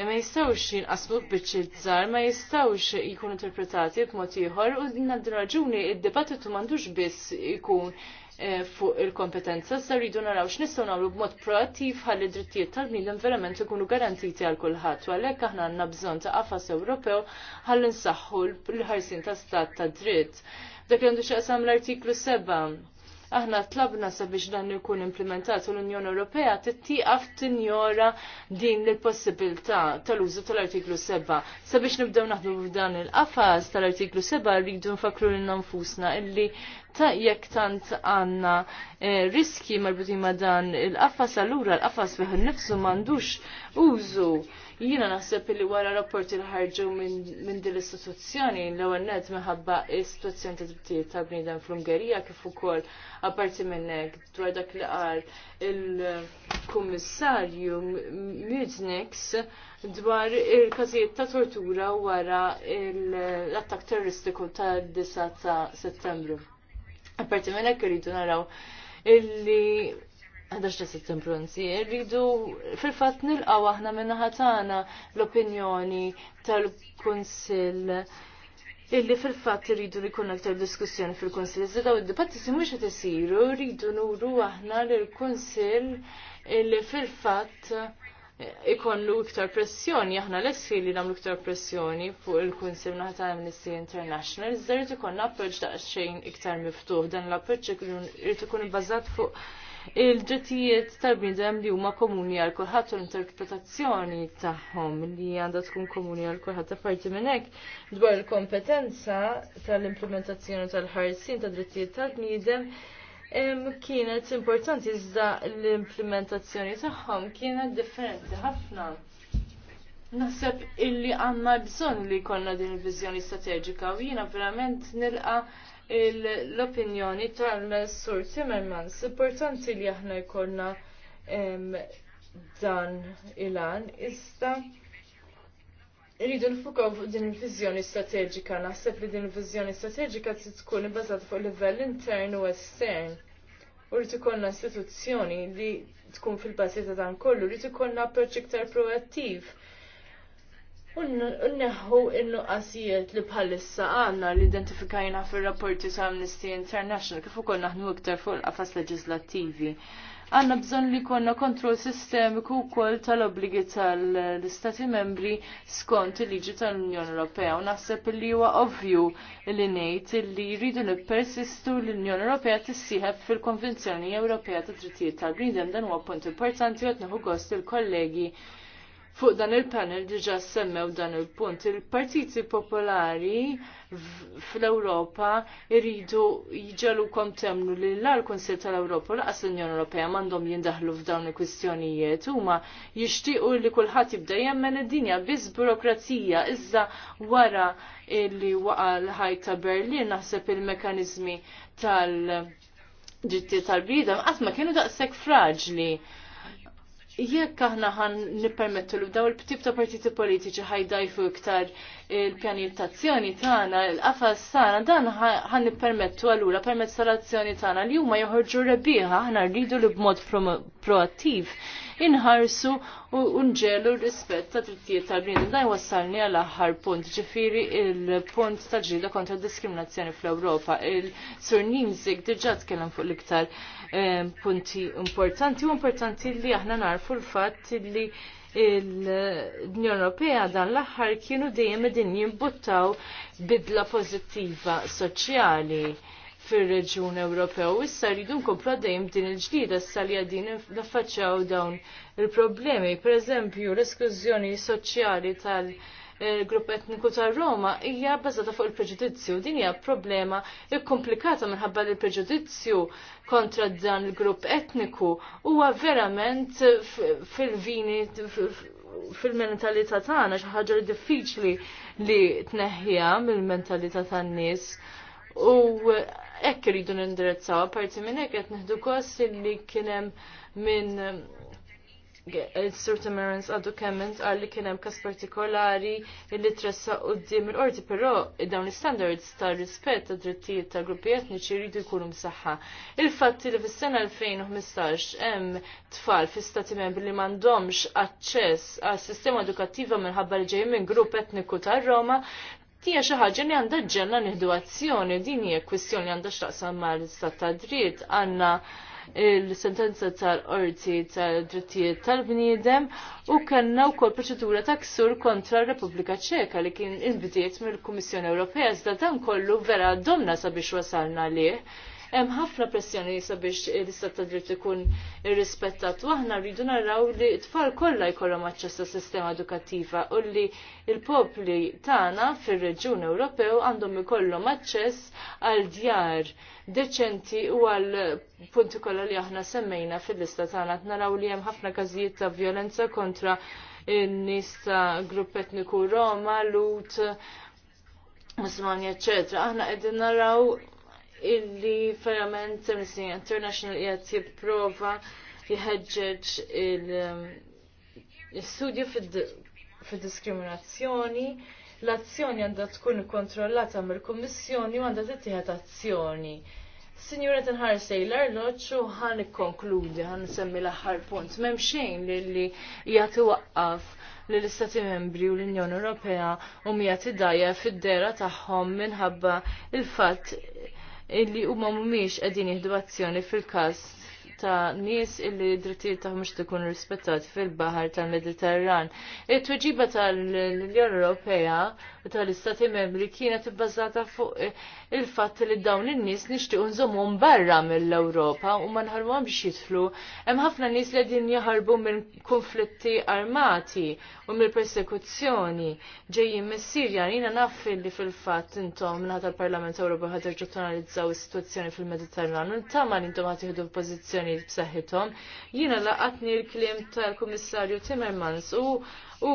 E ma jistawx jinqasmu b'biċċi żgħar, ma jistawx jkun interpretati b'mod ieħor u din raġuni id-dibattitu m'għandux biss ikun e, fuq il-kompetenza, sa rridu naraw x'nistgħu nagħmlu b'mod proattiv ħalli drittijiet tal-bniedem verament ikunu garantiti għal kulħadd u għalhekk aħna għandna bżonn ta' qafas Ewropew ħalli nsaħħu l ħarsien ta' stat ta' dritt. Dak li għandu x'aqsam l-artiklu 7 Aħna tlabna sabiex dan ikun implementat u l-Unjoni Ewropea tittieqaf tinjora din il-possibilità tal-użu tal-artiklu 7. Sabiex nibdew naħdmu f'dan il-qafas tal-artiklu 7 rridu nfakru lil nfusna illi ta' jekk tant għanna eh, riski marbutin ma' dan il-qafas allura l-qafas fih nifsu m'għandux użu Jiena naħseb li wara rapporti li ħarġu minn din l-istituzzjoni l-ewwel nett minħabba s sitwazzjoni ta' tibtiet ta' bniedem fl-Ungerija kif ukoll apparti minn hekk dwar dak li qal il-Kummissarju Mudniks dwar il-każijiet ta' tortura wara l-attak terroristiku tad-9 ta' Settembru. Apparti minn hekk irridu naraw illi 11 ta' sitt imprunzi. rridu fil-fat nilqaw aħna minna ħatana l-opinjoni tal-Kunsill illi fil-fat rridu li kun aktar diskussjoni fil-Kunsill. Iżda daw id si mhux qed isiru, rridu nuru aħna lill-Kunsill illi fil-fat lu iktar pressjoni, aħna l-essi li namlu iktar pressjoni fuq il kunsill minna ħatana Amnesty International, iżda rridu ikon approċ daqsxejn iktar miftuħ, dan l-approċ rrit ikun bbażat fuq il drittijiet tal-bnidem li huma komuni għal kulħadd u l-interpretazzjoni tagħhom li għandha tkun komuni għal kulħadd apparti minn hekk dwar il-kompetenza tal-implementazzjoni tal-ħarsin ta' drittijiet tal-bniedem kienet importanti iżda l-implementazzjoni tagħhom kienet differenti ħafna. Naħseb illi għanna bżon li konna din il-vizjoni strateġika u jina verament nilqa' l-opinjoni tal-Sur Timmermans. Importanti li aħna jkollna dan il-an issa. Rridu nfukaw fuq din il-vizjoni strateġika, naħseb li din il-vizjoni strateġika trid tkun ibbażata fuq livell intern u estern. U rrid ikollna istituzzjoni li tkun fil-bażi ta' dan kollu, rrid ikollna approċċ iktar proattiv Unneħu il-nuqqasijiet li bħalissa għanna li identifikajna fil-rapporti ta' Amnesty International kif ukoll naħnu iktar fuq qafas leġislattivi. Għanna bżon li konna kontrol sistemiku wkoll tal-obligi tal-Istati membri skont il-liġi tal-Unjoni Ewropea u naħseb li huwa ovvju li ngħid li jridu nippersistu l-Unjoni Ewropea tissieħeb fil-Konvenzjoni Ewropea ta' Drittijiet tal-Bniedem dan huwa punt importanti qed gost il-kollegi fuq dan il-panel diġa semmew dan il-punt. Il-partiti popolari fl-Europa iridu jġalu kontemnu li l-Konsil tal-Europa laqas l-Unjoni Ewropea mandom jindahlu f'dawn il-kwistjonijiet huma jixtiequ li kulħadd jibda jemmen id-dinja biss burokrazija iżda wara li waqa l-ħajt ta' Berlin naħseb il-mekanizmi tal- ġitti tal-bidem, ma kienu daqsek fraġli jekk aħna ħan nippermettu l daw il-ktib ta' partiti politiċi ħajdajfu iktar il-pjanijiet ta' azzjoni tagħna, l-qafas tagħna dan ħan nippermettu allura permezz tal-azzjoni tagħna li huma joħorġu rebbieħa aħna rridu li b'mod proattiv inħarsu u nġelu rispett ta' drittijiet tal-bniedem. Dan wassalni għal aħħar punt, ġifieri il-punt ta' ġrida kontra diskriminazzjoni fl-Ewropa. Il-Sur Nimzik diġà tkellem fuq l-iktar punti importanti u importanti li aħna narfu l-fatt li l-Unjoni Ewropea dan l-aħħar kienu dejjem din jimbuttaw bidla pożittiva soċjali fir-reġjun Ewropew. Issa rridu nkomplu dejjem din il-ġdida issa li għadin naffaċċjaw dawn il-problemi. Per eżempju, l-eskużjoni soċjali tal- grupp etniku ta' Roma hija bbażata fuq il-preġudizzju. Din hija problema ikkomplikata minħabba li l-preġudizzju kontra dan il-grupp etniku huwa verament fil-vini fil-mentalità tagħna xi ħaġa diffiċli li tneħħiha mill-mentalità tan-nies. U hekk iridu nindirizzaw, parti minn hekk qed neħdu kost li kien hemm minn Sir Timmermans għaddu kemmen għal li kienem kas partikolari li tressa u d-dim il-orti, pero dawn standards ta' rispet ta' drittijiet ta' gruppi etniċi rridu jkunu msaħħa. Il-fatti li fis-sena 2015 hemm tfal fi stati membri li m'għandhomx aċċess għal sistema edukattiva minħabba li ġej minn grupp etniku ta' Roma, Tija xi ħaġa li għandha ġenna nieħdu azzjoni, din hija kwistjoni għandha x'taqsam mal-istat ta' dritt, għandna il-sentenza tal-qorti tal-drittijiet tal-bniedem u kellna wkoll proċedura ta' ksur kontra r-Repubblika Ċeka li kien invitiet mill-Kummissjoni Ewropea iżda dan kollu vera domna sabiex wasalna liħ hemm ħafna pressjoni sabiex l-istat ta' dritt ikun irrispettat. Waħna rridu naraw li t-tfal kollha jkollhom aċċess għas sistema edukattiva u li l-popli tagħna fir-Reġjun Ewropew għandhom ikollhom aċċess għal djar deċenti u għal punti kollha li aħna semmejna fil-lista tagħna naraw li hemm ħafna każijiet ta' violenza kontra n-nies ta' grupp etniku Roma, Lut, Musmani, eccetera. Aħna qegħdin naraw illi verament Amnesty International qiegħed jipprova jħeġġeġ um, il-studju fid-diskriminazzjoni. L-azzjoni għandha tkun kontrollata mill-Kummissjoni u għandha tittieħed azzjoni. Signora Tenħar Sejlar, loċu ħan ikkonkludi, ħan semmi l-aħħar punt. xejn li li jgħati waqqaf li l-Istati Membri u l-Unjoni Ewropea u mija tidajja fid-dera tagħhom minħabba il-fatt illi huma mhumiex qegħdin jieħdu azzjoni fil-każ ta' nies illi drittijiet tagħhom mhux tkun rispettati fil-baħar tal-Mediterran. It-tweġiba tal-Unjoni Ewropea u tal-Istati Membri kienet ibbażata fuq il-fatt li dawn in-nies nixtiequ nżommhom barra mill-Ewropa u ma nħarmuhom biex jidħlu. Hemm ħafna nies li qegħdin jaħarbu minn konflitti armati u mill-persekuzzjoni ġejjin mis-Sirja. Jiena naf li fil-fatt intom minħat tal-Parlament Ewropew ħad tonalizzaw is-sitwazzjoni fil-Mediterran u ntama li intom ħadd jieħdu pożizzjoni b'saħħithom. Jiena laqatni l-kliem tal-Kummissarju Timmermans u U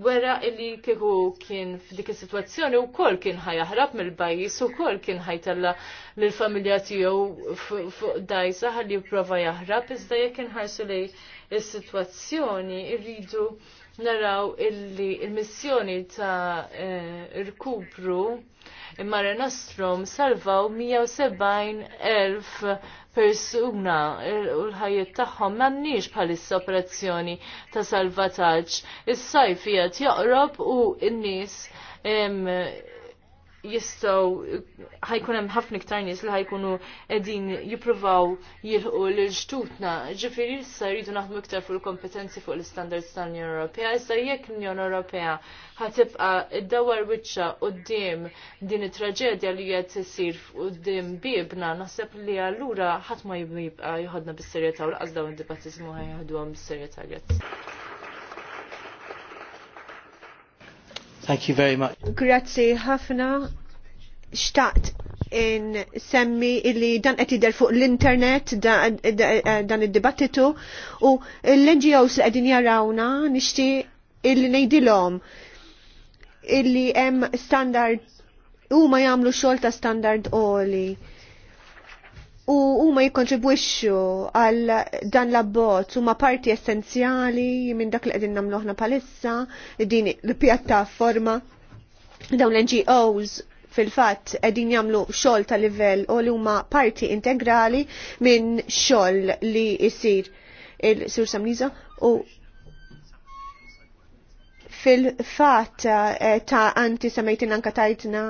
wera illi kieku kien f'dik is-sitwazzjoni wkoll kien ħajaħrab mill u kol ukoll kien ħajtella lill-familja tiegħu fuq dajsa ħalli jipprova jaħrab iżda jekk inħarsu lej is-sitwazzjoni irridu naraw illi l missjoni ta' eh, irkupru Mare Nostrum salvaw 170.000 persuna eh, u l-ħajiet tagħhom m'għandniex bħalissa operazzjoni ta' salvataġġ. Is-sajf qiegħed joqrob u n-nies jistgħu ħajkun hemm ħafna iktar nies li ħajkunu qegħdin jippruvaw jilħu l-ġtutna. Ġifiri issa jridu naħdmu iktar fuq il-kompetenzi fuq l-istandards tal-Unjoni Ewropea, issa jekk l-Unjoni Ewropea ħatibqa' id-dawar wiċċa quddiem din it-traġedja li qed isir quddiem bibna, naħseb li allura ħadd ma jibqa' jħodna bis-serjetà u laqas u d dibattizmu ħajħodhom bis-serjetà. Grazzi. Thank you very much. Grazzi ħafna. Xtaqt in semmi illi dan qed jidher fuq l-internet dan, dan id-dibattitu u l-NGOs li qegħdin jarawna nixtieq illi ngħidilhom illi hemm standard huma jagħmlu xogħol ta' standard oli u huma jikkontribwixxu għal dan l-abbozz huma parti essenzjali minn dak li qegħdin nagħmlu aħna palissa, din il-pjattaforma dawn l-NGOs fil-fatt qegħdin jagħmlu xogħol ta' livell u li huma parti integrali minn xogħol li jsir il-Sur Samniza u fil-fatt eh, ta' anti semejtin anka tajtna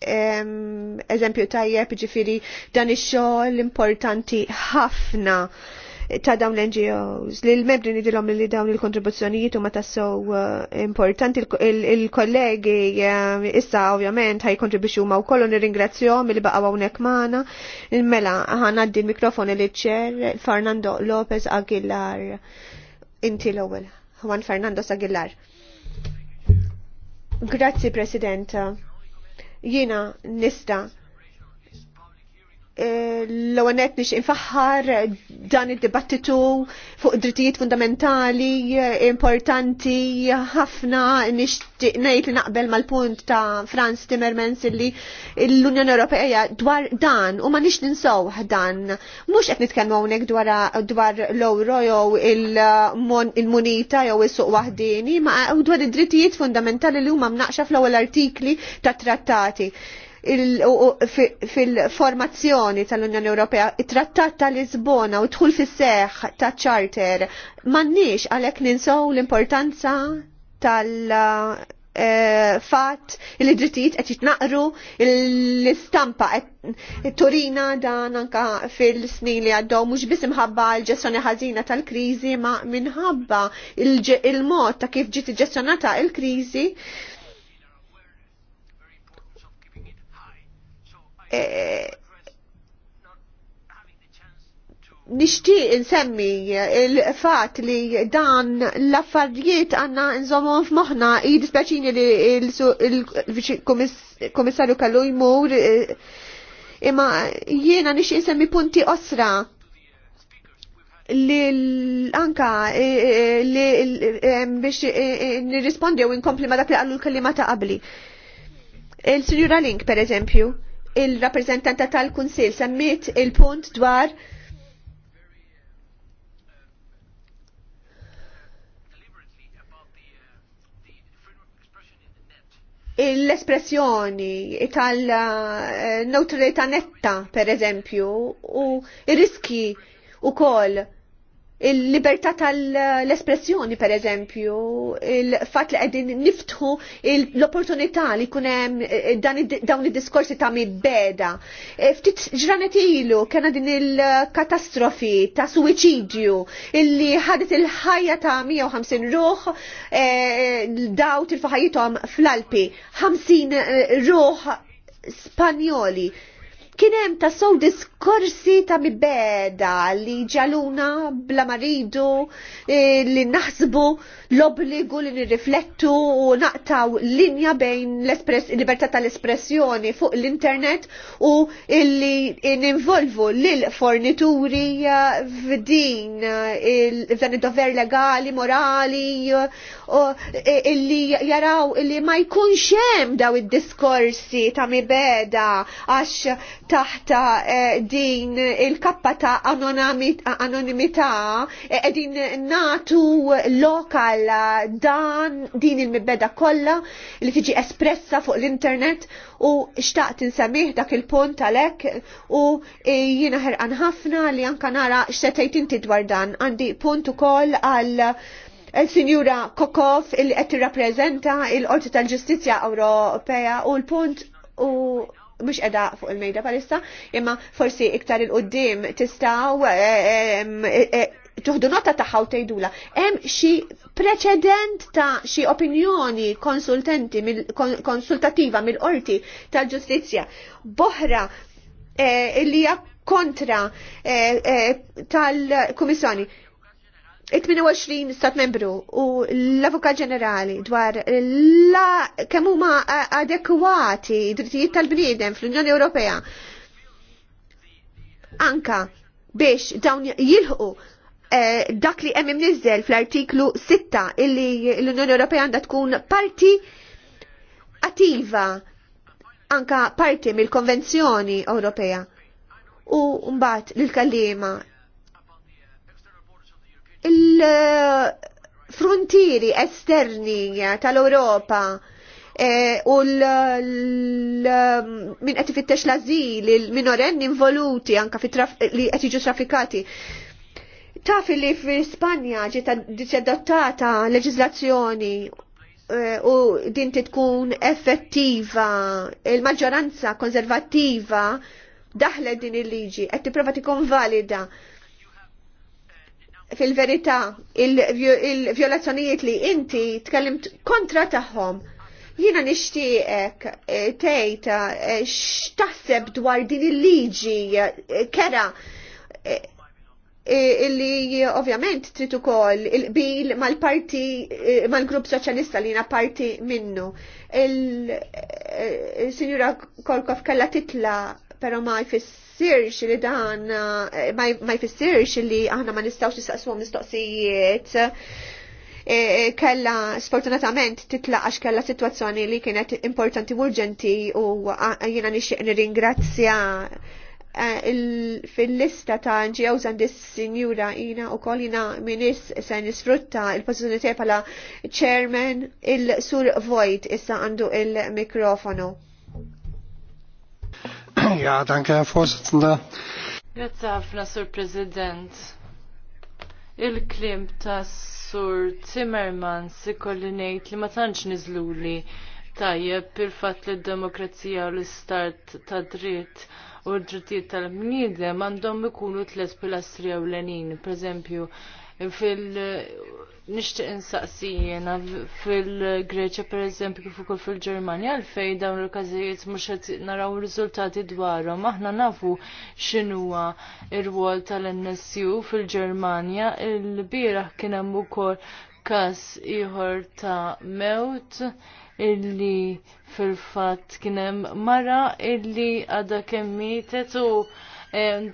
eżempju tajjeb ġifiri dan ix-xogħol importanti ħafna ta' dawn l-NGOs li l-membri nidilhom li dawn il-kontribuzzjonijiet huma tassew eh, importanti il-kollegi eh, issa ovvjament ħaj kontribwixxu ma wkoll nirringrazzjahom li għawnek hawnhekk il Mela ħanaddi l-mikrofon il ċer Fernando Lopez Aguilar. Inti l-ewwel. Juan Fernando Aguilar. Grazzi Presidenta Jiena nista' l-għonet nix infaħħar dan il-dibattitu fuq drittijiet fundamentali importanti ħafna nix nejt li naqbel mal-punt ta' Franz Timmermans li l-Unjoni Ewropea dwar dan u ma nix ninsaw dan. Mux qed nitkellmu hawnhekk dwar l ewro jew il-munita jew is-suq waħdini, ma dwar id-drittijiet fundamentali li huma mnaqxa fl-ewwel artikli tat trattati fil-formazzjoni tal-Unjoni Ewropea, it-Trattat tal-Lisbona u tħul fis seħħ ta' charter, m'għandniex għalhekk ninsow l-importanza tal- eh, fatt il-ġittijiet qed jitnaqru l-istampa qed turina dan anka fil-snin li għaddew mhux biss imħabba l-ġestjoni ħażina tal-kriżi ma minħabba il-mod ta' kif ġiet iġġestjonata l kriżi Eh, nishtiq insemmi il-fat li dan l-affarijiet għanna nżomon f'moħna id-speċini li il-komissarju kallu jmur eh, imma jiena nix insemmi punti osra li anka eh, li biex nirrispondi u nkompli ma dak li għallu l-kalima ta' qabli. Il-Sinjura Link, per eżempju, il-rappresentanta tal-Kunsil semmit il-punt dwar l-espressjoni tal-neutralità netta, per eżempju, u riski u koll il-libertà tal-espressjoni per eżempju, il-fat li għedin niftħu l-opportunità li kunem eh, eh, dawn id-diskorsi ta' beda. Eh, ftit ġranet ilu kena din il-katastrofi ta' suicidju illi ħadet il-ħajja ta' 150 ruħ daw til-faħajitom fl-Alpi, 50 ruħ Spanjoli Kienem ta' sow diskorsi ta' mibeda li ġaluna bla maridu eh, li naħsbu l obligu li nirriflettu u naqtaw linja bejn l-libertà tal-espressjoni fuq l-internet u illi ninvolvu l-fornituri eh, f'din eh, f'dan id-dover legali, morali, eh, illi jaraw illi ma jkunx hemm daw id-diskorsi ta' mibeda għax taħta din il-kappa ta' anonimità qegħdin natu lokal inkella dan din il mibbeda kollha li tiġi espressa fuq l-internet u xtaqt insemmih dak il-punt għalhekk u jiena ħerqan ħafna li anka nara xtetajt inti dwar dan. Għandi punt ukoll għal il-Sinjura Kokov il qed tirrappreżenta il-Qorti tal-Ġustizzja Ewropea u l-punt u mhux qiegħda fuq il-mejda palissa, imma forsi iktar il-qudiem tistgħu eh, eh, eh, tuħdu nota taħħa u tejdula. Hemm xi preċedent ta' xi opinjoni konsultenti mil, konsultativa mill-qorti tal-ġustizzja boħra eh, li hija kontra eh, eh, tal-Kummissjoni. 28 stat membru u l-Avukat Ġenerali dwar la kemm huma adekwati drittijiet tal-bniedem fl-Unjoni Ewropea anka biex dawn jilħu Eh, dak li hemm nizzel fl-artiklu 6 illi l-Unjoni Ewropea għandha tkun parti attiva anka parti mill-Konvenzjoni Ewropea. U mbagħad lill kalliema il-frontieri esterni tal-Ewropa eh, u l min qed ifittex l-azil, il-minorenni involuti anka li qed jiġu trafikati. Taf li fl-Ispanja ġiet adottata leġiżlazzjoni eh, u din tkun effettiva, il-maġġoranza konservattiva daħlet din il-liġi, qed tipprova tikun valida fil-verità il-violazzjonijiet li inti tkellimt kontra tagħhom. Jiena nixtieqek eh, tgħid eh, x'taħseb dwar din il-liġi kera E, illi e, ovvjament trid ukoll il bil mal-parti e, mal-grupp soċjalista li jiena parti minnu. Il-Sinjura Kolkov kellha titla pero ma jfissirx li dan ma jfissirx li aħna ma nistgħux nistaqsuhom mistoqsijiet kella sfortunatament għax kalla situazzjoni li kienet importanti urġenti u jiena nixtieq nirringrazzja Eh, fil-lista ta' NGOs dis sinjura jina u kol jina minis se nisfrutta il-pozizjoni tiegħi bħala chairman il-sur Void issa għandu il-mikrofonu. Ja, danke, Vorsitzender. Grazie ħafna, Sur President. Il-klim ta' Sur Timmermans si ngħid li ma tantx niżluli tajjeb il-fatt li d-demokrazija u l-istart ta' dritt u l-drittijiet tal-bniedem għandhom ikunu tles pilastri ewlenin, pereżempju fil- nishtiq insaqsi jena fil-Greċja per eżempju kif ukoll fil-Ġermanja għalfejn dawn il-każijiet mhux qed naraw riżultati dwarhom. Aħna nafu x'inhuwa r-rwol tal-NSU fil-Ġermanja. Il-bieraħ kien hemm ukoll każ ieħor ta' mewt illi fil-fat kienem mara illi għada kemmitet u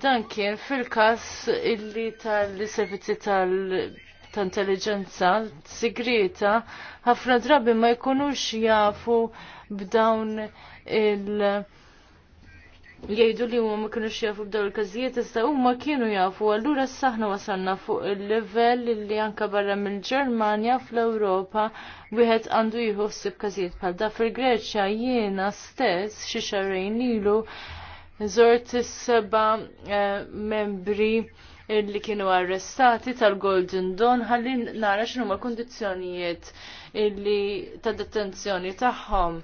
dan kien fil-kas illi tal-servizzi tal- intelligenza segreta ħafna drabi ma jkunux jafu b'dawn il- jgħidu li huma ma kienux jafu b'dawn il-każijiet iżda huma kienu jafu allura s-saħna wasalna fuq il-livell li anka barra mill-Ġermanja fl-Ewropa wieħed għandu jieħu ħsieb każijiet bħal da fil-Greċja jiena stess xi xarejn ilu żort is-seba' eh, membri li kienu arrestati tal-Golden Dawn ħalli nara x'inhuma kundizzjonijiet illi ta' detenzjoni tagħhom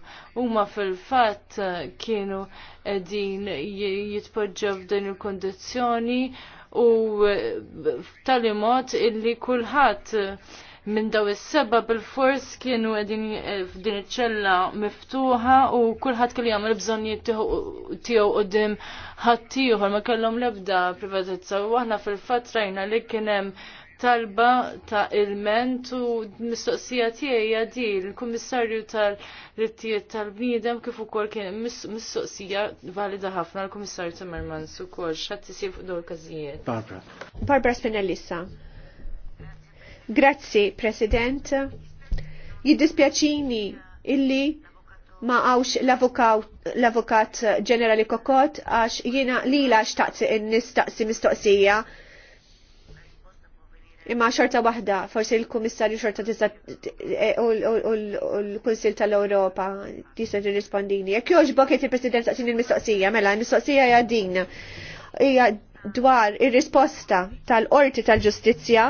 huma fil-fatt kienu qegħdin jitpoġġew f'din il kundizzjoni u tali mod illi kulħadd minn daw is-seba bil-fors kienu qegħdin eh, f'din iċ-ċella miftuħa u kulħadd kien jagħmel bżonnijiet tiegħu qudiem ħadd ma kellhom l-ebda privatizza u aħna fil-fatt rajna li kien hemm talba ta' ilment u mistoqsija tiegħi di l-Kummissarju tal-Rittijiet tal-Bniedem kif ukoll kien mistoqsija valida ħafna l-Kummissarju Timmermans ukoll x'għad tisir fuq dawn każijiet. Barbara. Barbara Spinellissa. Grazzi, President. Jiddispjaċini illi ma għawx l-avukat ġenerali Kokot għax jina li la xtaqsi nistaqsi mistoqsija Imma xorta waħda, forsi l-Kummissarju xorta tista' e- u l-Kunsil tal-Ewropa tista' tirrispondini. Jekk jogħġbok qed il-President saqsini il mistoqsija mela l-mistoqsija hija din. Hija dwar ir-risposta tal-Qorti tal-Ġustizzja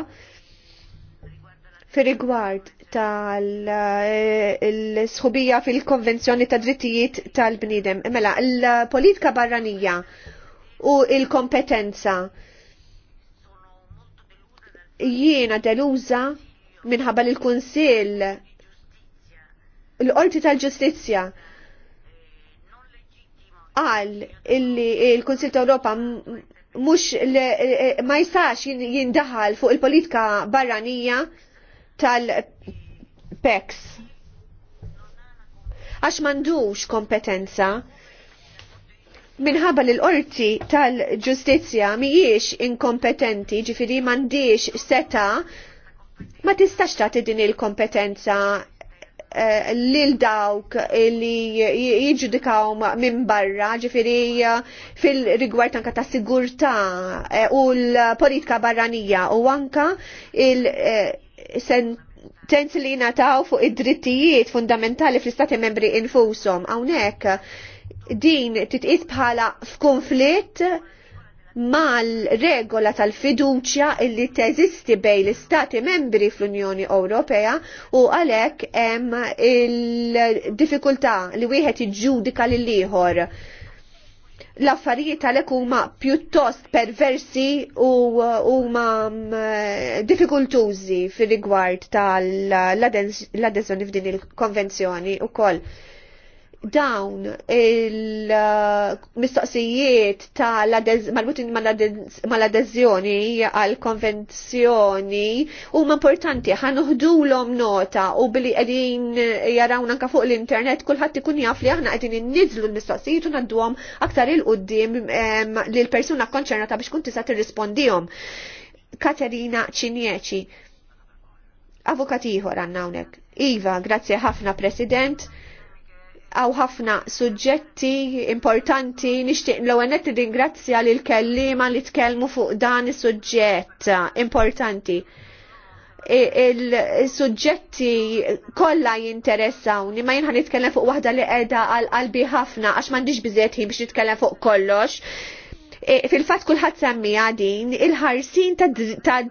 fir-rigward tal-sħubija eh, fil-Konvenzjoni ta' Drittijiet tal-Bnidem. Mela, l-politika barranija u il-kompetenza jiena deluża minħabba l kunsill l-Qorti tal-Ġustizzja qal illi l-Kunsill ta' Ewropa mhux ma jistax jindaħal fuq il-politika barranija tal-PEX. Għax m'għandux kompetenza minħabba l qorti tal-ġustizja miex inkompetenti, ġifiri mandiex seta, ma tistax tagħti din il-kompetenza eh, lil dawk li jġudikaw minn barra, ġifiri eh, fil-rigward anka ta' sigurtà eh, u l-politika barranija u anka il-sentenz eh, li nataw fuq id-drittijiet fundamentali fl-istati membri infushom hawnhekk din titqis bħala f'konflitt mal-regola tal-fiduċja illi teżisti bej l-istati membri fl-Unjoni Ewropea u għalhekk hemm il-diffikultà li wieħed iġġudika lil ieħor l-affarijiet għalhekk huma pjuttost perversi u huma mm, diffikultużi fir-rigward tal-adeżjoni f'din il-konvenzjoni koll dawn il-mistoqsijiet mal-adezjoni għal-konvenzjoni u ma importanti om nota u billi qegħdin jarawna anka fuq l-internet kulħadd ikun jaf li aħna qegħdin nizlu l-mistoqsijiet u għom aktar il-qudiem l persuna konċernata biex kun tista' tirrispondihom. Katerina Ċinieċi. Avukat ieħor għandna hawnhekk. Iva, grazzi ħafna President għaw ħafna suġġetti importanti nishtiq l-għanet ringrazzja li l-kellima li tkellmu fuq dan suġġett importanti. Il-suġġetti kollha jinteressawni ma jinħan nitkellem fuq waħda li qiegħda għal qalbi ħafna għax m'għandix biżejjed biex nitkellem fuq kollox E, fil-fatt kulħadd semmija din il-ħarsin ta'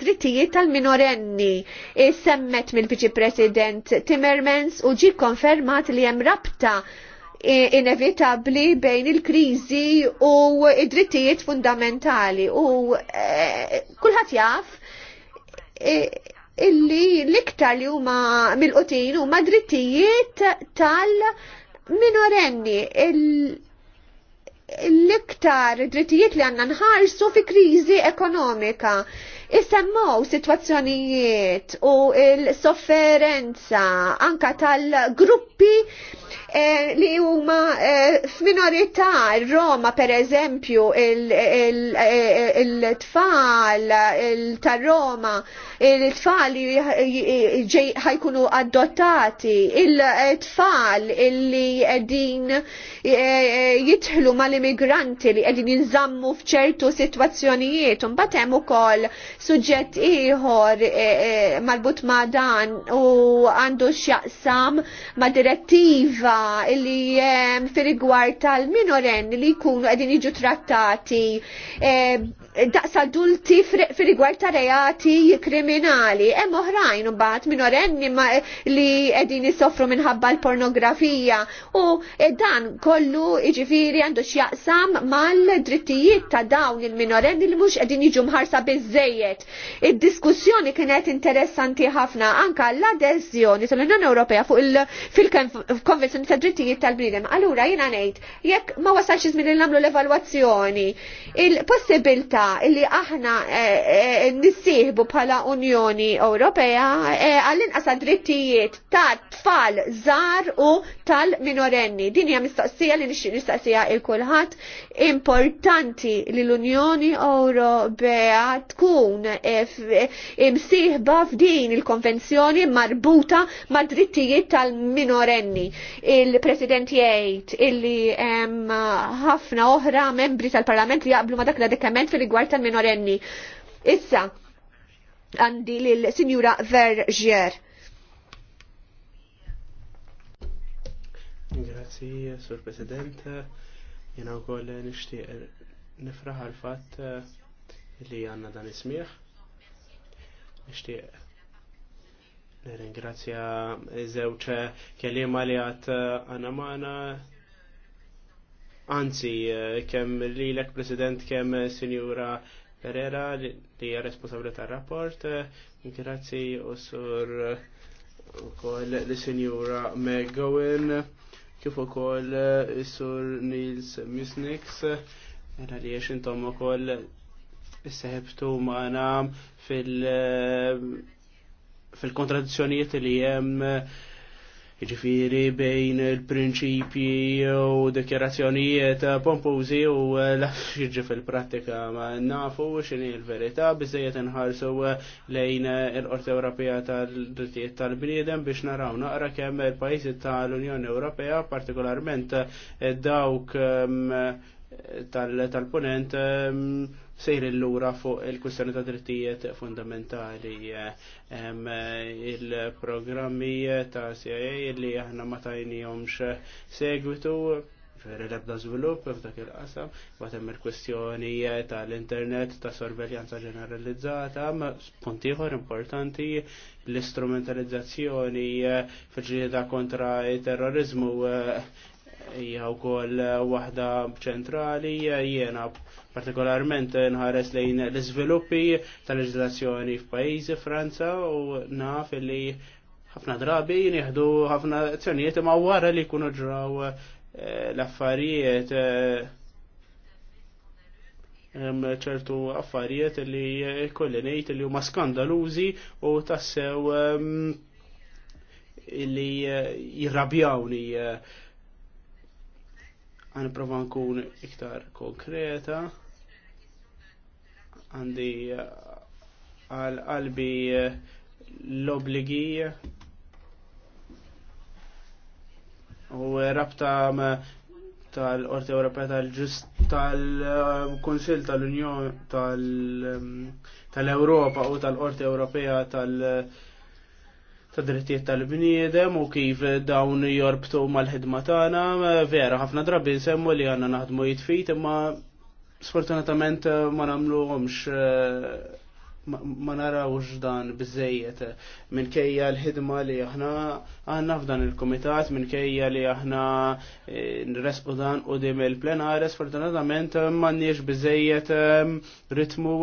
drittijiet tal-minorenni e, semmet mill-Viċi President Timmermans u ġi konfermat li hemm rabta e, inevitabli bejn il-kriżi u id-drittijiet fundamentali u kulħadd jaf illi l-iktar li huma mill-qotin huma drittijiet tal-minorenni l-iktar drittijiet li għanna nħarsu fi krizi ekonomika. Issemmaw situazzjonijiet u il-sofferenza anka tal-gruppi eh, li huma eh, f'minorità Roma per eżempju eh, il-tfal tar-Roma il-tfal li ħajkunu adottati il-tfal illi qegħdin jitħlu mal-immigranti li qegħdin jinżammu f'ċertu situazzjonijiet un mbagħad hemm ukoll Suġġett ieħor e, e, malbut ma' dan u għandu x'jaqsam ma' direttiva li e, fir-rigward tal-minoren li jkunu qegħdin jiġu trattati daqs adulti fil rigward ta' reati kriminali. Hemm oħrajn mbagħad minorenni li qegħdin jisofru minħabba l-pornografija u dan kollu jiġifieri għandu x'jaqsam mal-drittijiet ta' dawn il-minorenni li mhux qegħdin jiġu mħarsa biżejjed. Id-diskussjoni kienet interessanti ħafna anka l adesjoni tal-Unjoni Ewropea fuq il-Konvenzjoni ta' Drittijiet tal-Bniedem. Allura jiena ngħid jekk ma wasalx żmien li nagħmlu l-evalwazzjoni, il-possibilità l-opportunità illi aħna eh, eh, nissieħbu bħala Unjoni Ewropea eh, għall-inqas drittijiet ta' tfal żar u tal-minorenni. Din hija mistaqsija li nixtieq nistaqsija il kulħadd importanti li l-Unjoni Ewropea tkun imsieħba f'din il-konvenzjoni marbuta ma' drittijiet tal-minorenni. Il-President jgħid illi ħafna oħra membri tal-Parlament li jaqblu ma' dak l-dedikament fil rigward tal-minorenni. Issa, għandi l-Sinjura Verger. Grazzi, Sur President. Jena u koll nishtiq nifraħ għal-fat eh, li għanna dan ismiħ. Nishtiq Ringrazzja zewċ kelima li għat eh, għanamana Anzi, eh, kemm li l President, kemm eh, Signora Pereira li hija responsabbli tar-rapport, eh, grazzi u sur ukoll li signora McGowan, kif ukoll sur Nils Musnix, era li jiex intom ukoll seħibtu magħna fil- fil-kontradizzjonijiet li hemm ġifiri bejn il-prinċipji u dekjerazzjonijiet pompużi u l-affiġi fil pratika ma nafu xini il-verita bizzejiet nħarsu lejn il-Qorti Ewropea tal-Drittijiet tal-Bniedem biex naraw naqra kemm il-pajjiżi tal-Unjoni Ewropea partikolarment dawk mm, tal-ponent mm, Sejri l-lura fuq il-kwistjoni ta' drittijiet fundamentali eh, il-programmi ta' CIA li aħna ma jomx segwitu fer l-ebda zvilup f'dak il-qasam, batem il-kwestjoni eh, tal-internet, ta' sorveljanza ġeneralizzata, ma puntiħor importanti l-istrumentalizzazzjoni eh, fil-ġlieda kontra il-terrorizmu hija kol waħda ċentrali jiena partikolarment nħares lejn l-izviluppi tal-leġislazzjoni f'pajjiżi Franza u naf li ħafna drabi nieħdu ħafna azzjonijiet ma wara li jkunu ġraw eh, l-affarijiet eh, ċertu affarijiet li kolli ngħid li huma skandalużi u tassew eh, li jirrabjawni għan nkun iktar konkreta għandi uh, għal qalbi uh, l-obligi uh, u rabta tal orti Ewropea tal-Ġust tal konsil um, tal-Unjoni tal-Ewropa u tal-Qorti Ewropea tal-Drittijiet tal-Bniedem u kif dawn jorbtu mal-ħidma tagħna vera ħafna drabi nsemmu li għandna naħdmu jitfit imma sfortunatament eh, ma namluhomx eh, ma narawx dan bizzejiet minkejja l-ħidma li aħna għanna f'dan il-komitat minkejja li aħna eh, nresqu dan u dim il plenari sfortunatament m'għandniex bizzejiet ritmu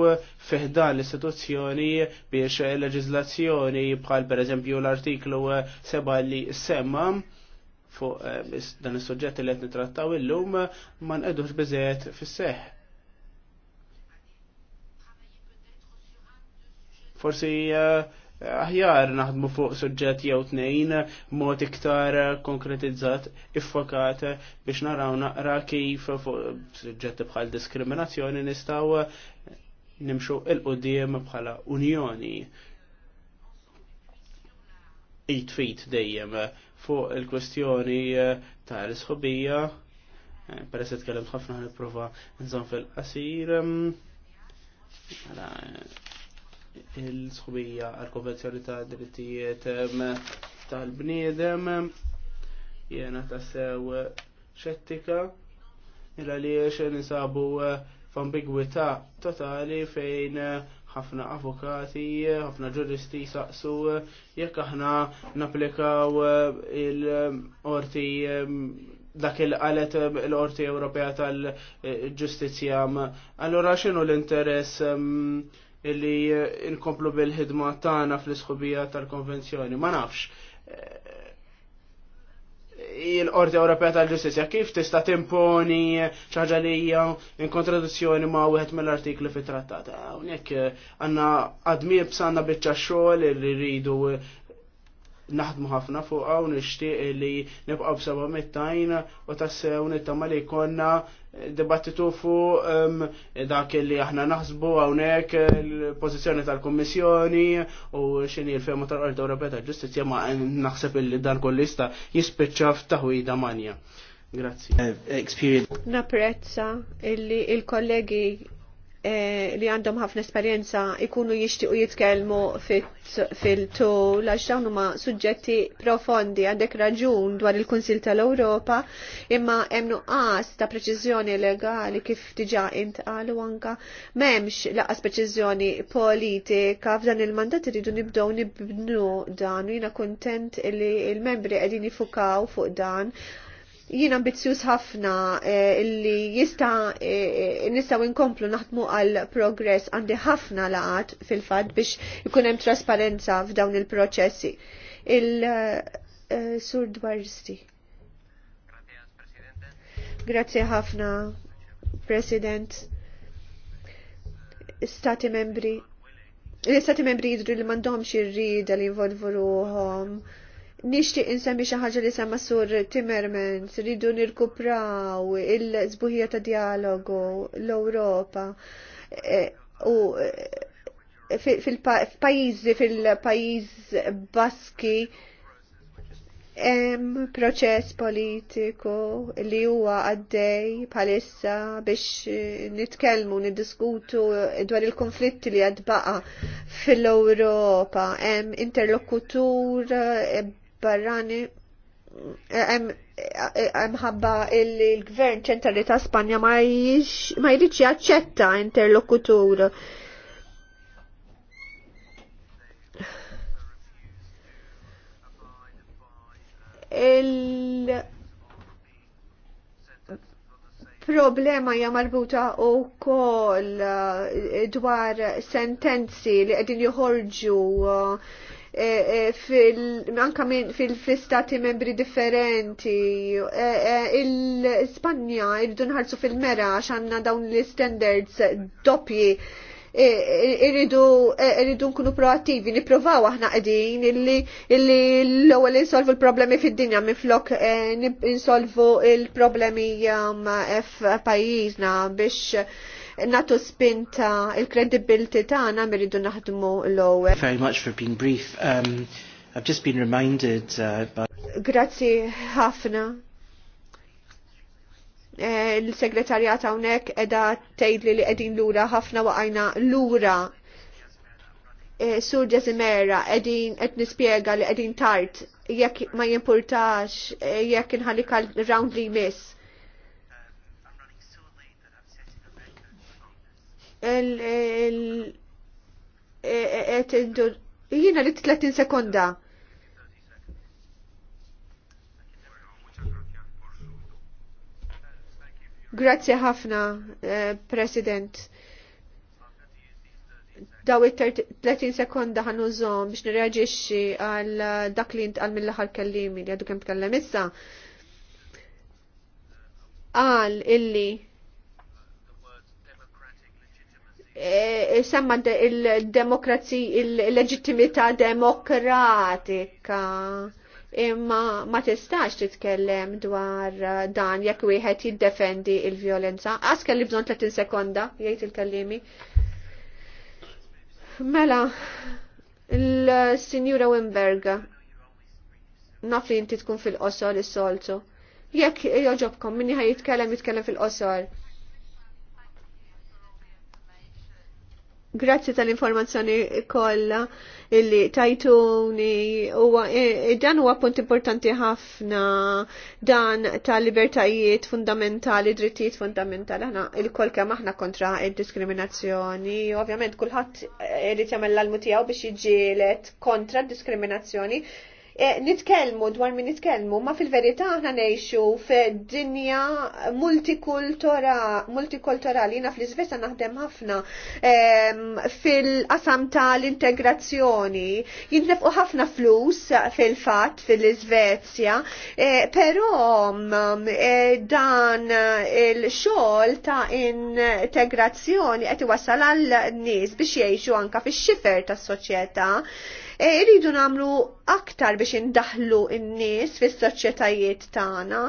fiħdan l-istituzzjoni biex il-leġizlazzjoni bħal pereżempju l-artiklu 7 li semma fuq dan is-suġġett li qed il illum ma nqedux biżejjed fis-seħħ Forsi eh, aħjar naħdmu fuq suġġett jew tnejn mod iktar konkretizzat, iffokat biex naraw naqra kif fuq suġġetti bħal diskriminazzjoni nistgħu nimxu il-qudiem bħala unjoni. it feet dejjem fuq il-kwestjoni eh, tal-sħobija, eh, peress kellem ħafna nipprova nżomm fil-qasir. Mela, il-sħubija għal-konvenzjoni ta' drittijiet tal-bniedem jena ta' sew xettika il xen nisabu eh, f'ambigwità totali fejn eh, ħafna avokati, eh, ħafna ġuristi saqsu, jekk aħna naplikaw il-orti dak il-qalet l-Orti Ewropea tal-Ġustizja. Allora xinu l-interess illi eh, nkomplu bil-ħidma tagħna fl-isħubija tal-konvenzjoni. Ma nafx. Eh, Il-Qorti Ewropea tal-Ġustizzja kif tista' timponi ċaġa li hija in kontradizzjoni ma' wieħed mill-artikli fit-trattat. Hawnhekk eh, għandna għadmieb sanna biċċa xogħol li rridu naħdmu ħafna fuq u nixtieq li nibqa' b'seba' mittajn u tassew nittama li jkollna dibattitu fu um, dak li aħna naħsbu hawnhekk il-pożizzjoni tal-Kummissjoni u x'inhi l-fema tal-Qorti Ewropea tal-Ġustizzja ma naħseb illi dan kollista jista' jispiċċa f'taħwida manja. Grazzi. Napprezza illi il-kollegi Eh, li għandhom ħafna esperjenza ikunu jixtiequ jitkellmu fil-tul għax dawn huma suġġetti profondi għandek raġun dwar il-Kunsil tal-Ewropa imma hemm nuqqas ta' preċiżjoni legali kif diġà intqalu anka m'hemmx laqas preċiżjoni politika f'dan il-mandat iridu nibdew nibnu dan u jiena kuntent li l-membri qegħdin jifukaw fuq dan jien ambizzjuż ħafna eh, li jista eh, eh, nistgħu inkomplu naħdmu għal progress għandi ħafna laqat fil-fatt biex ikun hemm trasparenza f'dawn il-proċessi. Il-Sur Dwarsti. Grazie ħafna, President, Stati membri. L-Stati membri jidru li mandom irrida li involvu nishtiq insemmi xi ħaġa li semma sur Timmermans, ridu nirkupraw il-żbuħija ta' dialogu l-Ewropa e, u e, fil-pajjiżi fil-pajjiż Baski hemm proċess politiku li huwa għaddej bħalissa biex nitkellmu niddiskutu dwar il-konflitti li għad baqa fil-Ewropa hemm interlokutur barrani Mħabba illi l-gvern ċentrali ta' Spanja ma jridx jaċċetta interlokutur. Il problema hija marbuta wkoll eh, dwar sentenzi li qegħdin joħorġu uh, E, e, anka fil-istati membri differenti. E, Il-Spanja irridu nħarsu fil-mera xanna dawn l-standards doppji irridu nkunu proattivi, niprovaw aħna qegħdin illi l-ewwel insolvu l-problemi fid-dinja flok insolvu l-problemi um, f'pajjiżna biex natu spinta il-credibility tagħna meridu naħdmu l-ewwel. Very much for being brief. Um, I've just been reminded uh, by Grazzi ħafna. Eh, il-segretarjat hawnhekk qiegħda tgħidli li qegħdin lura ħafna waqajna lura eh, Sur Ġesimera qegħdin qed nispjega li qegħdin tard jekk ma jimpurtax eh, jekk inħallik round li jmiss E, e, e, jina li 30 sekonda. Grazie ħafna, eh, President. Daw 30 sekonda ħanużom biex nirreġixxi għal dak li intqal mill-aħħar kellimi li għadu kemm tkellem issa. Għal illi Eh, semma il-demokrazija, il-leġittimità demokratika. Imma ma tistax titkellem dwar eh, dan jekk wieħed jiddefendi il-vjolenza. Għas kelli bżon 30 sekonda, jgħid il-kallimi. Mela, l-Sinjura Wimberg, naf li inti tkun fil-qosor is-soltu. Jekk joġobkom, minni ħaj jitkellem jitkellem fil-qosor. Grazzi tal-informazzjoni kollha illi tajtuni u eh, eh, dan huwa punt importanti ħafna dan tal-libertajiet fundamentali, drittijiet fundamentali. Aħna il-kol kemm aħna kontra id-diskriminazzjoni, ovvjament kulħadd irid jagħmel l-almu tiegħu biex jiġilet kontra d-diskriminazzjoni Eh, nitkellmu dwar min nitkellmu, ma fil-verità aħna ngħixu f'dinja multikulturali Jina fl-Iżvezja naħdem ħafna ehm, fil-qasam tal-integrazzjoni. Jintnefqu ħafna flus fil-fatt fil-Iżvezja, eh, però mm, eh, dan il-xogħol ta' integrazzjoni qed iwassal għal nies biex jgħixu anka fix-xifer tas-soċjetà. Irridu e, namlu aktar biex indaħlu n-nies fis-soċjetajiet tagħna,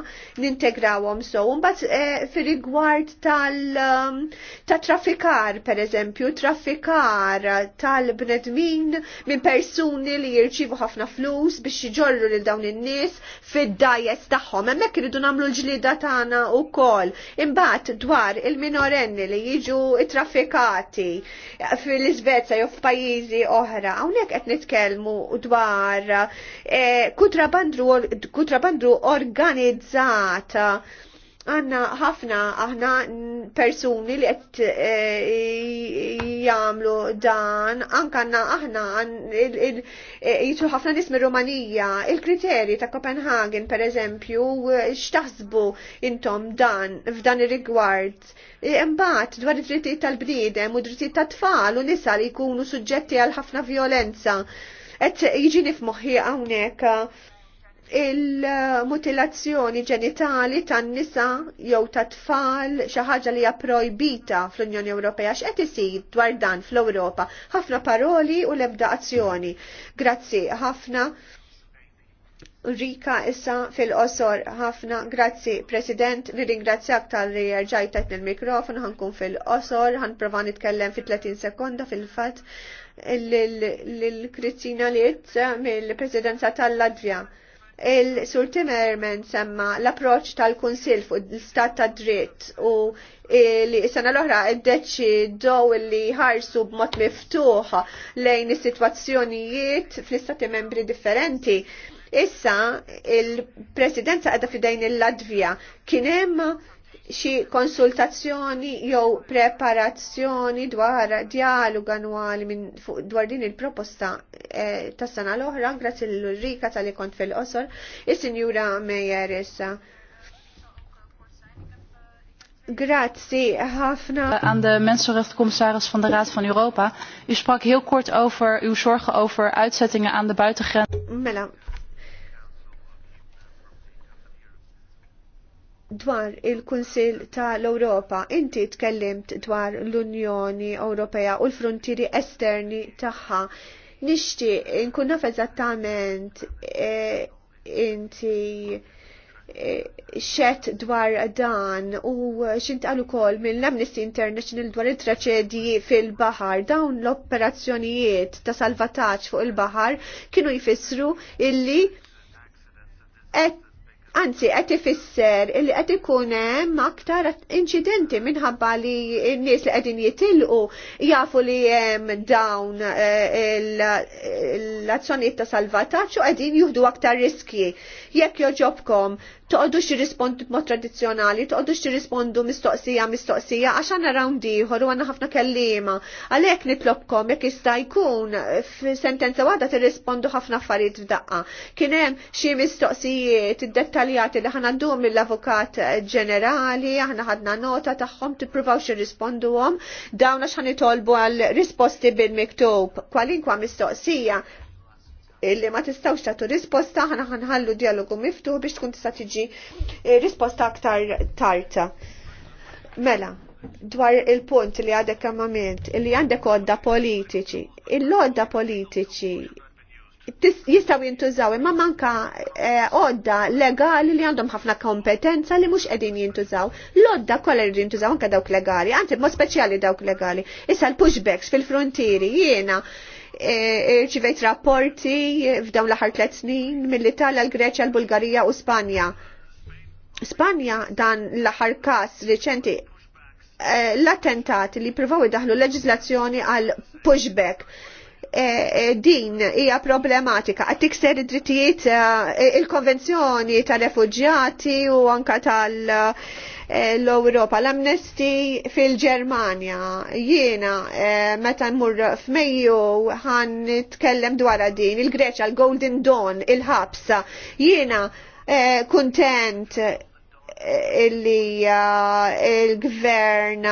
nintegrawhom sew. Imbagħad e, fir-rigward tal um, ta' traffikar pereżempju, traffikar tal-bnedmin minn persuni li jirċivu ħafna flus biex jġorru lil dawn in-nies fid-dajes tagħhom. Hemmhekk irridu nagħmlu l-ġlida tagħna wkoll. Imbagħad dwar il-minorenni li jiġu traffikati fil-Iżvezja jew f'pajjiżi oħra, hawnhekk qed nitkellem nitkellmu dwar eh, kutrabandru organizzata għanna ħafna aħna persuni li qed eh, jagħmlu dan, anke għandna aħna eh, jitu ħafna nies mir-Rumanija, il-kriterji ta' Copenhagen pereżempju, x'taħsbu intom dan f'dan ir-rigward. Imbagħad dwar id-drittijiet tal-bniedem u d-drittijiet tat-tfal u nisa li jkunu suġġetti għal ħafna violenza. Et jiġi f'moħħi hawnhekk il-mutilazzjoni ġenitali tan nisa jew ta' tfal xi ħaġa li hija projbita fl-Unjoni Ewropea x'qed isir dwar dan fl-Ewropa. Ħafna paroli u l-ebda azzjoni. Grazzi ħafna. Rika issa fil-qosor ħafna grazzi President nirringrazzjak tal-li rġajtet mill-mikrofon ħankun fil-qosor ħanprova nitkellem fi 30 sekonda fil-fatt l-Kristina Litz mill-Presidenza tal-Latvja. Il-Sur Timmerman semma l-approċ tal-Kunsil fuq l-Stat ta' dritt u li sena l-oħra id-deċidow li ħarsu b'mod miftuħ lejn is-sitwazzjonijiet fl-istati membri differenti. Issa il-presidenza għadha fidejn il-Latvija hemm xi konsultazzjoni jew preparazzjoni dwar dialog annwali minn dwar din il-proposta eh, tas sena l-oħra grazzi l-Rika tal-li kont fil-qosor, il sinjura Mejer issa. Grazzi, Hafna. Aan de mensenrechtencommissaris van de Raad van Europa. U sprak heel kort over uw zorgen over uitzettingen aan de buitengrenzen. Mela, dwar il-Kunsil tal-Europa, inti tkellimt dwar l-Unjoni Ewropea u l-frontieri esterni tagħha. Nixti nkun naf eżattament e, inti e, xet dwar dan u xintqal ukoll mill-Amnesty International dwar il-traċedji fil-baħar. Dawn l-operazzjonijiet ta' salvataġġ fuq il-baħar kienu jfissru illi qed Anzi, qed ifisser li qed ikun hemm aktar incidenti minħabba li n-nies li qegħdin jitilqu jafu li hemm dawn eh, l-azzjonijiet ta' salvataġġ u qegħdin juħdu aktar riski. Jekk joġobkom xi rispondu b'mod tradizzjonali, xi jirrispondu mistoqsija mistoqsija għax għandna rawn ieħor u għandna ħafna kelliema. Għalhekk nitlobkom jekk jista' jkun f'sentenza waħda tirrispondu ħafna affarijiet f'daqqa. Kien hemm xi mistoqsijiet iddettaljati li ħanaddum mill-avukat ġenerali, aħna ħadna nota tagħhom tippruvaw xirrisponduhom, dawn għax ħanitolbu għal risposti bil-miktub kwalinkwa mistoqsija illi ma tistawx tagħtu risposta ħana ħanħallu dialogu miftuħ biex tkun tista' tiġi eh, risposta aktar tarta. Mela, dwar il-punt li għadek kammament, li għandek odda politiċi, il-odda politiċi jistaw jintużaw imma manka eh, odda legali li għandhom ħafna kompetenza li mhux qegħdin jintużaw. L-odda kollha li jintużaw anke dawk legali, anzi mod speċjali dawk legali. Issa l-pushbacks fil-frontieri jiena E, e, irċivejt rapporti f'dawn l-aħħar tliet snin mill-Italja, l-Greċja, l-Bulgarija u Spanja. Spanja dan l-aħħar każ riċenti e, l-attentati li provaw idaħlu leġizlazzjoni għal pushback. Din hija problematika għad tikser id-drittijiet il-konvenzjoni tal-refuġjati u anka tal- l-Europa, l-amnesti fil-Germania. Jiena, eh, meta nmur f'Mejju ħan nitkellem dwar din, il-Greċa, l-Golden Dawn, il-ħabsa. Jiena, eh, kontent eh, illi il-gvern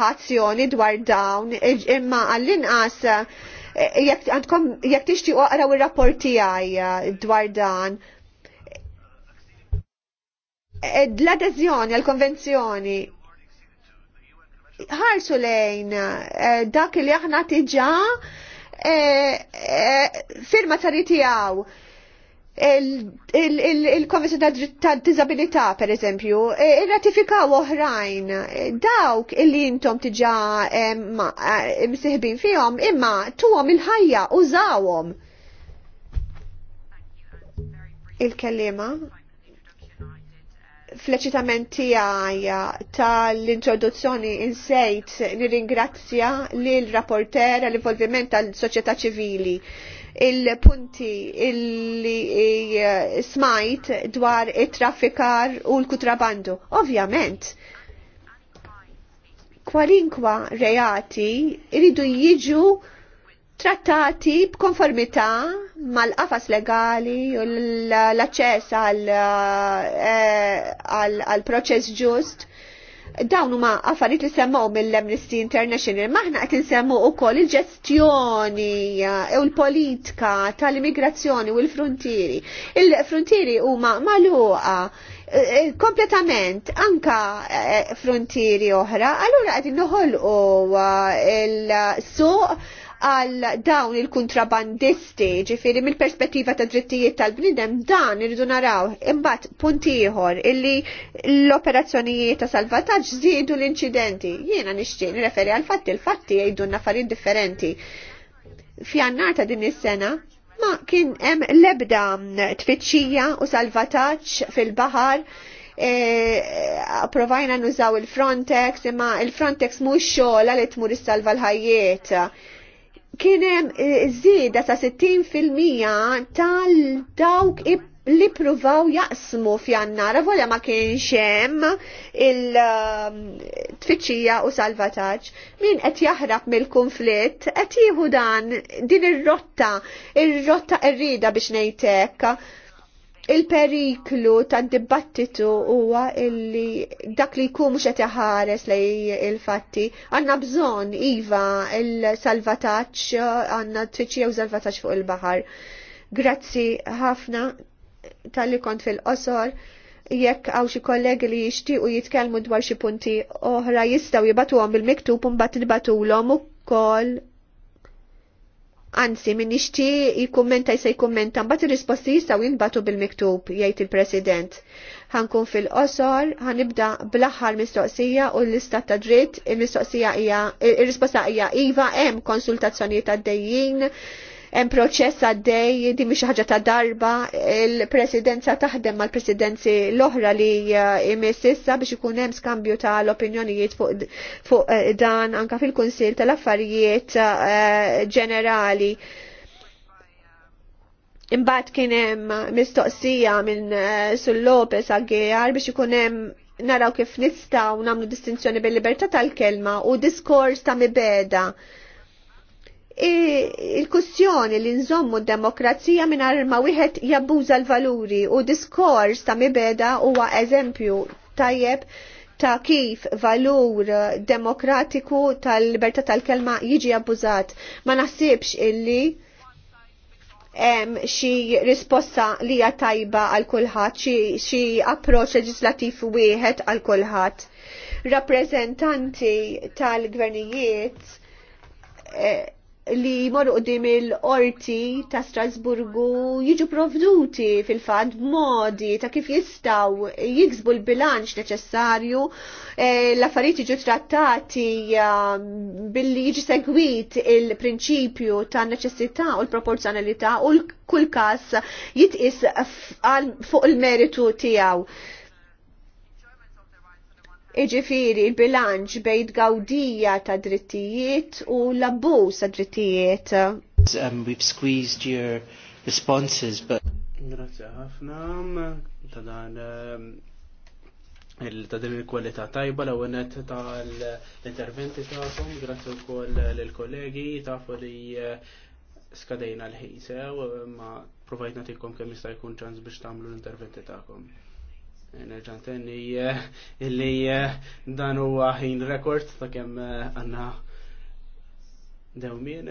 ħazzjoni dwar dawn, imma għall-inqas jek tixti oqraw il-rapport dwar dan Eh, L-adezjoni għal-konvenzjoni ħarsu lejn eh, dak li aħna tiġa eh, firma tariti għaw il-konvenzjoni ta' disabilità per eżempju, ratifikaw oħrajn dawk illi intom tiġa msiħbin fihom imma tuhom il-ħajja użawhom. Il-kellima Fleċitament tiegħi tal-introduzzjoni insejt nirringrazzja lil rapporter għall-involviment tal-soċjetà ċivili il-punti illi smajt dwar it-traffikar u l-kutrabandu. Ovjament, kwalinkwa reati iridu jiġu trattati b'konformità mal-qafas legali u l-aċċess għal eh, proċess ġust dawn huma affarijiet li semmew mill-Amnesty International, maħna qed insemmu wkoll il-ġestjoni u l-politika tal-immigrazzjoni u l-frontieri. Il-frontieri huma magħluqa eh, kompletament anka eh, frontieri oħra, allura qegħdin noħolqu il-suq għal dawn il-kontrabandisti, ġifiri mill-perspettiva ta' drittijiet tal-bnidem, dan irridu naraw imbat puntiħor illi l-operazzjonijiet ta' salvataġġ zidu l-inċidenti. Jiena nixtieq nireferi għal fatti, il-fatti jgħidu affarijiet differenti. Fjannar ta' din is-sena, ma kien hemm lebda tfittxija u salvataġġ fil-baħar e, provajna nużaw il-Frontex, imma il-Frontex mhux xogħla li tmur is-salva l-ħajjiet kienem zida eh, ta' 60% tal-dawk li pruvaw jaqsmu f'Jannara, volja ma kienx hemm il-tfittxija um, u salvataġġ. Min qed jaħrab mill-konflitt qed jieħu dan din ir-rotta, ir-rotta rrida biex nejtek. Il-periklu tad dibattitu huwa illi dak li jkun mhux qed iħares lej il-fatti. Għandna bżonn iva il-salvataġġ għandna tfittxija jew salvataġġ fuq il-baħar. Grazzi ħafna tal-li kont fil-qosor jekk għaw xi kollegi li jixtiequ jitkellmu dwar xi punti oħra jistgħu jibatuhom bil-miktub u mbagħad nibatu ukoll Anzi, min ixti jikommenta jisa jikummenta, mbagħad ir-risposti jistgħu jinbatu bil-miktub, jgħid il-President. Ħankun fil-qosor, ħanibda bl-aħħar mistoqsija u l lista ta' dritt, il-mistoqsija hija ir-risposta hija iva hemm konsultazzjonijiet għaddejjin hemm proċess għaddej di mhix ħaġa ta' darba il-presidenza taħdem mal-presidenzi l-oħra li jmiss eh, issa biex ikun hemm skambju tal-opinjonijiet fuq, fuq eh, dan anka fil-Kunsil tal-Affarijiet eh, ġenerali. Imbagħad kien hemm mistoqsija minn Sul Lopez għal biex ikun hemm naraw kif nistgħu nagħmlu distinzjoni bil-libertà tal-kelma u diskors ta' mibeda il-kussjoni li nżommu d-demokrazija minn ma wieħed jabbuża l-valuri u diskors ta' mibeda huwa eżempju tajjeb ta' kif valur demokratiku tal-libertà tal-kelma jiġi abbużat. Ma naħsibx illi hemm xi risposta li hija tajba għal kulħadd, xi approċċ leġislattiv wieħed għal kulħadd. Rappreżentanti tal-gvernijiet eh, li jmorru qudiem il qorti ta' Strasburgu jiġu provduti fil-fad modi ta' kif jistaw jiksbu l-bilanċ neċessarju eh, l-affarijiet jiġu trattati eh, billi jiġi segwit il-prinċipju ta' neċessità u l-proporzjonalità u l-kull kas jitqis fuq il-meritu tiegħu. Iġifiri il-bilanċ bejt gawdija ta' drittijiet u l-abbuż ta' drittijiet. Um, we've squeezed your responses, but... Grazie ħafna, ta' dan um, ta' din il-kwalità tajba l għonet l interventi ta'kom, grazzi u koll l-kollegi ta' li uh, skadejna l-ħisew, ma' provajt natikom kemm jista' jkun ċans biex tagħmlu l-interventi ta' Nerġan eh, illi eh, dan huwa ħin rekord ta' kemm eh, għandna dewmien.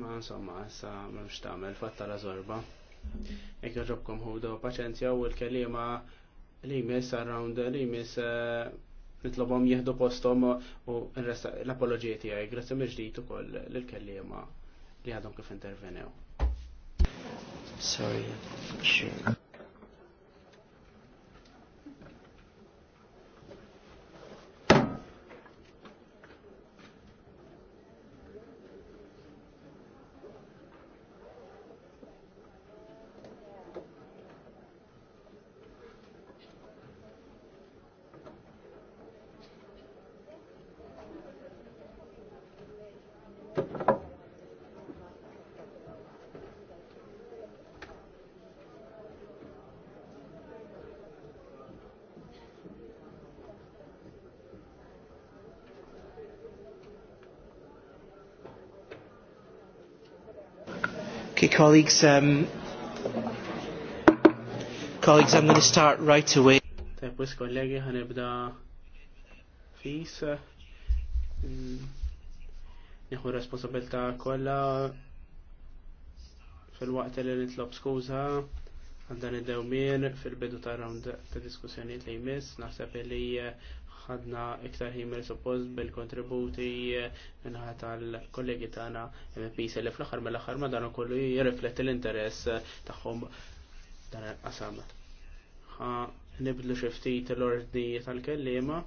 Ma insomma, sa m'hemmx tagħmel fatta la zorba. Jekk hu ħudu paċenzja u l-kelima li mis around li mis nitlobom jieħdu postom u l-apologija tiegħi. Grazie meġdijtu ġdid ukoll lill-kelliema li għadhom kif intervenew. Sorry, sure. colleagues, um, colleagues, I'm going to start right away. Tajb, wis kollegi, ħanibda fis. Mm. Nieħu responsabilta kolla fil-waqt li nitlob skuza għal id-dewmien fil-bidu ta' round ta' diskussjoni li jmiss, naħseb li eh, ħadna iktar ħin suppost bil-kontributi eh, minnaħa tal-kollegi tagħna MPs li fl-aħħar mill-aħħar ma dan ukollu jirrifletti l-interess eh, tagħhom dan qasam. Ħa nibdlu xi ftit l-ordni tal-kellima.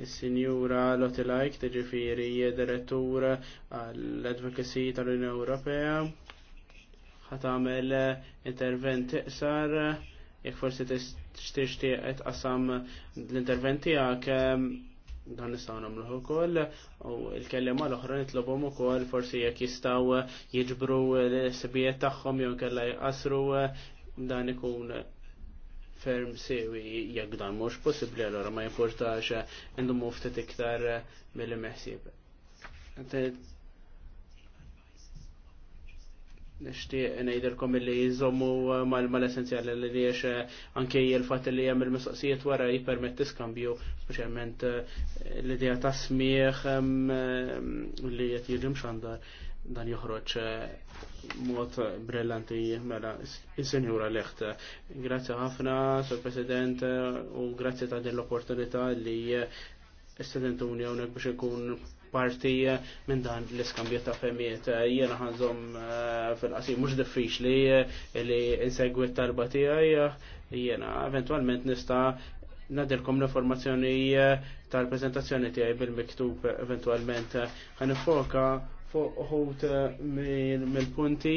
Is-Sinjura Lotilajk, tiġifieri direttura għall-Advocacy tal-Unjoni Ewropea ħatamel eh, intervent iqsar eh, jekk forsi tixtieq qasam l-intervent tiegħek eh, dan nistgħu nagħmluh ukoll u l-kellima l-oħra nitlobhom ukoll forsi jekk jistgħu jiġbru l-sibijiet tagħhom jew kella jqasru dan ikun ferm sewi jekk dan mhux possibbli allura ma jimportax indu muftet iktar mill-meħsieb nishtiq nejderkom illi jizommu eh, mal-essenzjali li jiex eh, anke il-fat li jem il-mistoqsijiet wara jipermetti skambju, specialment eh, l-idea ta' smieħ li jett jirġim xandar dan joħroġ mod brillanti mela il-senjura liħt. Grazie ħafna, Sir President, u grazie ta' din l-opportunità li studentuni għonek biex ikun parti eh, minn dan l-iskambju ta' femijiet. Eh, jiena ħanżom eh, fil-qasim mhux diffiċli li li t-talba tiegħi. Jiena eventualment nista' nadilkom l-informazzjoni tal-prezentazzjoni tiegħi bil-miktub eventualment ħanifoka fuq uħut mill-punti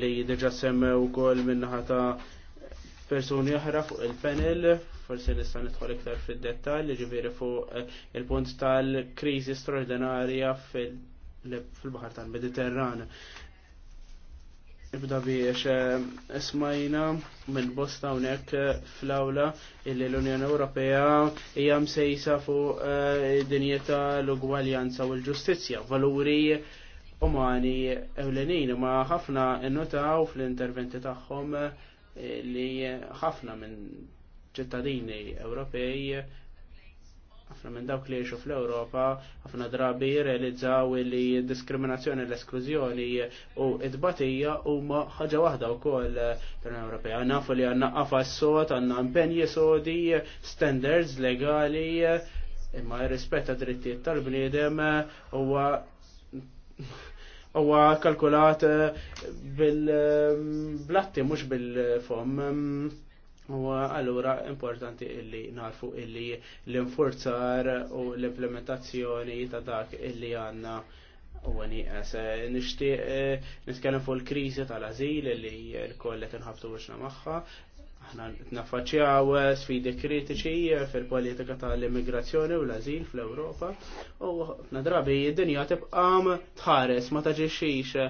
li diġa semmew ukoll minnaħa ta' persuni oħra fuq il-panel forsi nista' nidħol iktar fid-dettall, ġifieri fuq eh, il-punt tal-kriżi straordinarja fil-Baħar tal-Mediterran. Ibda biex eh, smajna minn bosta unek eh, fl-awla illi l-Unjoni Ewropea hija msejsa fuq id-dinjeta l-ugwaljanza u l-ġustizzja, valuri umani ewlenin, ma ħafna innotaw fl-interventi tagħhom li ħafna minn ċittadini Ewropej ħafna minn dawk li jiexu fl-Ewropa ħafna drabi jirrealizzaw li diskriminazzjoni l-esklużjoni u id-batija huma ħaġa waħda wkoll tal-Unjoni Ewropea. Nafu li għandna qafas sod, għandna impenji sodi, standards legali, imma rispett ta' drittijiet tal-bniedem huwa huwa kalkulat bil-blatti mhux bil-fom U allura importanti illi narfu illi l-infurzar u l-implementazzjoni ta' dak illi għanna u għani għas nishti e, nitkellem fuq il-krizi tal-azil illi l-kollet nħabtu biex maħħa aħna nafaċjaw sfidi kritiċi fil-politika tal-immigrazzjoni u l-azil fl-Ewropa u ħafna drabi id-dinja tibqa' tħares ma taġixxix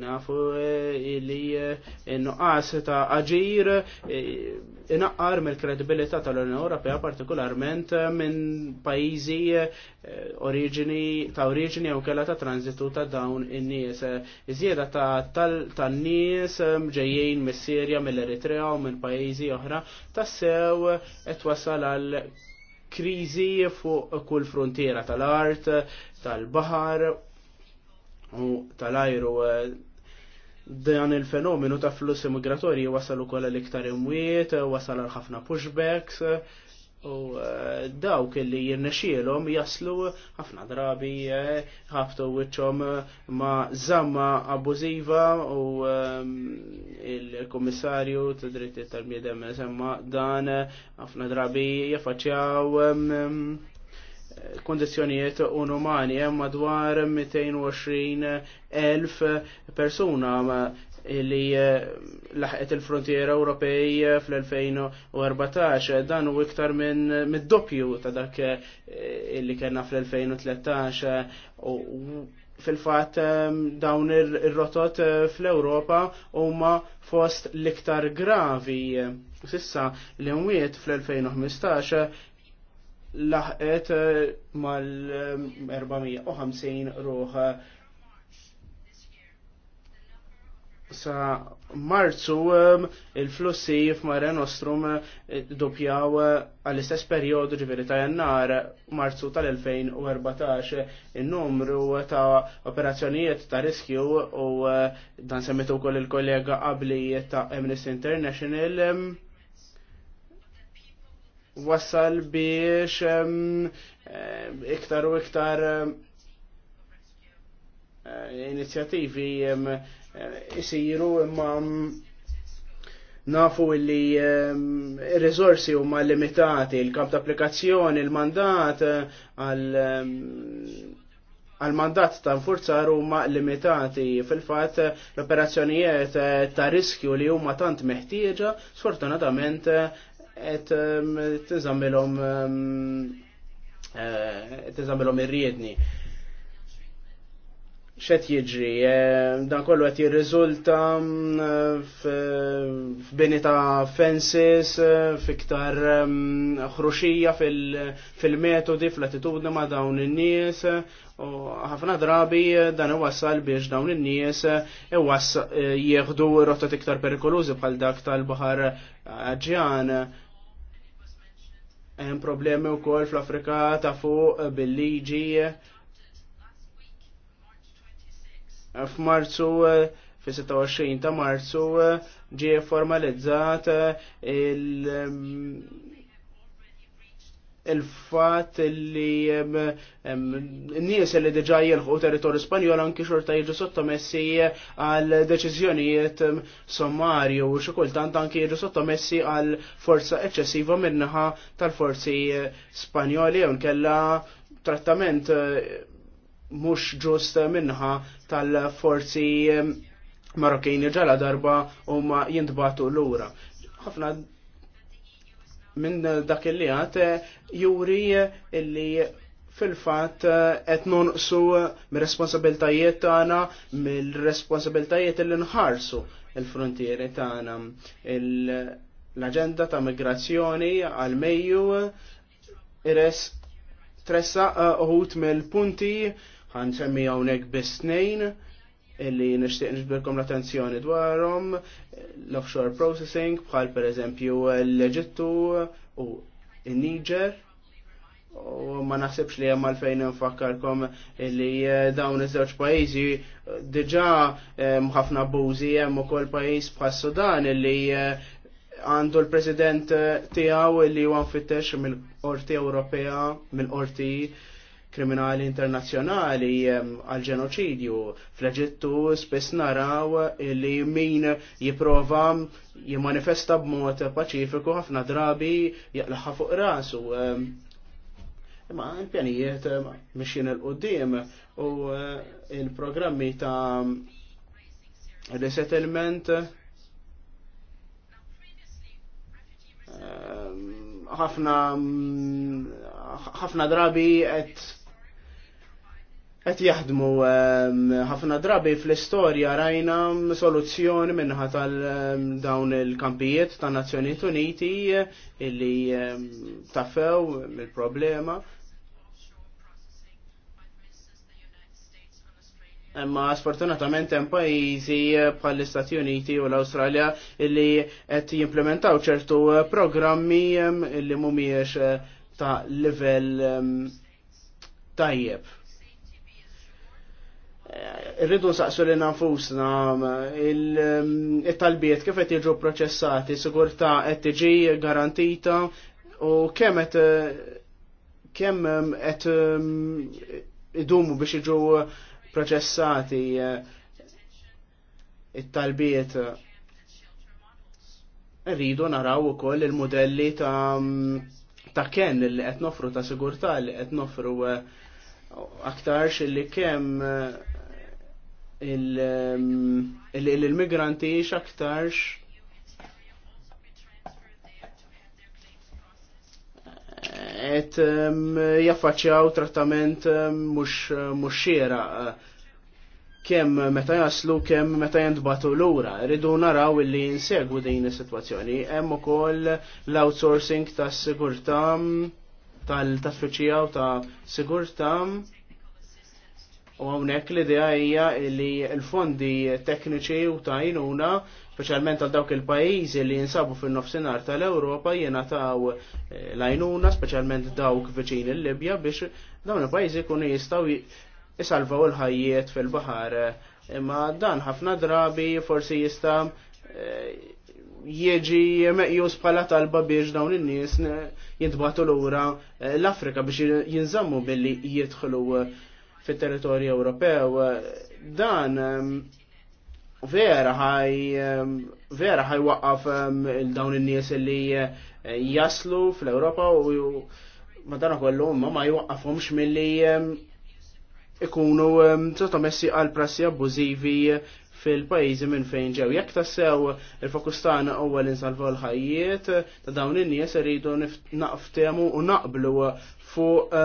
nafu eh, li eh, nuqqas ta' aġir eh, inaqqar mill-kredibilità tal-Unjoni Ewropea partikolarment minn pajjiżi oriġini ta' oriġini jew kellha ta' tranzitu ta' dawn in-nies. Iżjeda ta' tan-nies ġejjin mis-Sirja, mill-Eritrea u minn pajjiżi oħra tassew qed wasal għal kriżi fuq kull frontiera tal-art, tal-baħar u tal-ajru eh, dan il-fenomenu ta' flus migratorji wasal ukoll l-iktar imwiet, eh, wasal ħafna pushbacks eh, u dawk li jirnexxielhom jaslu ħafna drabi ħaftu wiċċhom ma' zamma abuziva u il komissarju t dritti tal miedem semma dan ħafna drabi jaffaċċjaw kondizjonijiet unumani, hemm madwar 220.000 persuna li eh, laħqet il-frontiera Ewropej eh, fl-2014, dan u iktar minn mid-doppju ta' dak eh, li kena fl-2013 u fil-fat dawn ir-rotot fl-Ewropa huma fost l-iktar gravi. Sissa l-imwiet fl-2015 laħqet eh, mal-450 ruħ sa marzu eh, il-flussi f'Mare Nostrum eh, dupjaw għall-istess periodu ġiviri ta' jannar marzu tal-2014 il-numru ta' operazzjonijiet ta' riskju u dan semmitu kol il-kollega qabli ta' Amnesty International wassal biex eh, iktar u iktar eh, inizjattivi eh, isiru imma nafu illi il u huma limitati, il-kamp ta' applikazzjoni, il-mandat għal-mandat ta' nfurzar huma limitati. Fil-fatt l-operazzjonijiet ta' riskju li huma tant meħtieġa sfortunatament et tinżammilhom eh, tinżammilhom irriedni. X'qed jiġri, dan kollu qed jirriżulta f'bini ta' fences, fiktar ħruxija fil-metodi, fl-attitudni ma' dawn in-nies, u ħafna drabi dan iwassal biex dawn in-nies eh, jieħdu rotot iktar perikolużi bħal dak tal-baħar ġjan Hemm problemi wkoll fl-Afrika ta' fuq eh, bil-liġi eh, f'Marzu eh, fis-26 ta' Marzu ġie formalizzat il- mm, il-fat li n-nies li deġa jilħu territorju Spanjol anki xorta jiġu sottomessi għal deċiżjonijiet sommarju u xikultant anki jiġu sottomessi għal forza eċċessiva minnaħa tal-forzi Spanjoli un kella trattament eh, mhux ġust minnaħa tal-forzi eh, Marokkini ġala darba u ma jintbatu l-ura. ħafna minn dak li għat juri illi fil-fat qed nonqsu mir-responsabiltajiet tagħna mill-responsabiltajiet li nħarsu il-frontieri tagħna. L-aġenda ta' migrazzjoni għal mejju ires tressa uħut mill-punti ħan semmi hawnhekk bis-snejn illi nishtiq nġbirkom l-attenzjoni dwarhom l-offshore processing bħal per eżempju l-Eġittu u n-Niger u ma naħsibx li hemm għalfejn nfakkarkom li eh, dawn iż-żewġ pajjiżi eh, diġà eh, ħafna abbużi hemm ukoll pajjiż bħal sudan li għandu l-president tiegħu illi huwa mfittex mill-Qorti Ewropea mill-Qorti kriminali internazzjonali għal ġenoċidju. Fl-Eġittu spiss naraw li min jiprova jimmanifesta b'mod paċifiku ħafna drabi jaqlaħħa fuq rasu. Imma l-pjanijiet mixin il-qoddim u eh, il-programmi ta' resettlement ħafna ħafna drabi qed qed jaħdmu ħafna drabi fl-istorja rajna soluzzjoni minnaħa tal dawn il-kampijiet ta' Nazzjonijiet Uniti illi tafew il-problema. Imma sfortunatament hemm pajjiżi bħall-Istati Uniti u l-Awstralja illi qed jimplementaw ċertu programmi illi mhumiex ta' livell tajjeb Irridu nsaqsu li nanfusna il-talbiet um, kif qed jiġu proċessati, sigurtà qed tiġi garantita u kemm qed uh, kemm um, qed um, idumu biex jiġu proċessati uh, it-talbiet rridu naraw ukoll il-modelli ta' ta' ken li qed nofru ta' sigurtà li qed nofru uh, aktarx li kemm il-migranti um, xaktarx et um, jaffaċċjaw trattament um, uh, mhux xiera kemm meta jaslu kemm meta jintbatu lura. Rridu naraw illi jinsegwu din is-sitwazzjoni. Hemm ukoll l-outsourcing tas-sigurtà tal taffiċċjaw ta' sigurtà. Ta U għawnek l-idea hija li l-fondi tekniċi u ta' specialment għal dawk il-pajizi li jinsabu fil-nofsinar tal-Europa eh, l lajnuna, specialment dawk veċin il-Libja biex dawn il-pajizi kun jistaw jisalvaw il-ħajiet fil-bahar. Imma dan ħafna drabi forsi jista' eh, jieġi meqjus bħala talba biex dawn in-nies eh, jintbatu lura l-Afrika biex jinżammu billi jidħlu fit-territorju Ewropew. Dan vera ħaj vera ħaj waqqaf dawn in-nies li eh, jaslu fl-Ewropa u madana kollu ma ma jwaqqafhomx milli ikunu sottomessi għal prassi abbużivi fil-pajjiżi minn fejn ġew. Jekk tassew il u ewwel insalvu l-ħajjiet ta' dawn in-nies iridu naqftemu u naqblu fuq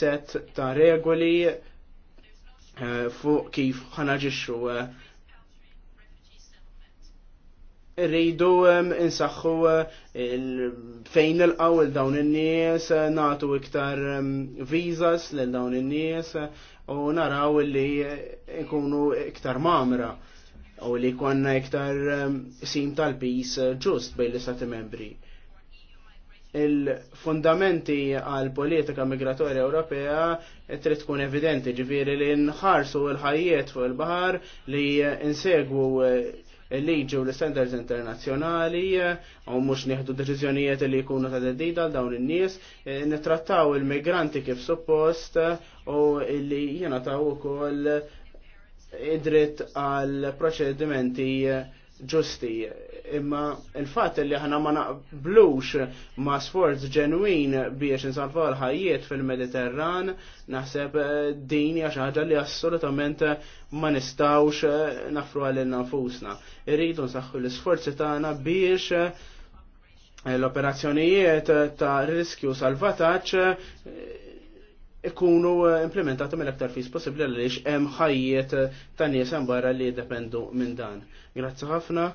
set ta' regoli Eh, fuq kif ħanaġixxu eh, rridu insaxħu eh, fejn nilqaw il dawn in-nies, nagħtu iktar visas lil dawn in-nies u naraw li nkunu iktar mamra u li konna iktar sim tal-pis ġust bejn l-istati membri il-fundamenti għal politika migratorja Ewropea trid tkun evidenti ġifieri li nħarsu l-ħajjiet fuq il-baħar li insegwu il-liġi u l-standards internazzjonali u mhux nieħdu deċiżjonijiet li jkunu ta' dedida għal dawn in-nies, nittrattaw il-migranti kif suppost u li jingħataw ukoll id-dritt għal proċedimenti ġusti, imma il-fat li ħana ma naqblux ma sforz ġenwin biex nsalvaw l-ħajiet fil-Mediterran, naħseb eh, din hija ħaġa li assolutament ma nistawx eh, nafru għalina nfusna. Irridu nsaħħu l-isforzi tagħna biex eh, l-operazzjonijiet ta' riskju salvataċ ikunu eh, implementati mill-aktar fis possibbli għaliex hemm ħajjiet eh, ta' nies barra li jiddependu minn dan. Grazzi ħafna.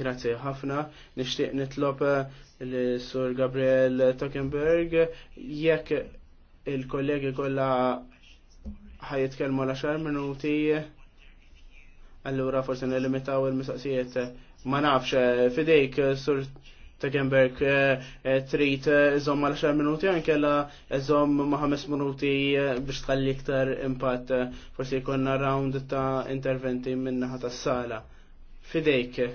Grazzi ħafna. Nixtieq nitlob eh, l-Sur Gabriel Tokenberg jekk il-kollegi kollha ħajitkellmu l-10 minuti. Allura forsi nelimitaw il-mistaqsijiet ma nafx eh, fidejk eh, sur Tekenberg eh, trid iżomm għal xar minuti la zom ma' ħames minuti biex tħalli iktar impatt forsi jkollna round ta' interventi minnaħa tas-sala. Fidejk.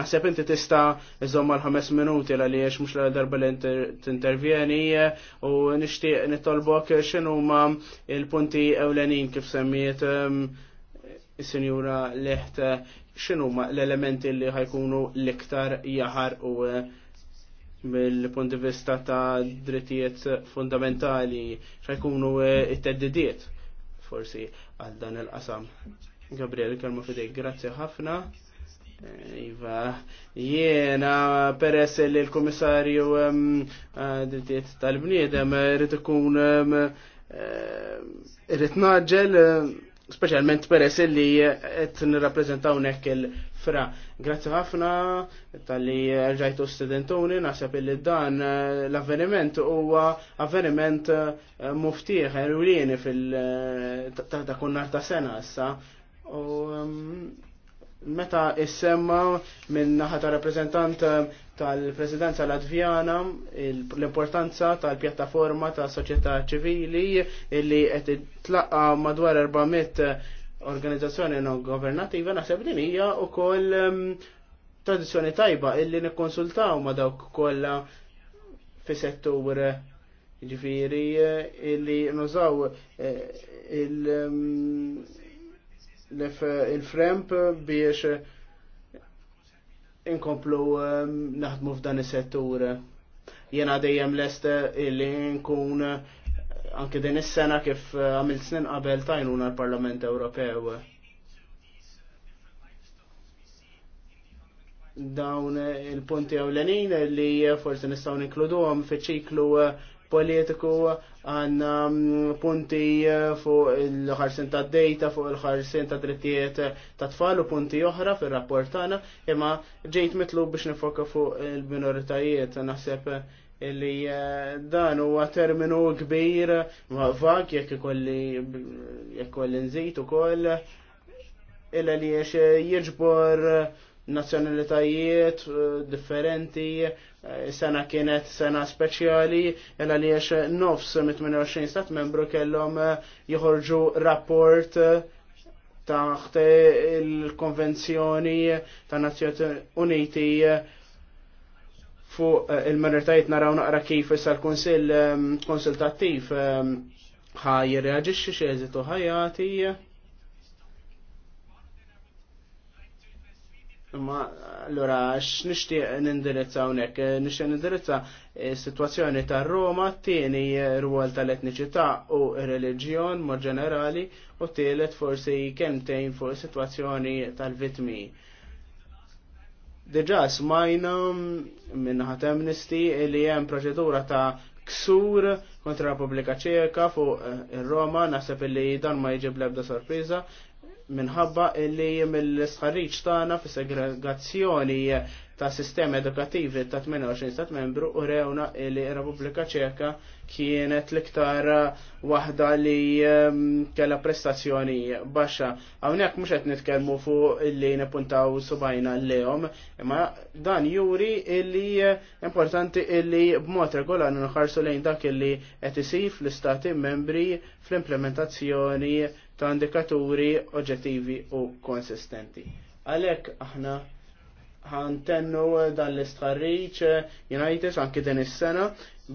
Naħseb inti tista' zomma għal ħames minuti għaliex mhux l darba li t-intervjeni u nixtieq nittolbok x'inhuma il-punti ewlenin kif semmiet ehm, Sinjura Leħt, xinu l-elementi li ħajkunu l-iktar jahar u eh, mill-punt di vista ta' drittijiet fundamentali ħajkunu eh, it-teddidiet forsi għal dan il-qasam. Gabriel, kelma fidej, grazzi ħafna. Eh, iva, jiena peress li l-komissarju ehm, drittijiet tal-bniedem rrit ikun ehm, rrit naġġel specialment peress li qed nirrappreżentaw nek il-fra. Grazzi ħafna tal-li rġajtu studentuni, naħseb li dan eh, l-avveniment huwa avveniment eh, muftiħ ewlieni fil-ta' eh, kunnar ta' sena issa. Ehm, meta issemma minn naħa ta' rappresentant eh, tal-presidenza latvjana l-importanza tal-pjattaforma ta' soċjetà ċivili illi qed tlaqqa madwar 400 eh, organizzazzjoni non governativa naħseb din hija wkoll ehm, tradizzjoni tajba illi nikkonsultaw ma' dawk kollha fis-settur eh, ġifieri illi nużaw il ehm, Eh, il-fremp eh, biex eh, inkomplu naħdmu f'dan is-settur. Jena dejjem lest illi nkun anke din is-sena kif għamilt snin qabel tajnuna l-Parlament Ewropew. Dawn il-punti ewlenin li forsi nistgħu ninkluduhom fiċ-ċiklu politiku għanna mm, punti eh, fuq il-ħarsin ta' dejta, fuq il-ħarsin ta' drittijiet ta' tfal u punti oħra fil rapport tagħna, imma ġejt mitlu biex nifoka fuq il-minoritajiet naħseb li eh, dan huwa terminu kbir vak jekk ikolli jekk kolli nżid ukoll illa li jiġbor nazzjonalitajiet eh, differenti Eh, sena kienet sena speċjali illa li jiex nofs mit 28 stat membru kellhom eh, joħorġu rapport eh, taħt il-konvenzjoni ta' Nazzjonijiet Uniti fuq il-minoritajiet naraw naqra kif issa l-Kunsill konsultattiv ħaj jirreaġixxi xi eżitu ħajati. Ma allora x'nixtieq nindirizza hawnhekk, nixtieq nindirizza s-sitwazzjoni eh, ta' Roma, t tieni eh, rwol tal-etniċità u reliġjon mod ġenerali u tielet forsi kemm fuq is-sitwazzjoni tal-vitmi. Diġà smajna mm, minn ħadd Amnesty li hemm proċedura ta' ksur kontra Repubblika Ċeka fuq ir-Roma, eh, naħseb li dan ma jġib l-ebda sorpriża, minħabba li mill-sħarriċ tagħna fi segregazzjoni ta' sistema edukattivi ta' 28 stat membru u rewna li Repubblika Ċeka kienet l-iktar waħda li ehm, kella prestazzjoni baxxa. Hawnhekk mhux qed nitkellmu fuq li nipuntaw subajna l-lejom, imma dan juri illi importanti illi b'mod regolar nħarsu lejn dak illi qed isir fl-istati membri fl-implementazzjoni ta' indikaturi oġettivi u konsistenti. Għalek aħna ħantennu dan l-istħarriċ eh, United anki din is-sena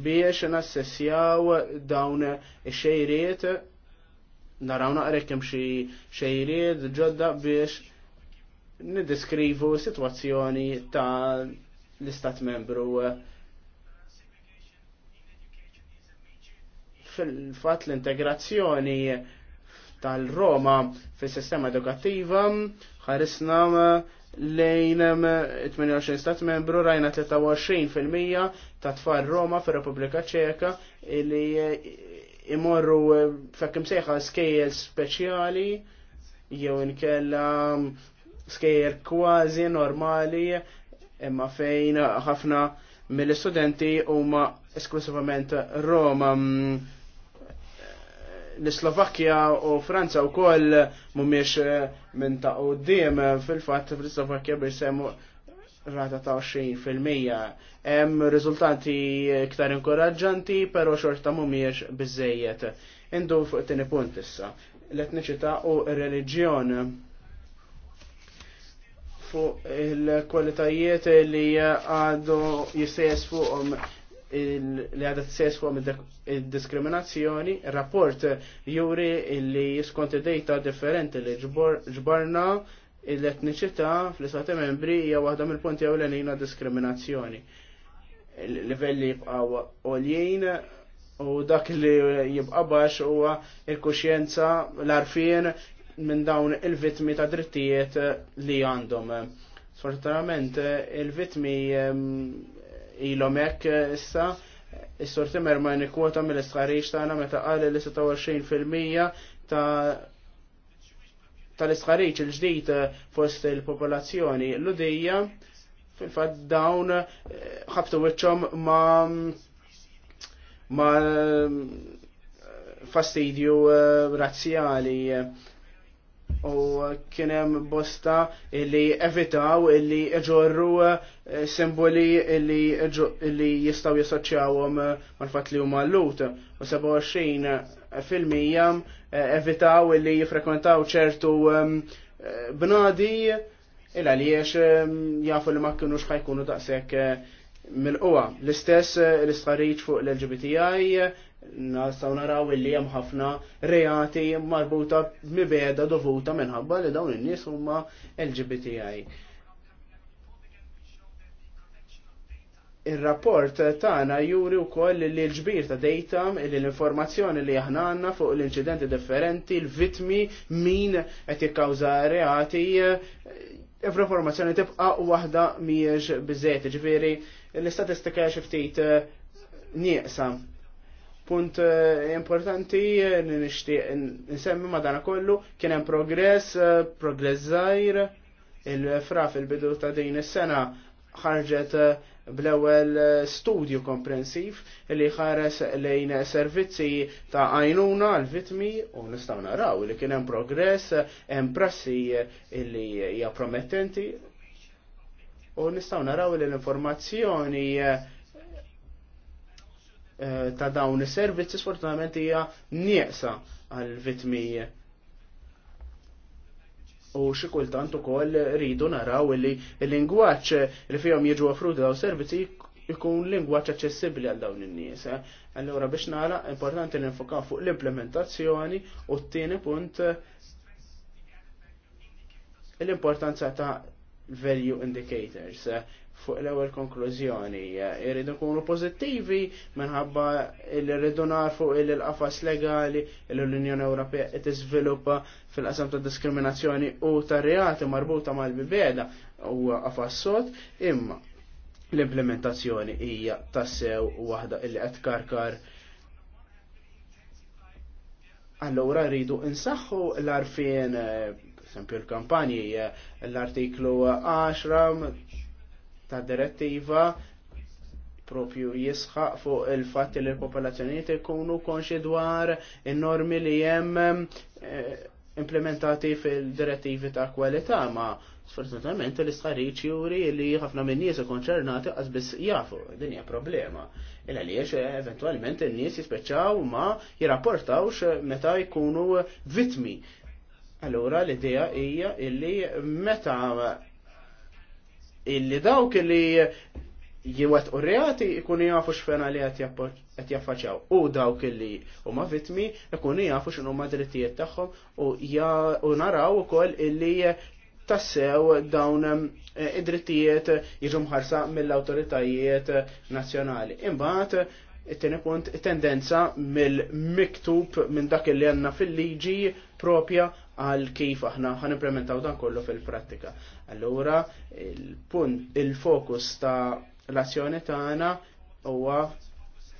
biex nassessjaw dawn ix-xejriet naraw naqrek kemm xi xejriet ġodda biex niddeskrivu sitwazzjoni ta' l-istat membru fil-fat l-integrazzjoni tal-Roma fis-sistema edukattiva ħarisna lejn 28 stat membru rajna 23% ta' tfal Roma fir Repubblika Ċeka li imorru fekkim sejħa skejjel speċjali jew inkella skejjer kważi normali imma fejn ħafna mill-istudenti huma esklusivament Roma l-Slovakkja u Franza u koll mumiex eh, minn ta' u eh, fil-fat fil-Slovakkja bisemu rata ta' 20%. Hemm riżultanti iktar inkoraġġanti, però xorta mumiex bizzejiet. Indu fuq tieni punt issa. L-etniċità u r fuq il-kwalitajiet li għadu jistess fuqhom li għadha t-seswa diskriminazzjoni, rapport juri li jiskonti dejta differenti li ġbarna l-etniċità fl-istati membri hija waħda mill-punti ewlenina diskriminazzjoni. Livelli jibqgħu għoljien u dak li jibqa' bax huwa il-kuxjenza l-arfien minn dawn il-vitmi ta' drittijiet li għandhom. Sfortunatament il-vitmi ehm, ilhom hekk eh, issa. Is-Sur Timmerman ikkwota mill-istħarriġ tagħna meta qal li 26% ta' tal-istħarriġ il-ġdid eh, fost il-popolazzjoni l-udija fil-fatt dawn eh, ħabtu wiċċhom ma' ma' fastidju razzjali u kienem bosta illi evitaw illi eġorru eh, simboli illi jistaw jisoċjawhom eh, mal-fatt li huma l-lut. U 27 eh, fil-mija evitaw illi jifrekwentaw ċertu bnadi il għaliex jafu li ma kienu ħajkunu daqshekk mill-qwa. L-istess l istħarriċ fuq l-LGBTI Nasaw naraw illi hemm ħafna reati marbuta mibeda dovuta minħabba li dawn in-nies huma LGBTI. Il-rapport tagħna juri wkoll li l-ġbir ta' data li l-informazzjoni li aħna għandna fuq l-inċidenti differenti, l-vitmi, min qed jikkawża reati, e informazzjoni tibqa' waħda mhijiex biżejjed, ġifieri l-istatistika xi ftit nieqsa punt eh, importanti li eh, nixtieq nsemmi madana kollu kien hemm progress, eh, progress żgħir il-fra fil-bidu ta' din is-sena ħarġet bl-ewwel studju komprensiv li ħares lejn servizzi ta' għajnuna għal vitmi u nistgħu naraw li kien hemm progress hemm prassi li hija promettenti u nistgħu naraw li l-informazzjoni Eh, ta' dawn is-servizzi sfortunatament hija nieqsa għal vitmi U xi kultant ukoll rridu naraw li l-lingwaġġ li fihom jiġu offruti dawn servizzi jkun lingwaġġ aċċessibbli għal dawn in-nies. Allura biex nara importanti li nfokaw fuq l-implementazzjoni u t-tieni punt l-importanza ta' value indicators fuq l-ewwel konklużjoni. Irridu nkunu pożittivi minħabba li rridu nafu il qafas legali l unjoni Ewropea qed tiżviluppa fil-qasam ta' diskriminazzjoni u ta' reati marbuta mal-bibeda u qafas sod, imma l-implementazzjoni hija tassew waħda illi qed karkar Allura rridu insaħħu l-arfien, eh, per l-kampanji, eh, l-artiklu 10 ta' direttiva propju jisħaq fuq il fatti li l-popolazzjonijiet ikunu konxi dwar in-normi li hemm eh, implementati fil-direttivi ta' kwalità ma sfortunatament l-istħarriċ juri li ħafna minn nies konċernati qas biss jafu din hija problema. Il għaliex eh, eventualment in-nies jispeċaw ma jirrapportawx meta jkunu vitmi. Allura l-idea hija illi meta illi dawk illi jiwet u reati ikunu jafu xfena li għet jaffaċaw u dawk illi huma vitmi ikunu jafu xinu ma drittijiet tagħhom u naraw ukoll illi tassew dawn eh, id-drittijiet jiġu mħarsa mill-autoritajiet nazzjonali. Imbagħad it-tieni punt tendenza mill-miktub minn dak li għandna fil-liġi propja għal kif aħna ħan implementaw dan kollu fil-prattika. Allura, il-punt, il-fokus ta' l-azzjoni tagħna huwa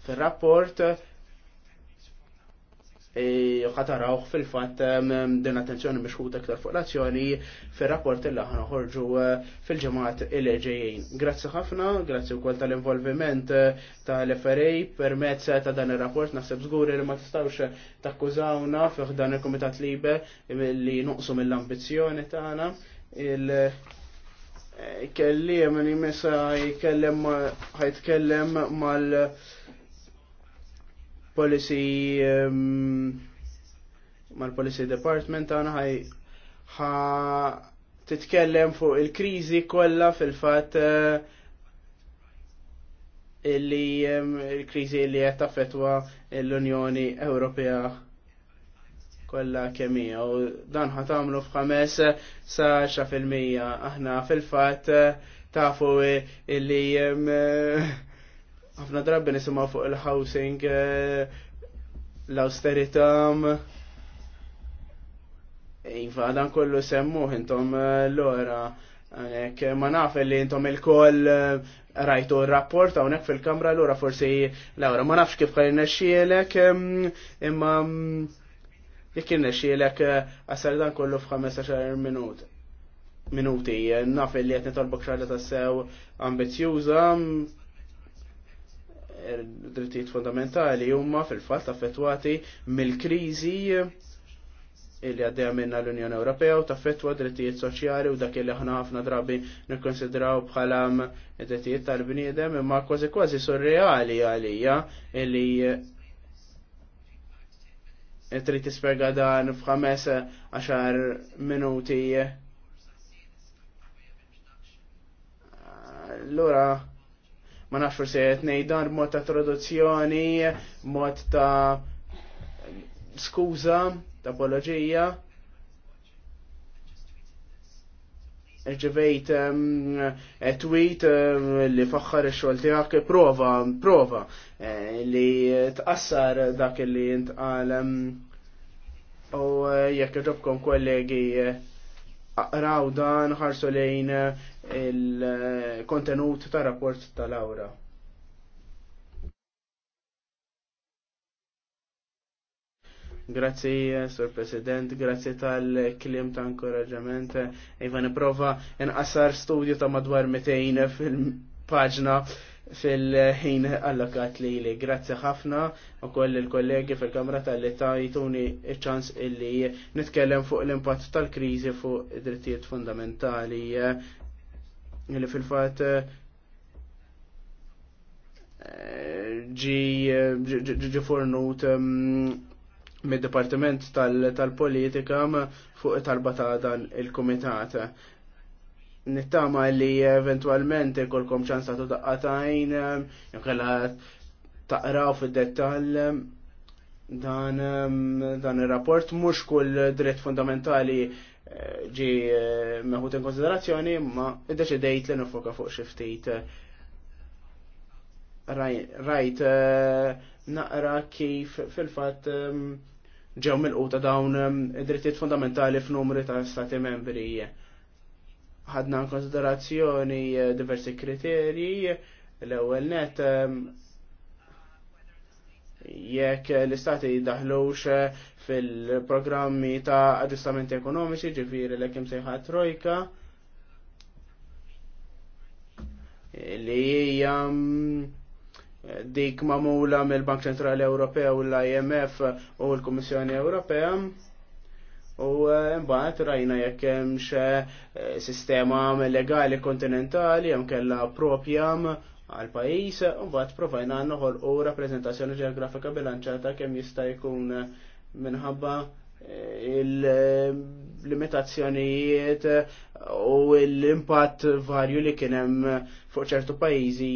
fir-rapport E, ħatarawħ fil-fat din attenzjoni mixħuta aktar fuq l-azzjoni fil-rapport illa ħana ħorġu e, fil-ġemat il-ġejjin. Grazzi ħafna, grazzi wkoll tal-involviment e, tal-FRA permezz ta' dan il-rapport nasib żguri li ma tistawx takkużawna fih dan il-Kumitat Libe li nuqsu mill-ambizzjoni tagħna il kellim li jkellem ħajtkellem mal policy um, mal-Policy Department għana ħaj ħa titkellem fuq il-krizi kollha fil-fatt uh, illi um, il-krizi li qed taffetwa l-Unjoni Ewropea kollha kemm hija u dan ħa tagħmlu f'ħames sa xa fil-mija aħna fil-fatt uh, tafu illi um, ħafna drabi nisimgħu fuq il-housing eh, l-austerità mm. Iva, dan kollu semmu, intom eh, l-ora. Eh, ma naf li intom il-koll rajtu r-rapport għonek fil-kamra l-ora forsi l-ora. Ma nafx kif għajn xielek, mm, imma mm, jek kien xielek għasal dan kollu f-15 minut. Minuti, naf li jett nitolbok xarla tassew sew ambizjuza, drittijiet fundamentali huma fil-fatt affettwati mill-kriżi illi għaddeja minna l-Unjoni Ewropea u taffettwa drittijiet soċjali u dak illi ħna ħafna drabi nikkonsidraw bħala drittijiet tal-bniedem imma kważi kważi surreali għalija illi trid tispjega dan f'ħames għaxar minuti. Allura ma nafx se qed ngħidha mod ta' traduzzjoni, mod ta' skuża, ta' apoloġija. Ġivejt eh, tweet li faħħar ix-xogħol tiegħek prova, prova eh, li tqassar dak li intqal u eh, jekk ġobkom kollegi aqraw dan ħarsu lejn il-kontenut ta' rapport ta' Laura. Grazzi, Sur President, grazzi tal-klim ta' inkoraġġament. Iva niprofa inqasar studju ta' madwar 200 fil-paġna fil-ħin allokat li li. Grazzi ħafna u koll il-kollegi fil-Kamra tal-li ta' jituni ċans illi nitkellem fuq l-impatt tal-krizi fuq id-drittijiet fundamentali li fil-fat eh, eh, eh, ġi fornut ehm, mid-Departiment tal-Politika fuq talba ta' dan il-Komitat. Nittama li eventualment kolkom ċansa ta' daqqatajn, jokella ehm, taqraw fil-dettal ehm, dan, dan il-rapport mux kull dritt fundamentali ġi eh, meħut in konsiderazzjoni ma deċidejt li nifoka fuq xi ftit. Rajt, eh, naqra kif fil-fatt ehm, ġew mill-quta dawn ehm, id-drittijiet fundamentali f'numri ta' stati membri. Ħadna konsiderazzjoni eh, diversi kriterji l-ewwel net ehm, jekk l-istati jiddaħlux eh, fil-programmi ta' aġustamenti ekonomiċi ġifiri l kim sejħa trojka li hija mm, dik mamula mill-Bank Ċentrali Ewropew l-IMF u l-Kummissjoni Ewropea u eh, mbagħad rajna jekk hemmx eh, sistema legali kontinentali hemm kellha propjam mm, għal pajis, u bat provajna noħol u rappresentazzjoni ġeografika bilanċata kemm jista' jkun minħabba eh, il-limitazzjonijiet u l-impatt varju li kienem fuq ċertu pajizi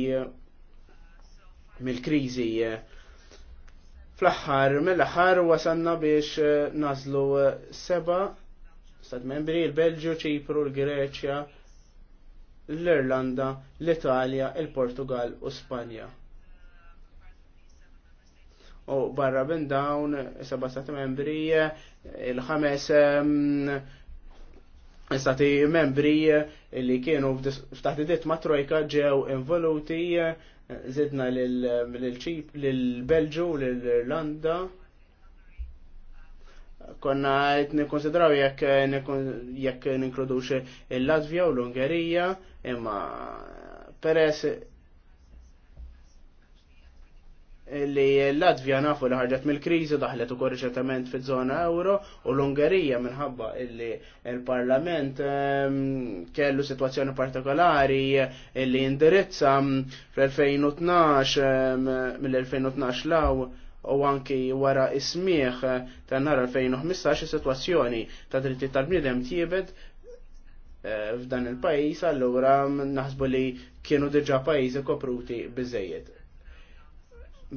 mill-krizi. fl aħħar mill-axħar wasanna biex eh, nazlu seba stat membri, il-Belġu, ċipru, l-Greċja, l-Irlanda, l-Italja, il-Portugal u Spanja. U barra minn dawn, seba' stati membri, il-ħames stati membri li kienu f'taħti ditt ma' trojka ġew involuti zidna l-Belġu, lil Belġu, lil Irlanda konna nikkonsidraw jekk jekk ninkludux il-Latvja u l-Ungerija, imma peress li l-Latvja nafu li ħarġet mill-kriżi daħlet ukoll riċertament fiż-żona euro u l-Ungerija minħabba illi il-Parlament ehm, kellu sitwazzjoni partikolari illi indirizza ehm, fl-2012 ehm, mill-2012 law u anki wara ismieħ ta' nara 2015 situazzjoni ta' dritti tal-bniedem tiebed eh, f'dan il-pajis, allura naħsbu li kienu diġa pajjiżi kopruti biżejjed.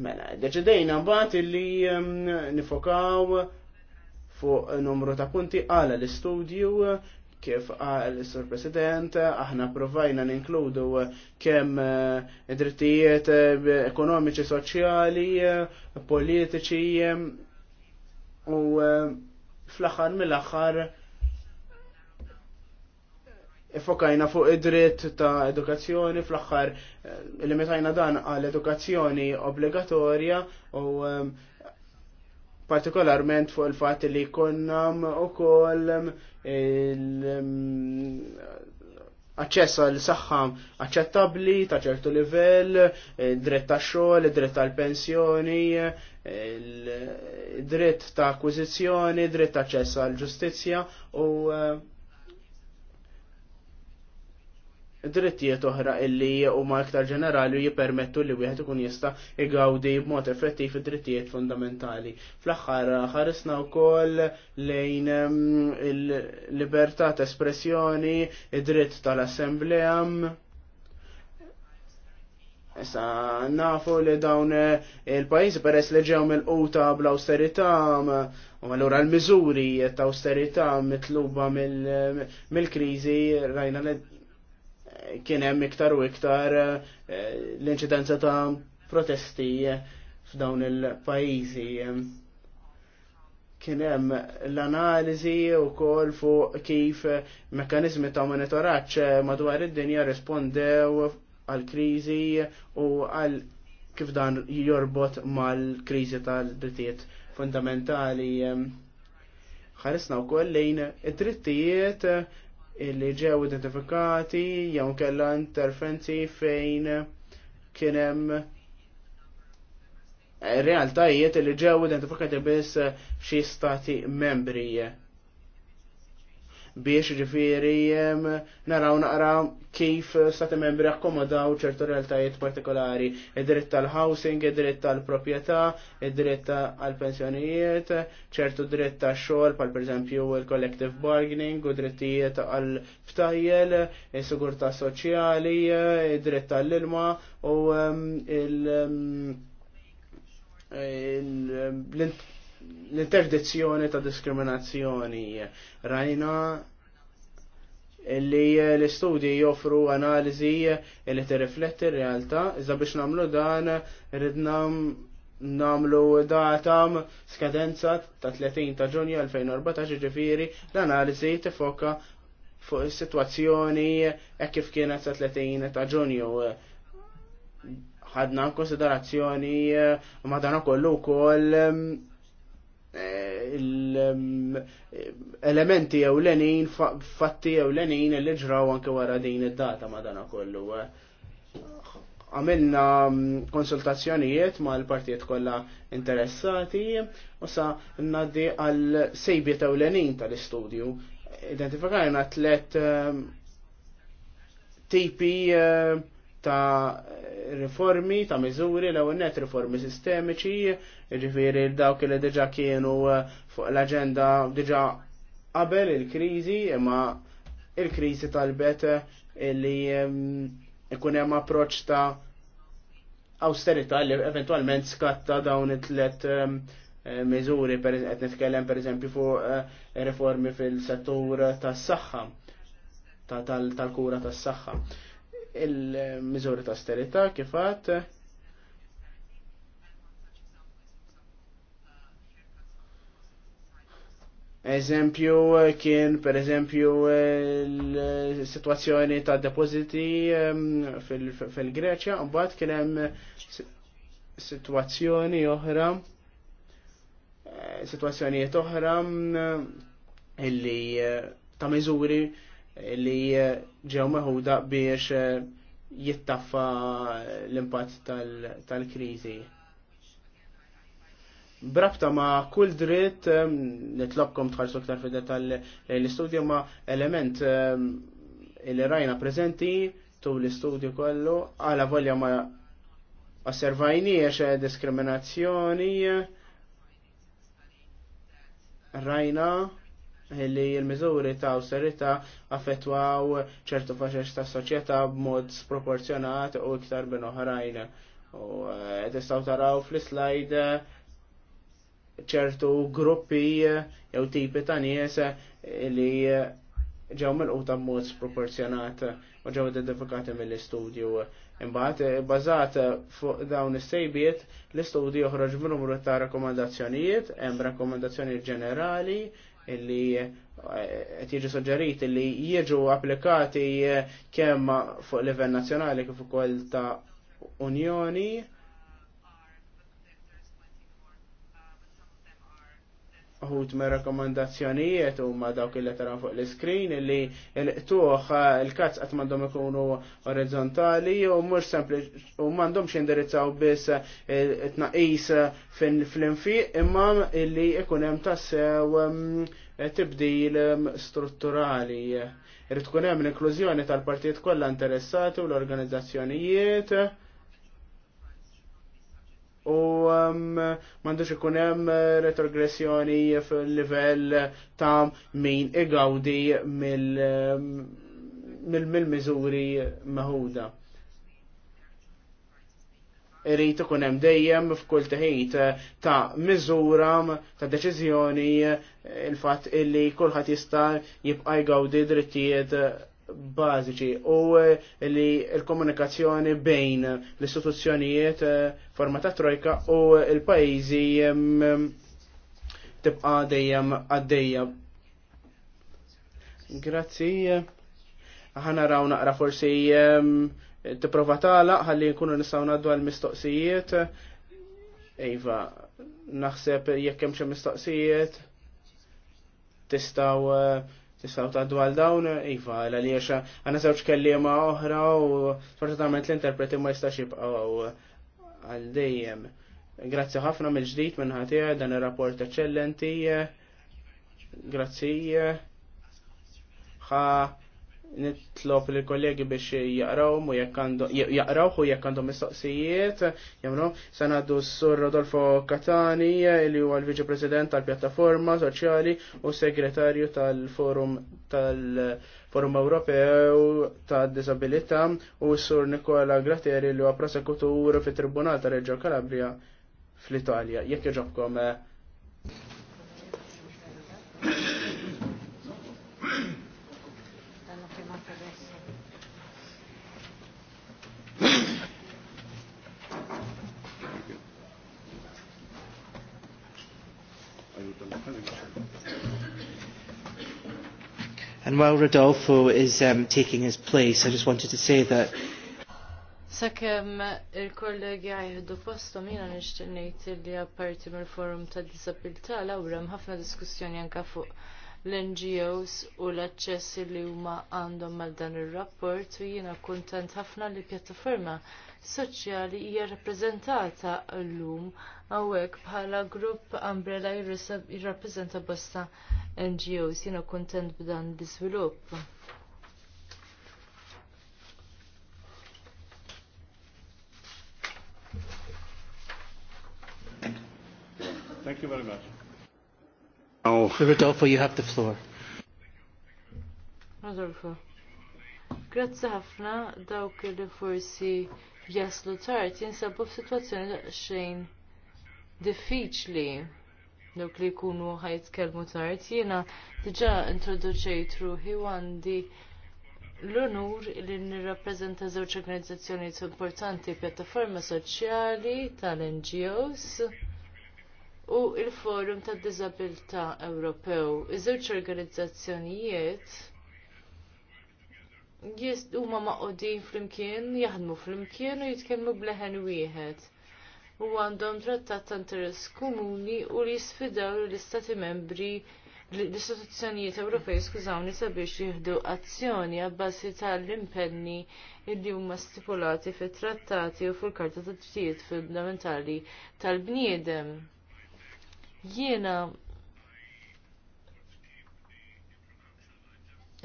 Mela, deċidejna mbagħad li mm, nifokaw fuq numru ta' punti għala l-istudju Kif għal sur President, aħna provajna ninkludu kemm eh, drittijiet eh, ekonomiċi, soċjali, eh, politiċi u fl-axar mill-axar fokajna fuq id-dritt ta' edukazzjoni fl li metajna dan għal edukazzjoni obbligatorja u partikolarment fuq il-fat li konnam u koll Mm, aċċess għal saħħa aċċettabbli ta' ċertu livell, eh, dritt ta' xogħol, dritt tal pensjoni, eh, dritt ta' akkwiżizzjoni, dritt ta' aċċess għal ġustizzja u eh, drittijiet oħra illi huma iktar ġenerali jippermettu li wieħed ikun jista' igawdi b'mod effettiv id-drittijiet fundamentali. Fl-aħħar ħarisna wkoll lejn mm, il-libertà ta' espressjoni, id-dritt tal-assemblea. Issa nafu li dawn il-pajjiżi peress li ġew mill-quta bl-awsterità U allura l-miżuri ta' awsterità mitluba mill-kriżi rajna kien hemm iktar u iktar eh, l-inċidenza ta' protesti f'dawn il-pajjiżi. Kien hemm l-analiżi wkoll fuq kif mekkaniżmi ta' monitoraġġ madwar id-dinja rispondew għal-kriżi u għal kif dan jorbot mal-kriżi tal-drittijiet fundamentali ħarisna wkoll lejn id-drittijiet illi ġew identifikati jew kella interferenzi fejn kien hemm eh, realtajiet illi ġew identifikati biss f'xi stati membri biex ġifiri naraw naqra kif stati membri akkomodaw ċertu realtajiet partikolari, id-dritt tal-housing, id-dritt tal-propieta, id-dritt tal-pensjonijiet, ċertu dritt tal-xol, pal per eżempju il-collective bargaining, u drittijiet tal-ftajjel, il-sigurta soċjali, id-dritt tal-ilma u il- l-interdizzjoni ta' diskriminazzjoni. Rajna li l-istudji joffru analizi li tirrifletti r-realtà, iżda biex namlu dan ridna namlu datam skadenza ta' 30 ta' ġunju 2014 ġifiri l-analizi tifoka fuq is-sitwazzjoni e kif kienet sa 30 ta' ġunju. Ħadna konsiderazzjoni eh, madana kollu wkoll Eh, l elementi jew l-enin, fatti jew l-enin li ġraw anke wara din id-data madana kollu. Eh. Għamilna mm, konsultazzjonijiet ma l-partijiet kollha interessati u sa n-naddi għal sejbiet l-enin tal-istudju. Identifikajna tlet eh, tipi uh, ta' riformi, ta' miżuri, l net riformi sistemiċi, ġifiri dawk li diġa kienu eh, fuq l-agenda diġa qabel il-krizi, imma il-krizi talbet eh, li mm, ikun hemm approċ ta' austerità li eventualment skatta dawn it-tlet eh, miżuri, qed nitkellem pereżempju fuq riformi fil-settur tas-saħħa tal-kura tas-saħħa il-miżuri ta' austerità kifat. Eżempju kien per eżempju l-situazzjoni ta' depositi fil-Greċja, mbagħad kien hemm situazzjoni oħra, eh, situazzjonijiet oħra illi eh, ta' miżuri li eh, ġew meħuda biex eh, jittaffa l-impatt tal-krizi. Brabta ma' kull dritt, ehm, nitlobkom tħarsu ktar fidda tal-istudju ma' element ehm, li rajna prezenti tu l-istudju kollu, għala volja ma' osservajni għax diskriminazzjoni, rajna li l-miżuri ta' awsterita affettwaw ċertu faċex ta' soċjetà b'mod sproporzjonat u iktar minn oħrajn. U eh, tistgħu taraw fl-slide eh, ċertu gruppi eh, jew tipi ta' nies li ġew ta' b'mod sproporzjonat u ġew identifikati mill-istudju. Imbagħad bażat fuq dawn is-sejbiet l-istudju joħroġ b'numru ta' rakkomandazzjonijiet, hemm rakkomandazzjonijiet ġenerali, illi eh, qed jiġu suġġeriti li jiġu applikati eh, kemm fuq livell nazzjonali kif ukoll ta' Unjoni Uħut me rakkomandazzjonijiet u ma dawk il taran fuq l-screen li il-tuħ il-kazz għat mandom ikunu orizzontali u mux sempli u mandom xindirizzaw bis it-naqis fl infiq imma li ikunem tassew tibdil strutturali. Irrid tkun hemm l-inklużjoni tal-partijiet kollha interessati u l-organizzazzjonijiet u um, m'għandux ikun hemm retrogressjoni fil-livell ta' min igawdi mill-miżuri um, meħuda. Irrid ikun hemm dejjem f'kull teħid ta' miżura ta' deċiżjoni il-fatt illi kulħadd jista' jibqa' jgawdi drittijiet bażiċi u eh, li l-komunikazzjoni bejn l-istituzzjonijiet eh, formata trojka u l-pajjiżi tibqa' dejjem għaddejja. Grazzi. Ħana raw naqra forsi tipprova tagħlaq ħalli nkunu nistgħu ngħaddu għall-mistoqsijiet. Iva, naħseb jekk hemm xi mistoqsijiet tistgħu eh, Tistaw ta' dwal dawn, iva, l għaliexa għanna zewċ kellima oħra u fortunatament l-interpreti ma jistax jibqaw għal dejjem. Grazzi ħafna mill-ġdid minn dan ir-rapport eċċellenti. Grazzi. Ha nitlob li kollegi biex jaqraw u jaqraw u jekk għandhom mistoqsijiet jamlu sanaddu s-sur Rodolfo Katani li huwa l-Viċi President tal-Pjattaforma Soċjali u Segretarju tal-Forum tal-Forum Ewropew tad-Disabilità u s-sur Nikola Grateri li huwa prosekutur fit-Tribunal tal-Reġġo Kalabria fl-Italja. Jekk iġobkom eh. And while Rodolfo is um, taking his place, I just wanted to say that Sakemm il-kollegi għajħdu postom minna nishtinnejt ngħid li apparti mill-forum ta' disabilità l-awra ħafna diskussjoni anka fuq l-NGOs u l-aċċess li huma għandhom mal dan ir-rapport u jiena kuntent ħafna li pjattaforma soċjali hija rappreżentata llum hawnhekk bħala grupp Umbrella jirrappreżenta bosta NGOs. Jiena kuntent b'dan l-iżvilupp. Thank you very much. Oh. Rodolfo, you have the floor. Rodolfo. Grazzi ħafna dawk li forsi jaslu tard jinsabu f'sitwazzjoni daqsxejn diffiċli dawk li jkunu ħajtkellmu tard. Jiena diġà introduċejt ruħi għandi l-onur li nirrappreżenta żewġ organizzazzjonijiet importanti, pjattaforma soċjali tal-NGOs u il-Forum tad-Diżabilità Ewropew. Iż-żewġ organizzazzjonijiet huma maqodin flimkien, jaħdmu flimkien u jitkellmu bleħen wieħed. U għandhom trattat ta' interess komuni u li jisfidaw l-istati membri l-istituzzjonijiet Ewropej skużawni sabiex jieħdu azzjoni għabbasi tal-impenni li huma stipulati fit-trattati u fil-Karta tad-Drittijiet Fundamentali tal-Bniedem. Jiena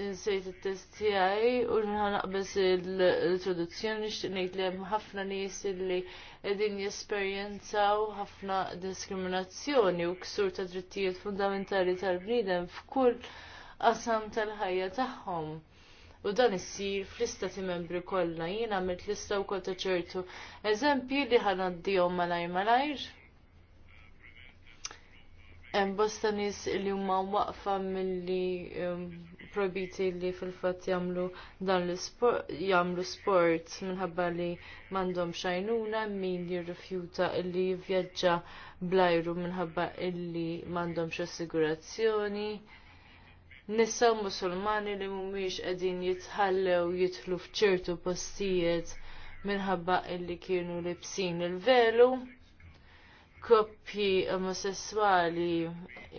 Nsejt il-test tijaj u naqbess il-traduzzjoni xtiqnejt li hemm ħafna nies li qegħdin jesperjenzaw ħafna diskriminazzjoni u ksur ta' drittijiet fundamentali tal-bniedem f'kull qasam tal-ħajja tagħhom. U dan issir fl-istati membri kollha jien għamilt lista wkoll ta' ċertu eżempji li ħanaddihom malajr malajr. Hemm bosta nies li huma waqfa milli um, Probiti li fil-fat jamlu dan l-sport, jamlu sport minħabba li mandom xajnuna min li rifjuta illi vjaġġa blajru minħabba illi mandom assigurazzjoni. Nissa musulmani li mumiex edin jitħallew jidħlu fċertu postijiet minħabba illi kienu libsin il-velu koppji omosessuali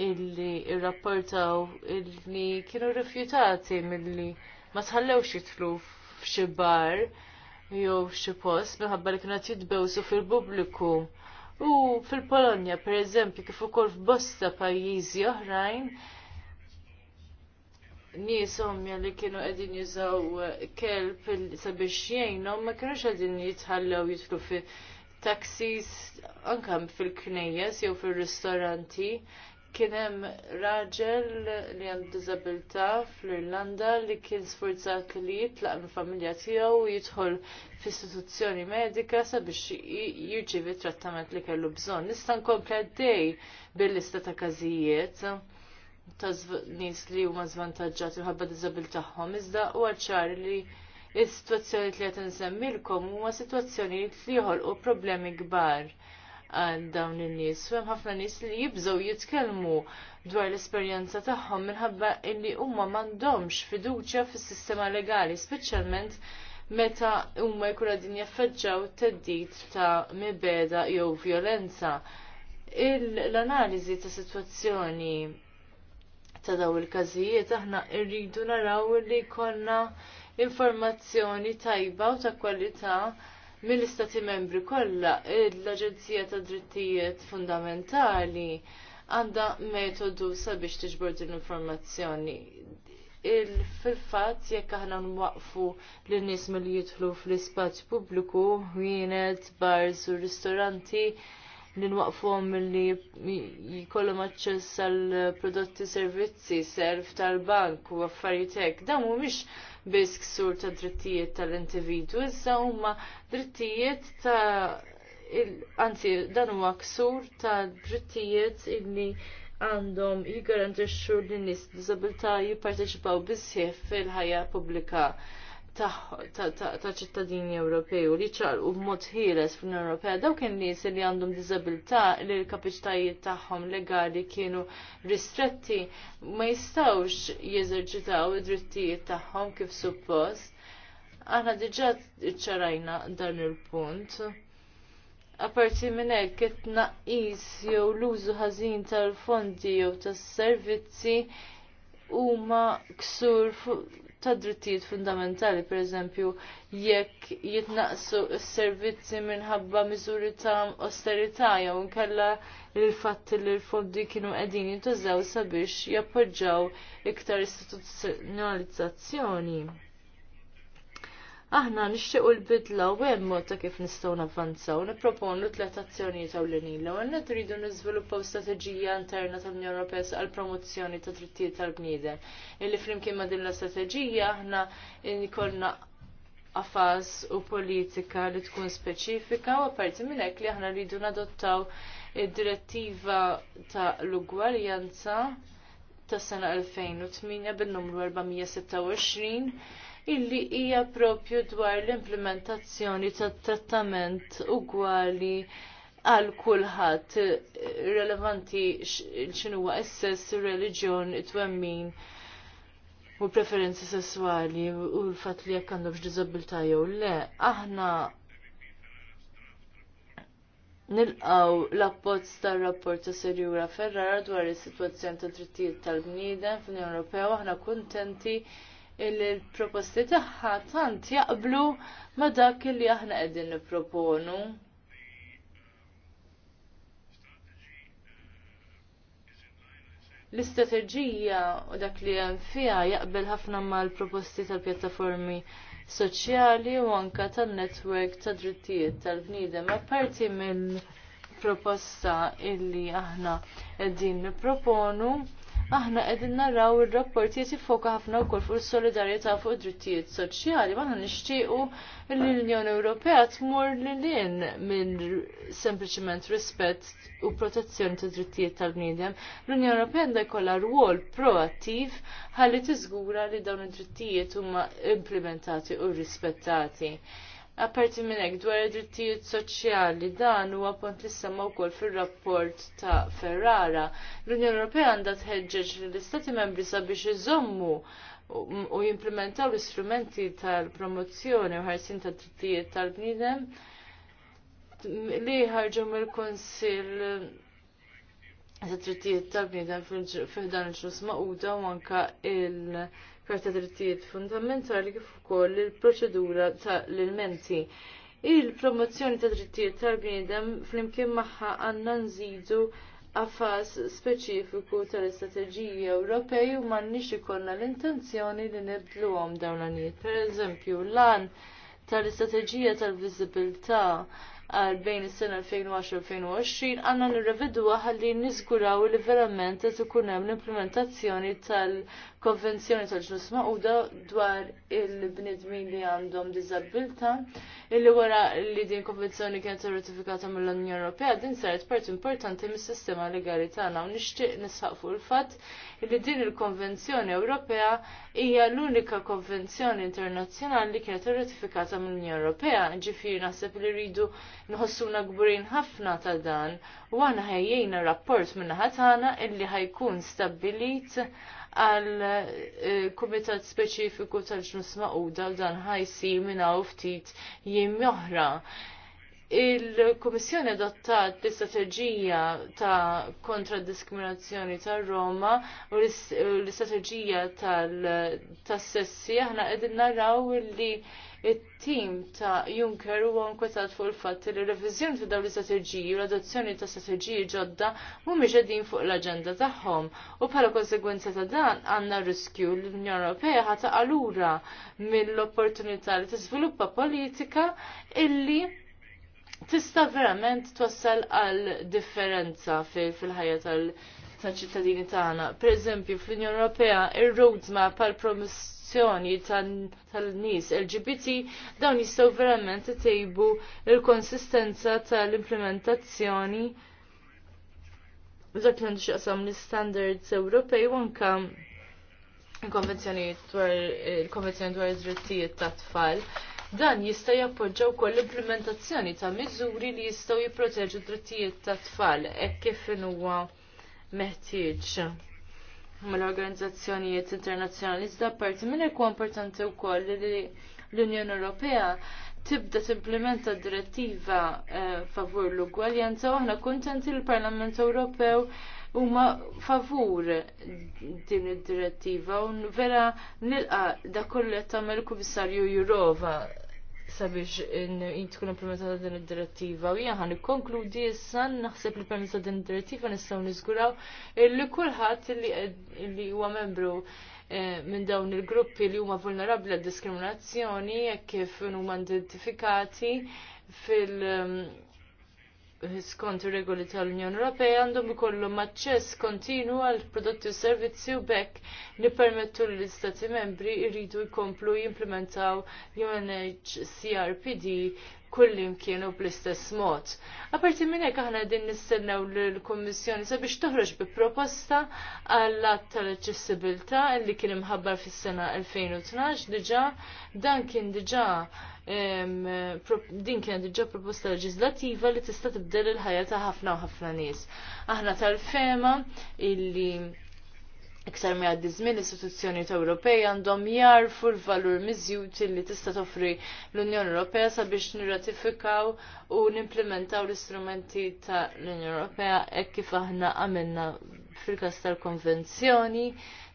illi irrapportaw illi kienu rifjutati milli ma tħallewx jitlu f'xi bar jew f'xi post minħabba li kienu qed jitbewsu fil-pubbliku. U fil-Polonja pereżempju kif ukoll f'bosta pajjiżi oħrajn nies omja li kienu qegħdin jużaw kelb sabiex jgħinhom ma kinux qegħdin jitħallew jitlu fi taxis anke fil-knejjes jew fil-ristoranti kien hemm raġel li għandu diżabilità fl-Irlanda li kien sforzat li jitlaq mill familja tiegħu u jidħol f'istituzzjoni medika sabiex jirċievi t trattament li kellu bżonn. Nista' nkompli għaddej bil-lista ta' każijiet ta' nies li huma żvantaġġati minħabba diżabilità tagħhom iżda huwa ċar li is-sitwazzjoni li qed nsemmilkom huma situazzjoni li u problemi kbar għal dawn in-nies. Fem ħafna nis li jibżaw jitkellmu dwar l-esperjenza tagħhom minħabba li huma m'għandhomx fiduċja fis-sistema legali, speċjalment meta huma jkun qegħdin jaffeġġaw teddit ta' mibeda jew violenza. L-analiżi ta' sitwazzjoni ta' daw il-każijiet aħna rridu naraw li konna informazzjoni tajba u ta' kwalità mill-istati membri kollha l-Aġenzija ta' Drittijiet Fundamentali għandha metodu sabiex tiġbor din l-informazzjoni. Fil-fatt jekk aħna nwaqfu lin nies milli jidħlu fl-ispazju pubbliku, wienet, bars u ristoranti, li nwaqfhom li jkollhom aċċess għal prodotti servizzi, serf tal-bank u affarijiet hekk. Dan mhumiex biss ksur ta' drittijiet tal-individu, iżda huma drittijiet ta' anzi dan huwa ksur ta' drittijiet illi għandhom jiggarantixxu li nies b'diżabilità jipparteċipaw bisħieħ fil-ħajja pubblika ta' ċittadini Ewropej u li ċarqu b'mod ħieles fl Ewropea dawk in-nies li għandhom diżabilità li l-kapaċitajiet tagħhom legali kienu ristretti ma jistgħux jeżerċitaw id-drittijiet tagħhom kif suppost. Aħna diġà ċarajna dan il-punt. Aparti minn hekk qed tnaqqis jew l-użu ħażin tal-fondi jew tas-servizzi huma ksur ta' drittijiet fundamentali, per eżempju, jekk jitnaqsu s-servizzi minħabba miżuri ta' austerità jew nkella il-fatt li l-fondi kienu qegħdin jintużaw sabiex jappoġġaw iktar istituzzjonalizzazzjoni aħna nixtiequ l-bidla u hemm mod ta' kif nistgħu navvanzaw. Nipproponu tliet azzjonijiet ewlenin u għandna net iridu niżviluppaw strateġija interna tal-Unjoni Ewropea għal promozzjoni ta' drittijiet tal-bniedem. Illi flimkien ma' din l-istrateġija aħna jkollna affas u politika li tkun speċifika u apparti minn hekk li aħna rridu nadottaw id-direttiva ta' l-ugwaljanza tas sena 2008 bin-numru 426 illi hija propju dwar l-implementazzjoni tat trattament ugwali għal kulħadd relevanti x'inhuwa s-sess, ir-reliġjon, it-twemmin u preferenzi sessuali u l-fatt li jekk għandhomx diżabilità jew le, aħna nilqaw l-appozz tar-rapport ta' Serjura Ferrara dwar is-sitwazzjoni ta' drittijiet tal-bniedem fl-Ewropew aħna kuntenti il-proposti tagħha tant jaqblu ma dak li aħna qegħdin nipproponu. L-istrateġija u dak li hemm fiha jaqbel ħafna mal-proposti tal-pjattaformi soċjali u anka tan-netwerk ta' drittijiet tal-bniedem apparti mill proposta illi aħna qegħdin nipproponu. proponu aħna qegħdin narraw ir-rapport jiet foka ħafna kol fuq is-solidarjetà fuq id-drittijiet soċjali, ma nixtiequ li l-Unjoni Ewropea tmur lil hinn minn sempliċement rispett u protezzjoni tad drittijiet tal bnidem L-Unjoni Ewropea għandha jkollha rwol proattiv ħalli tiżgura li dawn id-drittijiet huma implementati u rispettati. Apparti minn hekk dwar id-drittijiet soċjali dan huwa punt li semma wkoll fir-rapport ta' Ferrara. L-Unjoni Ewropea għandha tħeġġeġ l-Istati Membri sabiex iżommu u jimplementaw l-istrumenti tal-promozzjoni u ħarsin tad drittijiet tal-bniedem li ħarġu mill-Kunsill tad drittijiet tal-bniedem fil-ħdan il-ġus maquda u anka il- karta drittijiet fundamentali kif ukoll il-proċedura ta' l-menti. Il-promozzjoni ta' drittijiet tal-bniedem flimkien magħha għandna nżidu għafas speċifiku tal-istrateġiji Ewropej u m'għandniex ikollna l-intenzjoni li nibdluhom dawn l-għanijiet. Pereżempju, l-għan tal-istrateġija tal-viżibilità għal bejn is-sena 2010-2020 għandna nirrevidu ħalli niżguraw li verament qed ikun hemm l-implementazzjoni tal- konvenzjoni tal u da dwar il-bnedmin li għandhom disabilta illi wara li din konvenzjoni kienet ratifikata mill-Unjoni Ewropea din saret part importanti mis-sistema legali tagħna u nixtieq nisħaq fuq il-fatt li din il-Konvenzjoni Ewropea hija l-unika konvenzjoni internazzjonali li kienet ratifikata mill-Unjoni Ewropea. Ġifieri naħseb li rridu nħossuna gburin ħafna ta' dan u aħna ħejjejna rapport minn tagħna illi ħajkun stabbilit għal eh, kumitat speċifiku tal-ġnus maquda dan ħajsi minna ftit jiem oħra. Il-Komissjoni adottat l-istrateġija ta' kontra diskriminazzjoni ta' Roma u l-istrateġija tal-sessi aħna qegħdin naraw li it-tim ta' Juncker huwa nkwetat fuq il-fatt li revizjoni reviżjoni ta' dawn strategiji u l-adozzjoni ta' strategiji ġodda mhumiex qegħdin fuq l-aġenda tagħhom. U bħala konsegwenza ta' dan għandna riskju l-Unjoni Ewropea ħata allura mill-opportunità li tiżviluppa politika illi tista' verament twassal għal differenza fil-ħajja tal- ta' ċittadini tagħna. Per eżempju, fl-Unjoni Ewropea ir-roadmap għal promiss protezzjoni tal nis LGBT dawn jistgħu verament tejbu l konsistenza tal-implementazzjoni dak li għandu xaqsam l-standards Ewropej u anka il-konvenzjoni dwar id-drittijiet tat tfal dan jista' jappoġġaw wkoll l-implementazzjoni ta' miżuri li jistgħu jipproteġu d-drittijiet tat tfal hekk kif huwa meħtieġ mal-organizzazzjonijiet internazzjonali. Iżda parti minn ikku importanti wkoll li l-Unjoni Ewropea tibda timplementa direttiva eh, favur l-ugwaljanza u aħna kuntenti l-Parlament Ewropew huma favur din id-direttiva u vera nilqa da kollu qed tagħmel Kummissarju Jurova sabiex tkun implementata din id-direttiva. U jgħan ikkonkludi issa naħseb li permessa ta' din id-direttiva nistgħu niżguraw li kulħadd li huwa membru eh, minn dawn il-gruppi li huma vulnerabbli għad diskriminazzjoni jekk kif huma identifikati fil- skont ir-regoli tal-Unjoni Ewropea għandhom ikollhom aċċess kontinu għal prodotti u servizzi u bekk nippermettu l-Istati membri jridu jkomplu jimplementaw UNHCRPD kullim kienu bl-istess mod. Aparti minn hekk aħna din nistennew l-Kummissjoni sabiex toħroġ bi proposta għall att tal-aċċessibilità li kien imħabbar fis-sena 2012 diġà dan kien diġà din kienet diġà proposta leġislativa li tista' tibdel il-ħajja ta' ħafna u ħafna nies. Aħna tal-fema illi iktar mi għaddi żmien l-istituzzjoni Ewropej għandhom jarfu l-valur miżjut li tista' toffri l-Unjoni Ewropea sabiex nirratifikaw u nimplementaw l-istrumenti ta' l-Unjoni Ewropea hekk kif aħna għamilna fil kas tal-konvenzjoni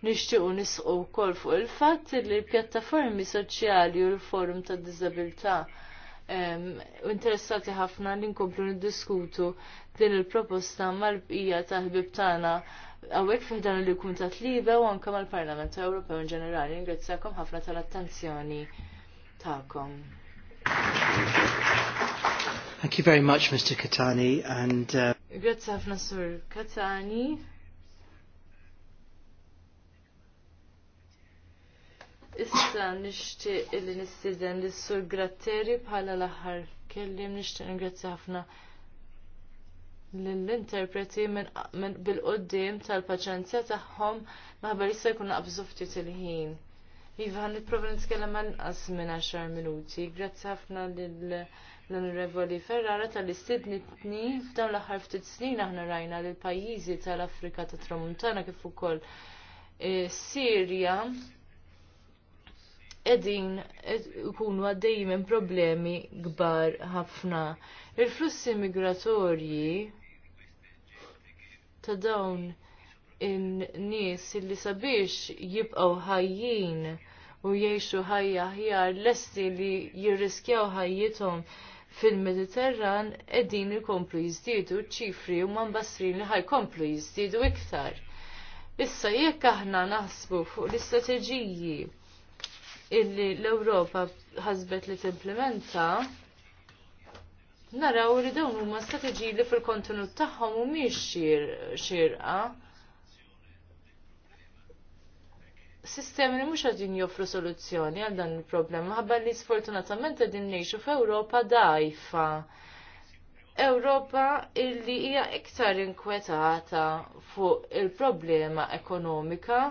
nixtiequ nisqu wkoll fuq il-fatt li l-pjattaformi soċjali u l-forum tad diżabilità interessati ħafna li nkomplu niddiskutu din il-proposta mal-bqija ta' ħbib tagħna għawek fiħdan li kumitat liba u anke mal-Parlament Ewropew in ġenerali. Ingrazzakom ħafna tal-attenzjoni tagħkom. Thank you very much, Mr. Katani. And, uh... Grazie ħafna, Sur Katani. issa nixtieq illi nistiden lis sur Gratteri bħala l-aħħar kellim nixtieq ingrazzi ħafna l-interpreti minn bil-qoddim tal-paċenzja tagħhom maħbar jissa jkun naqbżu ftit il-ħin. Iva, nipprova nitkellem għal nqas minn 10 minuti. Grazzi ħafna l-Onorevoli Ferrara tal-istidni tni f'dawn l-aħħar ftit snin aħna rajna l pajjiżi tal-Afrika tat Tramuntana kif ukoll eh, Sirja edin ikunu għaddej minn problemi kbar ħafna. Il-flussi migratorji ta' dawn in-nies li sabiex jibqaw ħajjin u jgħixu ħajja ħjar lesti li jirriskjaw ħajjithom fil-Mediterran edin ikomplu jizdidu ċifri u man basrin li ħajkomplu jizdidu iktar. Issa jekk aħna naħsbu fuq l-istrateġiji illi l-Ewropa ħasbet li timplementa naraw li dawn huma strateġiji li fil-kontenut tagħhom mhumiex xirqa. Sistemi li mhux qegħdin joffru soluzzjoni għal dan il-problema ħabba li sfortunatament qegħdin ngħixu f'Ewropa dajfa. Ewropa illi hija iktar inkwetata fuq il-problema ekonomika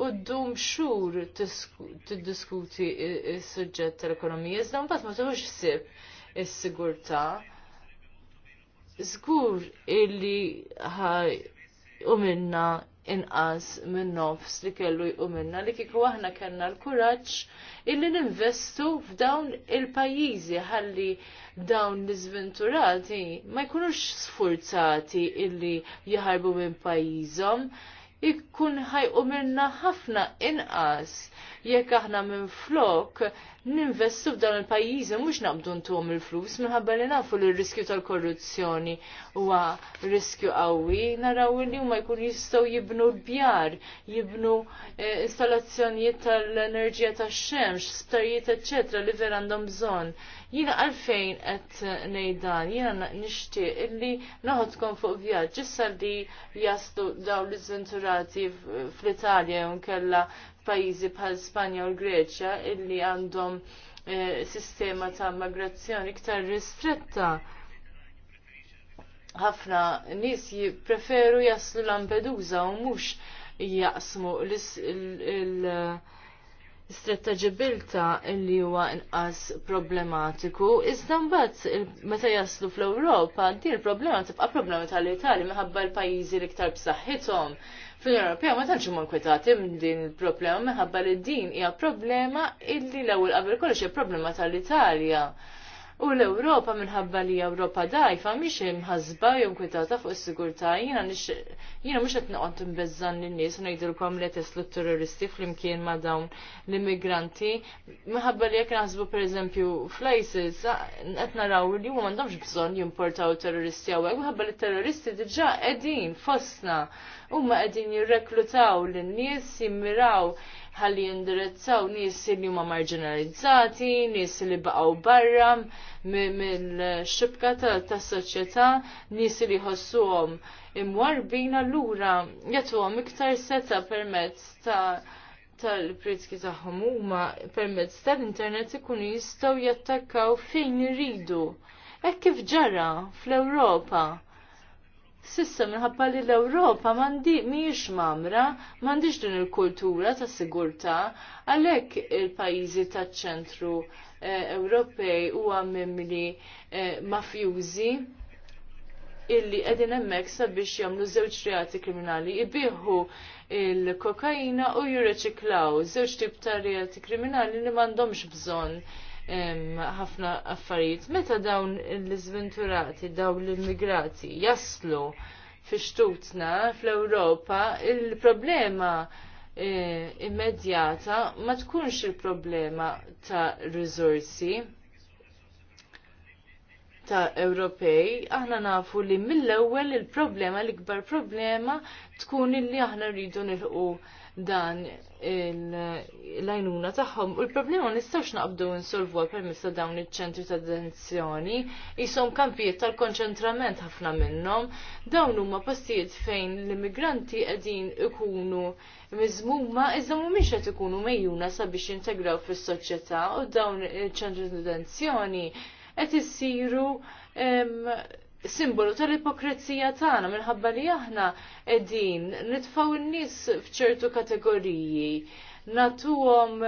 u d-dum xur t-diskuti il-sujġet tal-ekonomija, iżda mbagħad ma s-sib is-sigurtà. Żgur illi ħaj u minna inqas minn nofs li kellu minna li kieku aħna kellna l-kuraġġ illi ninvestu f'dawn il-pajjiżi ħalli dawn l-iżventurati ma jkunux sfurzati illi jħarbu minn pajjiżhom ikkun ħajqu minna ħafna inqas jekk aħna minn flok ninvestu f'dan il-pajjiżi mhux naqbdu ntuhom il-flus minħabba li nafu li r-riskju tal-korruzzjoni huwa riskju qawwi naraw li huma jkun jistgħu jibnu l-bjar, jibnu eh, installazzjonijiet tal-enerġija tax-xemx, sptarijiet eċċetra li vera għandhom bżonn. Jiena għalfejn qed ngħid dan, jiena nixtieq illi naħodkom fuq vjaġġ issa li jaslu daw l-iżventurati fl-Italja jew nkella f'pajjiżi bħal Spanja u l-Greċja illi għandhom eh, sistema ta' migrazzjoni iktar ristretta ħafna nis jippreferu jaslu Lampedusa u mhux jaqsmu l stretta ġibilta illi huwa inqas problematiku, iżda mbagħad meta jaslu fl-Ewropa din il-problema tibqa' problema tal-Italja minħabba l-pajjiżi li iktar b'saħħithom. Fl-Unjoni Ewropea ma tantx huma nkwetati din il-problema minħabba li din hija problema illi l-ewwel qabel kollox hija problema tal-Italja. U l-Ewropa minħabba li Ewropa dajfa miex imħazba jew kwitata fuq is-sigurtà jiena jiena mhux qed noqgħod imbeżżan lin-nies u ngħidilkom li teslu terroristi flimkien ma' dawn l-immigranti. Minħabba li jekk naħsbu pereżempju fl-ISIS qed naraw li huma m'għandhomx bżonn jimportaw terroristi hawnhekk minħabba li terroristi diġà qegħdin fostna huma qegħdin jirreklutaw lin-nies jimmiraw ħalli jindirizzaw nies li huma marginalizzati, nies li baqgħu barra, mill-xibka tas-soċjetà nies li jħossuhom imwarbin allura jagħtuhom iktar seta permezz ta' tal-pritki tagħhom huma permezz tal-internet ikunu jistgħu jattakkaw fejn iridu. Hekk kif ġara fl-Ewropa. Sissa minħabba li l-Ewropa mandi miex mamra, mandiġ din il-kultura ta' sigurta, għalek il-pajizi ta' ċentru Eh, Ewropej huwa mimli eh, mafjużi illi għedin emmek sabiex jamlu zewċ reati kriminali ibiħu il-kokaina u jirreċiklaw zewċ tip ta' reati kriminali li mandomx bżon ħafna affarijiet. Meta dawn l-izventurati, dawn l-immigrati jaslu fi xtutna fl-Europa, il-problema il problema E, immedjata ma tkunx il-problema ta' rizorsi ta' Ewropej, aħna nafu li mill-ewwel il-problema, l-ikbar problema tkun li aħna rridu nilħu dan l-għajnuna tagħhom. U l-problema nistgħux naqbdu nsolvu permezz ta' dawn iċ-ċentri ta' detenzjoni, isom kampijiet tal-konċentrament ħafna minnhom, dawn huma postijiet fejn l-immigranti qegħdin ikunu miżmuma iżda mhumiex qed ikunu mejjuna sabiex jintegraw fis-soċjetà u dawn iċ d detenzjoni qed isiru simbolu tal-ipokrezija tagħna minħabba li aħna qegħdin nitfgħu n-nies f'ċertu kategoriji natuhom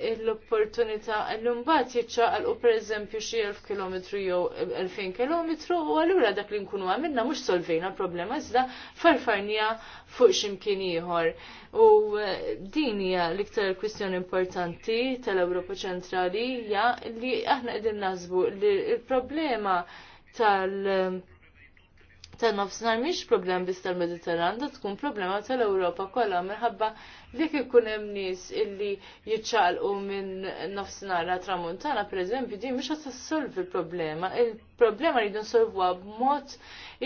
l-opportunità l-umbat jitċaqalqu per eżempju xi 1000 km jew 2000 km u allura dak li nkunu għamilna mhux solvejna problema iżda farfarnija fuq x'imkien ieħor. U eh, din hija l-iktar kwistjoni importanti tal-Ewropa ċentrali hija li aħna qegħdin nażbu li l-problema tal- ta' nofsinhar miex problem biss tal-Mediterran, da tkun problema tal-Ewropa kollha minħabba jekk ikun hemm nies illi jiċċaqlqu minn nofsinhar tramuntana pereżempju din mhux qed tissolvi l-problema. Il-problema rridu nsolvuha b'mod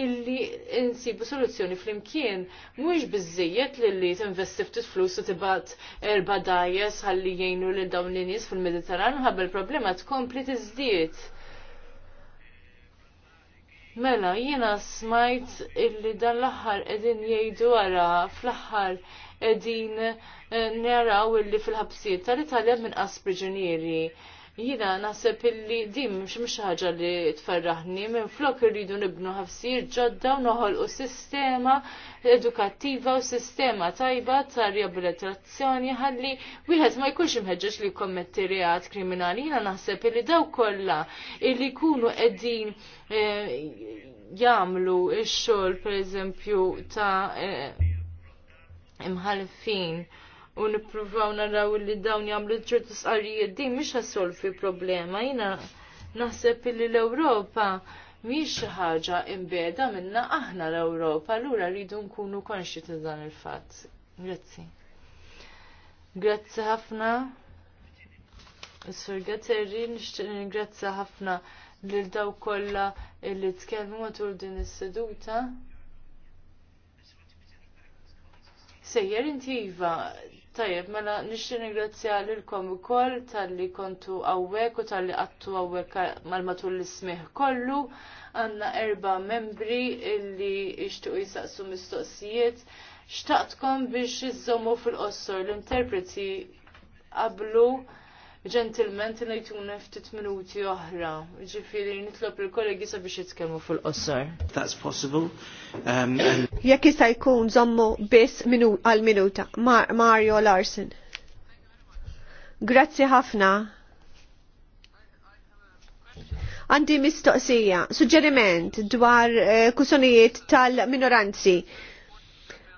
illi insibu soluzzjoni flimkien mhuwiex biżejjed li tinvesti ftit flus u tibgħat erba' dajes ħalli jgħinu lil dawn l-nies fil-Mediterran ħabba l-problema tkompli tiżdied Mela, jiena smajt illi dan l-aħħar edin jgħidu għara fl-aħħar edin eh, naraw illi fil-ħabsiet tal-Italja minn qas priġunieri Jiena naħseb illi din mhux ħaġa li tfarraħni minn flok irridu nibnu ħafsir ġodda u noħolqu sistema edukattiva u sistema tajba ta' riabilitazzjoni ħalli wieħed ma jkunx imħeġġeġ li jkommetti reat kriminali. Jiena naħseb illi daw kollha illi jkunu qegħdin eh, jagħmlu x-xogħol pereżempju ta' eh, imħalfin u nippruvaw naraw li dawn jagħmlu ċertu sqarijiet din mhix solfi problema. Jiena naħseb li l-Ewropa mhix xi ħaġa imbeda minna aħna l-Ewropa, allura rridu nkunu konxi ta' dan il-fatt. Grazzi. Grazzi ħafna. Sur Gatterri, nixtieq ningrazzja ħafna lil daw kollha li tkellmu matul din is-seduta. Sejjer inti iva, Tajjeb, mela nixti ringrazzja lilkom ukoll tal-li kontu għawek u tal-li għattu għawek mal-matul l-ismiħ kollu. Għanna erba membri illi ixtuq jisaqsu mistoqsijiet. Xtaqtkom biex iżommu fil-qossor l-interpreti qablu ġentilment ngħiduna ftit minuti oħra. Ġifiri, nitlob il-kollegi sabiex jitkellmu fil-qosor. That's possible. Um, Jekk jista' jkun żommu biss għal minuta Mario Larsen. Grazzi ħafna. Għandi mistoqsija, suġġeriment dwar eh, kusonijiet tal-minoranzi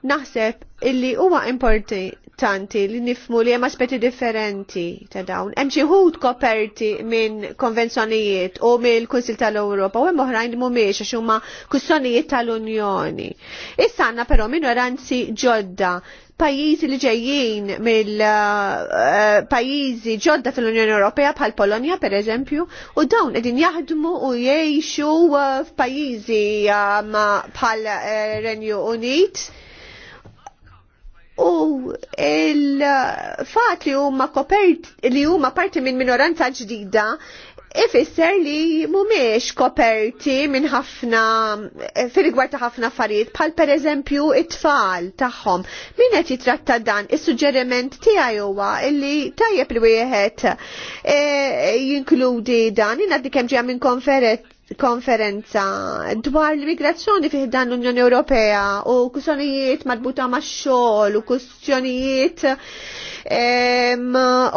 naħseb illi huwa importanti li nifmu li hemm aspetti differenti ta' dawn. Hemm xi ħud koperti minn konvenzjonijiet u mill-Kunsil tal-Ewropa u hemm oħrajn mhumiex għax huma kussjonijiet tal-Unjoni. Issa għandna però minoranzi ġodda pajjiżi li ġejjin mill-pajjiżi eh, ġodda fil-Unjoni Ewropea bħal Polonja per eżempju, u dawn qegħdin jaħdmu u jgħixu eh, f'pajjiżi eh, bħal Renju Unit u il-fat li huma kopert li huma parti minn minoranza ġdida ifisser li mumiex koperti minn ħafna fil-gwar ta' ħafna affarijiet bħal per eżempju it-tfal tagħhom. Min qed jitratta dan is-suġġeriment tiegħi huwa li tajjeb li wieħed eh, jinkludi dan jiena dik hemm ġejja minn konferenza konferenza dwar l-immigrazzjoni fih dan l-Unjoni Ewropea u kustjonijiet marbuta ma' xogħol u kwistjonijiet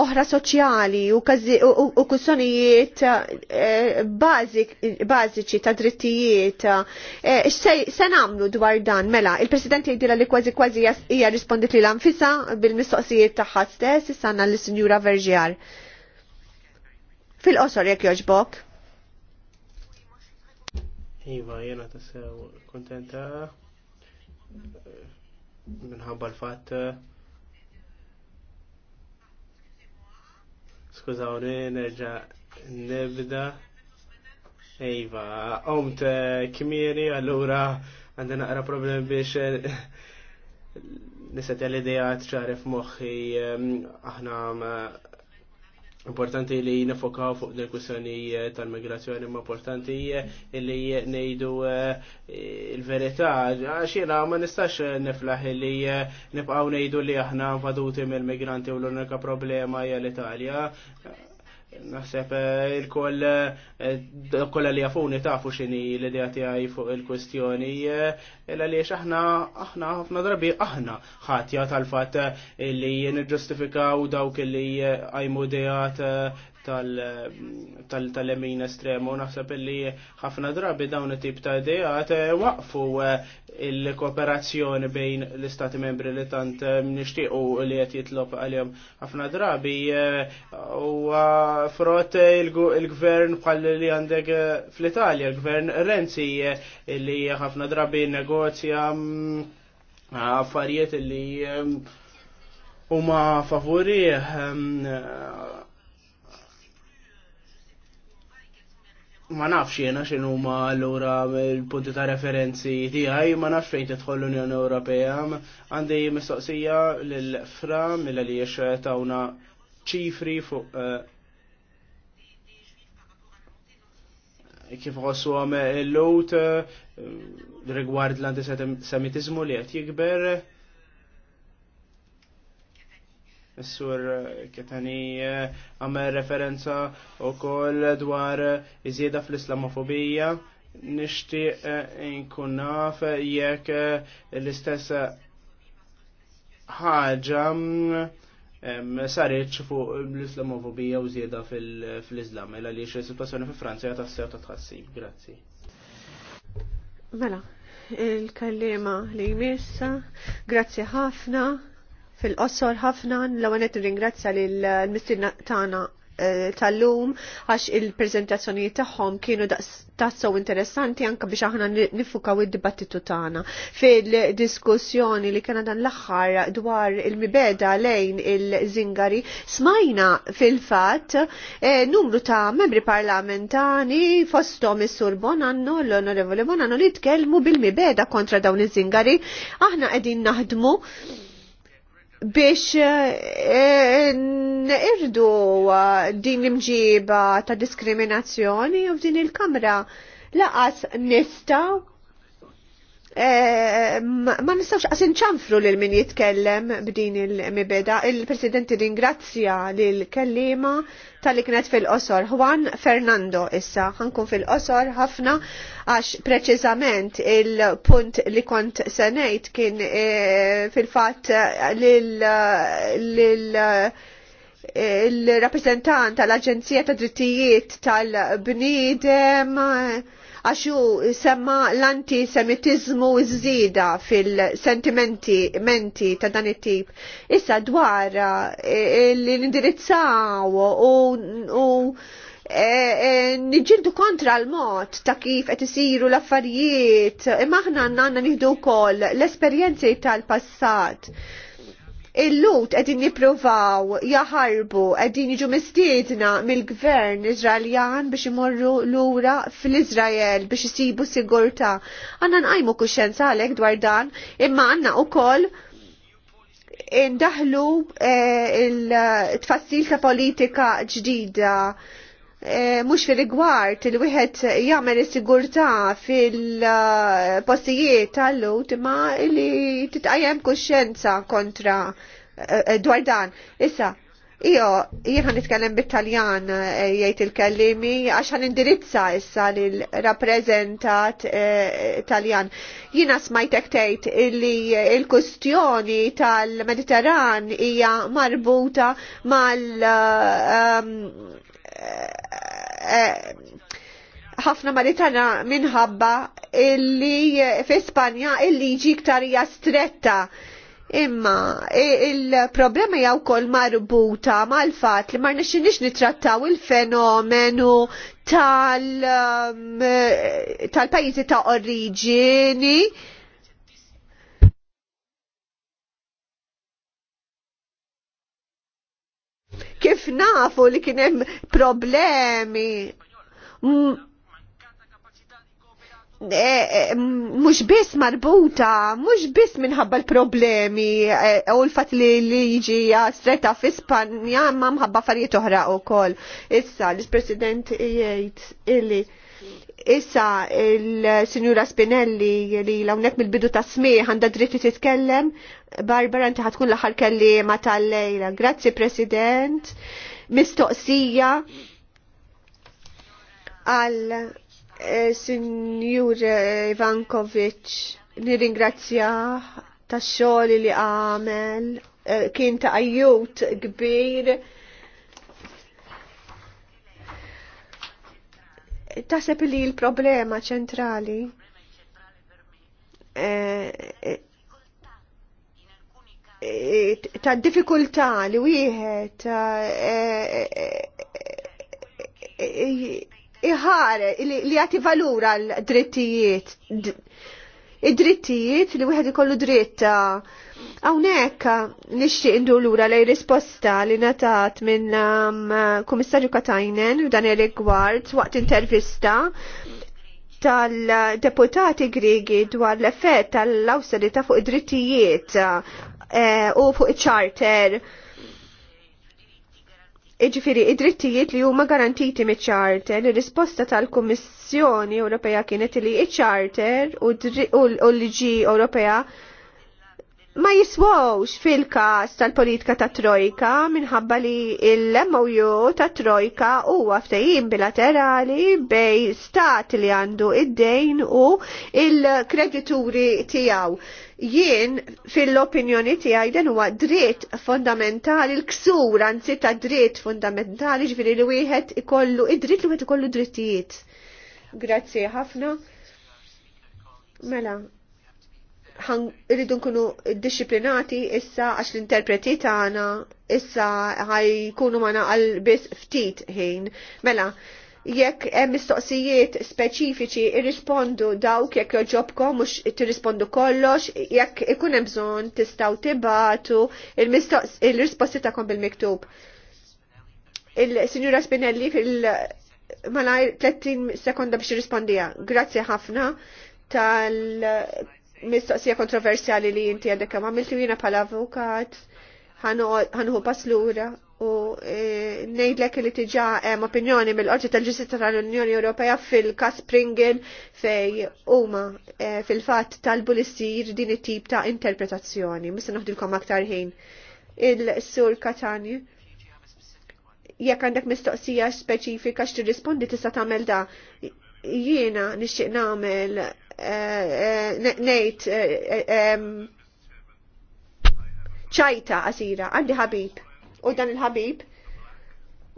oħra soċjali u kwistjonijiet eh, bażiċi ta' drittijiet. Eh, se nagħmlu dwar dan mela, il-President jgħidilha li kważi kważi hija rispondit li l-anfisa bil-mistoqsijiet tagħha stess, issa għandna l-Sinjura Verġjar. Fil-qosor jekk jogħġbok. Iva, jena tassew kontenta eh, minħabba l-fat eh, skużawni nerġa nebda. Iva, omt eh, kmiri allura għandi naqra problem biex nisetja l-idejat ċarif moħi aħna Importanti li nifokaw fuq din kwistjoni eh, tal-migrazzjoni ma importanti eh, li nejdu eh, il-verità. Għaxina ma nistax niflaħ li nibqaw nejdu li aħna vaduti mill-migranti u l-unika problema hija l-Italja. Naħseb eh, il-koll eh, eh, kolla li jafuni tafu xini l-idea tiegħi fuq il-kwestjoni l li aħna aħna ħafna drabi aħna ħatja tal-fatt li niġġustifikaw dawk li għajmu dejat tal-emin estremu. Naħseb li ħafna drabi dawn it-tip ta' idejat eh, waqfu eh, il-kooperazzjoni bejn l-istati membri li tant eh, nixtiequ li qed jitlob jom Ħafna drabi u frot il-gvern bħal li għandek fl-Italja, il-gvern Renzi li ħafna drabi negozja mm, affarijiet li huma favuri ma nafx jena xin huma allura il-punti ta' referenzi tiegħi, ma nafx fejn tidħol l-Unjoni Ewropea. Għandi mistoqsija lill-fra mill li jiex tawna ċifri fuq eh, kif għossu għame l-lot eh, rigward l-antisemitizmu li għet jikber s-sur Ketani eh, għamel referenza u koll dwar eh, iżjeda fl-islamofobija. Nishtiq eh, inkunnaf naf jekk l-istess ħaġa mm, sarriċ fuq l-islamofobija u zjeda fil-Islam, illa li xe situazzjoni fi Franza ta' s-sew ta' tħassib. Grazzi. Mela, il-kallima li jmissa, grazzi ħafna fil-qossor ħafna l qed ringrazzja lill mistirna tagħna eh, tal-lum għax il-prezentazzjoni tagħhom kienu tassew interessanti anka biex aħna nifukaw id-dibattitu tagħna. Fil-diskussjoni li kena dan l-aħħar dwar il-mibeda lejn il-Zingari smajna fil-fatt eh, numru ta' membri parlamentani fostom is-Sur Bonanno l onorevole Bonanno li tkellmu bil-mibeda kontra dawn iż-Zingari. Aħna qegħdin naħdmu biex eh, eh, irdu eh, din l-imġiba ta' diskriminazzjoni u f'din il-kamra laqas nista'. Eh, ma nistawx għasin ċanfru lil min jitkellem b'din il-mibeda. Il-Presidenti ringrazzja lil kellima tal kienet fil-qosor. Juan Fernando issa, ħankun fil-qosor ħafna għax preċiżament il-punt li kont senajt kien eh, fil-fat lil eh, il-rappresentant tal-Aġenzija ta' Drittijiet tal-Bnidem għaxu semma l-antisemitizmu iż-żida fil-sentimenti menti ta' dan it-tip. Issa dwar eh, eh, l-indirizzaw u eh, nġildu kontra l-mod ta' kif qed isiru l-affarijiet, imma aħna għandna nieħdu wkoll l-esperjenzi tal-passat il-lut għedin niprovaw jaharbu għedin jiġu mistiedna mill-gvern Izraeljan biex imorru lura fil-Izrael biex jisibu sigurta. Għanna nqajmu kuxenza għalek dwar dan imma għanna u koll indaħlu eh, il-tfassil ta' politika ġdida Eh, mux fil-rigward il wihet jagħmel is-sigurtà fil-postijiet tal-lut ma li titqajjem kuxenza kontra eh, eh, dwar dan. Issa, Ijo, jien nitkellem bit-Taljan jgħid il-kellimi għax ħan indirizza issa l-rapprezentat Taljan. Jiena smajtek tgħid illi il-kustjoni tal-Mediterran hija marbuta mal ħafna maritana minħabba illi fi Spanja il-liġi hija stretta. Imma il-problema jew kol marbuta mal-fat li ma nixinix nitrattaw il-fenomenu tal-pajizi tal um, eh, ta' origini. kif nafu li kien hemm problemi mux e, e, biss marbuta, mux biss minħabba l-problemi, e, u l-fat li liġi stretta fi Spanja, ma mħabba farijiet uħra u kol. Issa, l-President jgħid illi Issa il-Sinjura Spinelli li lawnek mill-bidu ta' smieħ għanda dritti titkellem. Barbara, inti ħatkun l-aħħar ma tal-lejla. Grazzi, President. Mistoqsija għal eh, Sinjur Ivankovic. Nirringrazzja ta' xoli li għamel. Eh, kien ta' ajut kbir taħseb li l-problema ċentrali eh, eh, ta' diffikultà li wieħed eh, iħare li jagħti valur għal drittijiet id-drittijiet li wieħed ikollu dritta Hawnhekk nixtieq indu lura lej risposta li natat minn um, Kummissarju Katajnen u dan ir-rigward waqt intervista tal-deputati Grigi dwar l-effett tal-awserita fuq id-drittijiet eh, u fuq iċ-charter. E, Iġifiri, id-drittijiet li huma garantiti mit charter ir-risposta tal-Kummissjoni Ewropea kienet li iċ-charter u l-liġi Ewropea ma jiswawx fil-kas tal-politika ta' Trojka minħabba li l-MOU ta' Trojka huwa ftehim bilaterali bej stat li għandu id-dejn u il-kredituri tiegħu jien fil-opinjoni tiegħi dan huwa dritt fondamentali l-ksur anzi ta' dritt fondamentali ġviri li wieħed ikollu id-dritt li wieħed ikollu drittijiet. Grazzi ħafna. Mela, rridu nkunu disciplinati issa għax l-interpreti tagħna issa ħajkunu magħna għal biss ftit ħin. Mela, jekk hemm mistoqsijiet speċifiċi irrispondu dawk jekk joġobkom mhux tirrispondu kollox, jekk ikun hemm bżonn tistgħu tibatu il-risposti tagħkom bil-miktub. Il-Sinjura Spinelli fil- malajr 30 sekonda biex rispondija. Grazzi ħafna tal-mistoqsija kontroversjali li jinti għandek għamiltu jina pal-avukat ħanħu paslura u e, nejdlek li tiġa hemm opinjoni mill-Qorti tal-Ġustizja tal-Unjoni Ewropea fil-kas Pringle fej huma e, fil-fatt talbu li ssir din it-tip ta' interpretazzjoni. Mista noħdilkom aktar ħin. Il-Sur Katani jekk għandek mistoqsija speċifika x'tirrispondi tista' tagħmel da. Jiena nixtieq nagħmel e, ngħid ċajta qasira, għandi ħabib u dan il-ħabib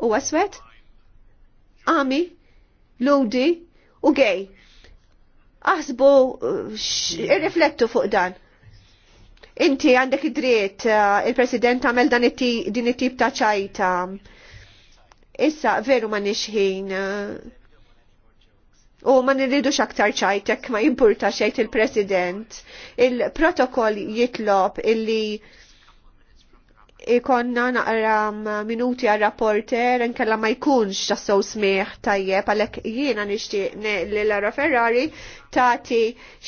u aswet, għami, ludi u gej. Aħsbu, eh, irriflettu fuq dan. Inti għandek id-dritt, eh, il-President għamel dan din it-tip ta' ċajta. Issa, veru ma nixħin. Eh, u ma nirridu aktar ċajtek, ma jimporta xejt il-President. Il-protokoll jitlob illi ikonna naqra minuti għal rapporter nkella ma jkunx tassew smieħ tajjeb għalhekk jiena nixtieq li Lara Ferrari tagħti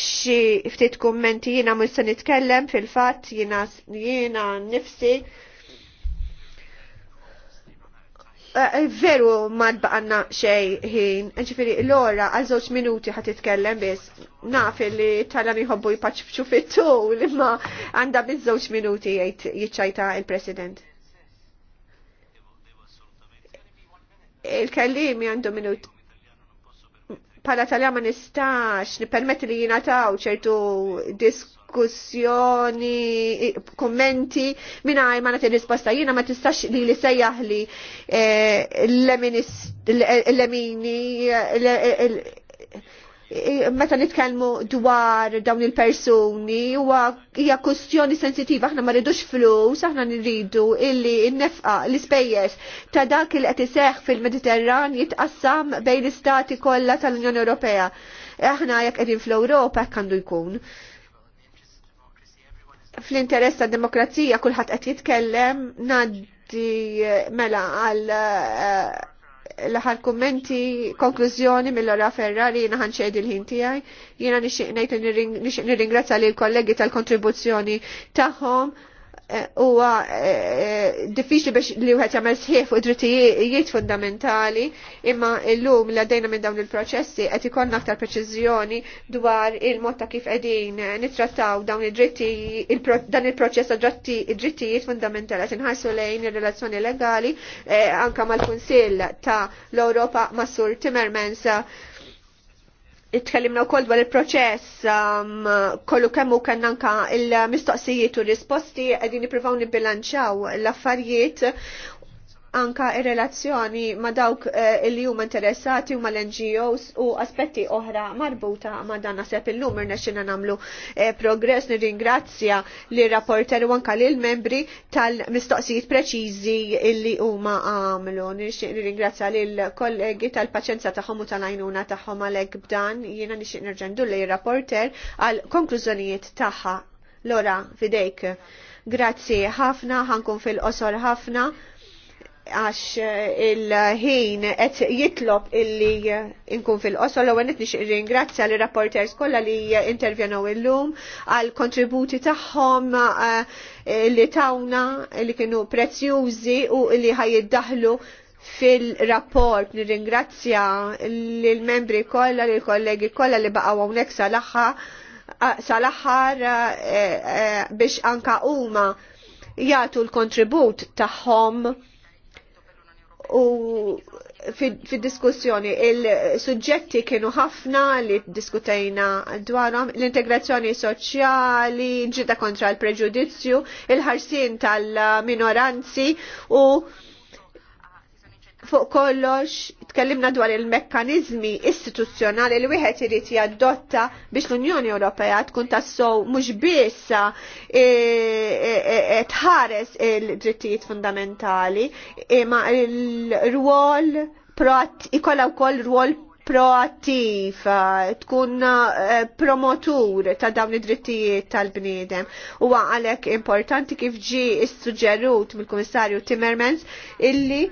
xi ftit kummenti jiena mhux se nitkellem fil-fatt jiena jiena nifsi Eh, eh, veru ma baqanna xej ħin, ġifiri l-ora għal żewġ minuti ħat titkellem biss. Naf li tala jħobbu jpaċċu fit-tul imma għandha biss żewġ minuti jitċajta jiċċajta il-President. Il-kellim għandu minut. Pala tal ma nistax, nipermetti li jinataw ċertu disk diskussjoni, kommenti, minna ma nagħti risposta jiena ma tistax li li sejjaħ li eh, l-emini eh, meta nitkellmu dwar dawn il-persuni huwa hija kustjoni sensitiva aħna ma rridux flus, aħna nirridu illi n-nefqa l-ispejjeż ta' dak il qed iseħħ fil-Mediterran jitqassam bejn l-istati kollha tal-Unjoni Ewropea aħna jekk qegħdin fl-Ewropa hekk għandu jkun fl-interess ta' demokrazija kulħadd qed jitkellem ngħaddi eh, mela għal eh, l-aħħar kummenti konklużjoni mill-ora Ferrari jiena ħanxedi l-ħin tiegħi. Jiena nixtieq ngħid nirringrazzja lill kollegi tal-kontribuzzjoni tagħhom huwa eh, eh, diffiċli biex li wieħed jagħmel sħiħ fuq drittijiet fundamentali, imma llum li għaddejna minn dawn il-proċessi qed ikollna aktar preċiżjoni dwar il-mod ta' kif qegħdin nittrattaw dawn id dritti dan il-proċess ta' drittijiet fundamentali qed inħarsu lejn ir-relazzjoni legali eh, anke mal-Kunsill ta' l-Ewropa ma' Sur Timmermans Itkellimna wkoll dwar il-proċess um, kollu hu kellna anka il-mistoqsijiet u risposti qegħdin nippruvaw nibbilanċaw l-affarijiet anka ir-relazzjoni ma dawk eh, li huma interessati u mal-NGOs u aspetti oħra marbuta ma dan naseb illum irnexxina nagħmlu eh, progress nirringrazzja li rapporter u anka lil membri tal-mistoqsijiet preċiżi li huma għamlu. Nixtieq nirringrazzja lil kollegi tal-paċenza tagħhom u tal-għajnuna tagħhom għalhekk b'dan jiena nixtieq nirġendu li rapporter għal konklużjonijiet tagħha. Lora, fidejk. Grazzi ħafna, ħankun fil-qosor ħafna għax eh, il-ħin qed jitlob illi eh, inkun fil-qosol u għanet nix ringrazzja li rapporters kolla li eh, intervjanaw lum għal kontributi tagħhom li tawna li kienu prezzjużi u li ħajiddaħlu fil-rapport nirringrazzja l-membri kolla, l-kollegi kolla li baqgħu hawnhekk salaxa salaxar biex anka huma jagħtu l-kontribut tagħhom u fil-diskussjoni il-sujġetti kienu ħafna li diskutejna dwarhom l-integrazzjoni soċjali, ġita kontra l-preġudizzju, il-ħarsin tal-minoranzi u fuq kollox tkellimna dwar il-mekkanizmi istituzzjonali li wieħed irid jaddotta biex l-Unjoni Ewropea tkun tassow mhux biss eh, eh, eh, tħares il-drittijiet fundamentali imma l rwol ikolla wkoll rwol proattiv, tkun promotur ta' dawn id-drittijiet tal-bniedem. U għalhekk importanti kif ġi issuġġerut mill-Kummissarju Timmermans illi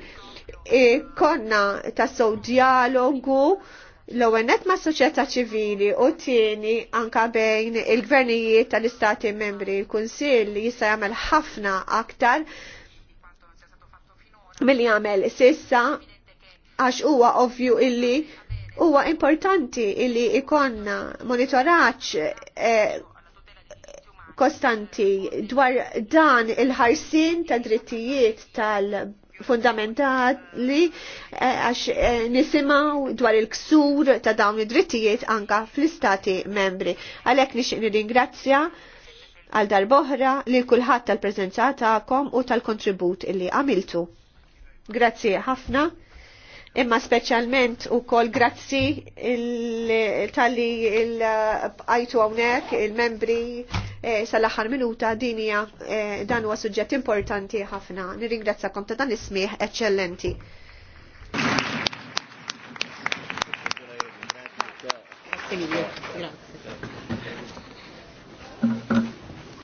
konna tassow dialogu l-għennet ma' soċjetà ċivili u tieni anka bejn il-gvernijiet tal-istati membri, il-Kunsill jista' jagħmel ħafna aktar milli jagħmel sissa għax huwa ovvju illi huwa importanti illi ikonna monitoraġġ eh, kostanti dwar dan il-ħarsin ta' drittijiet tal- fundamentali eh, għax eh, nisimaw dwar il-ksur ta' dawn id-drittijiet anka fl-istati membri. Għalek nix nir-ingrazzja għal darboħra li kullħat tal-prezenza kom u tal-kontribut illi għamiltu. Grazie ħafna imma specialment u kol grazzi tal-li il-għajtu għonek, il-membri e, eh, sal-axar minuta dinja eh, dan huwa suġġett importanti ħafna. Nirringrazzakom ta' dan ismiħ eccellenti. Grazie mille. Grazie.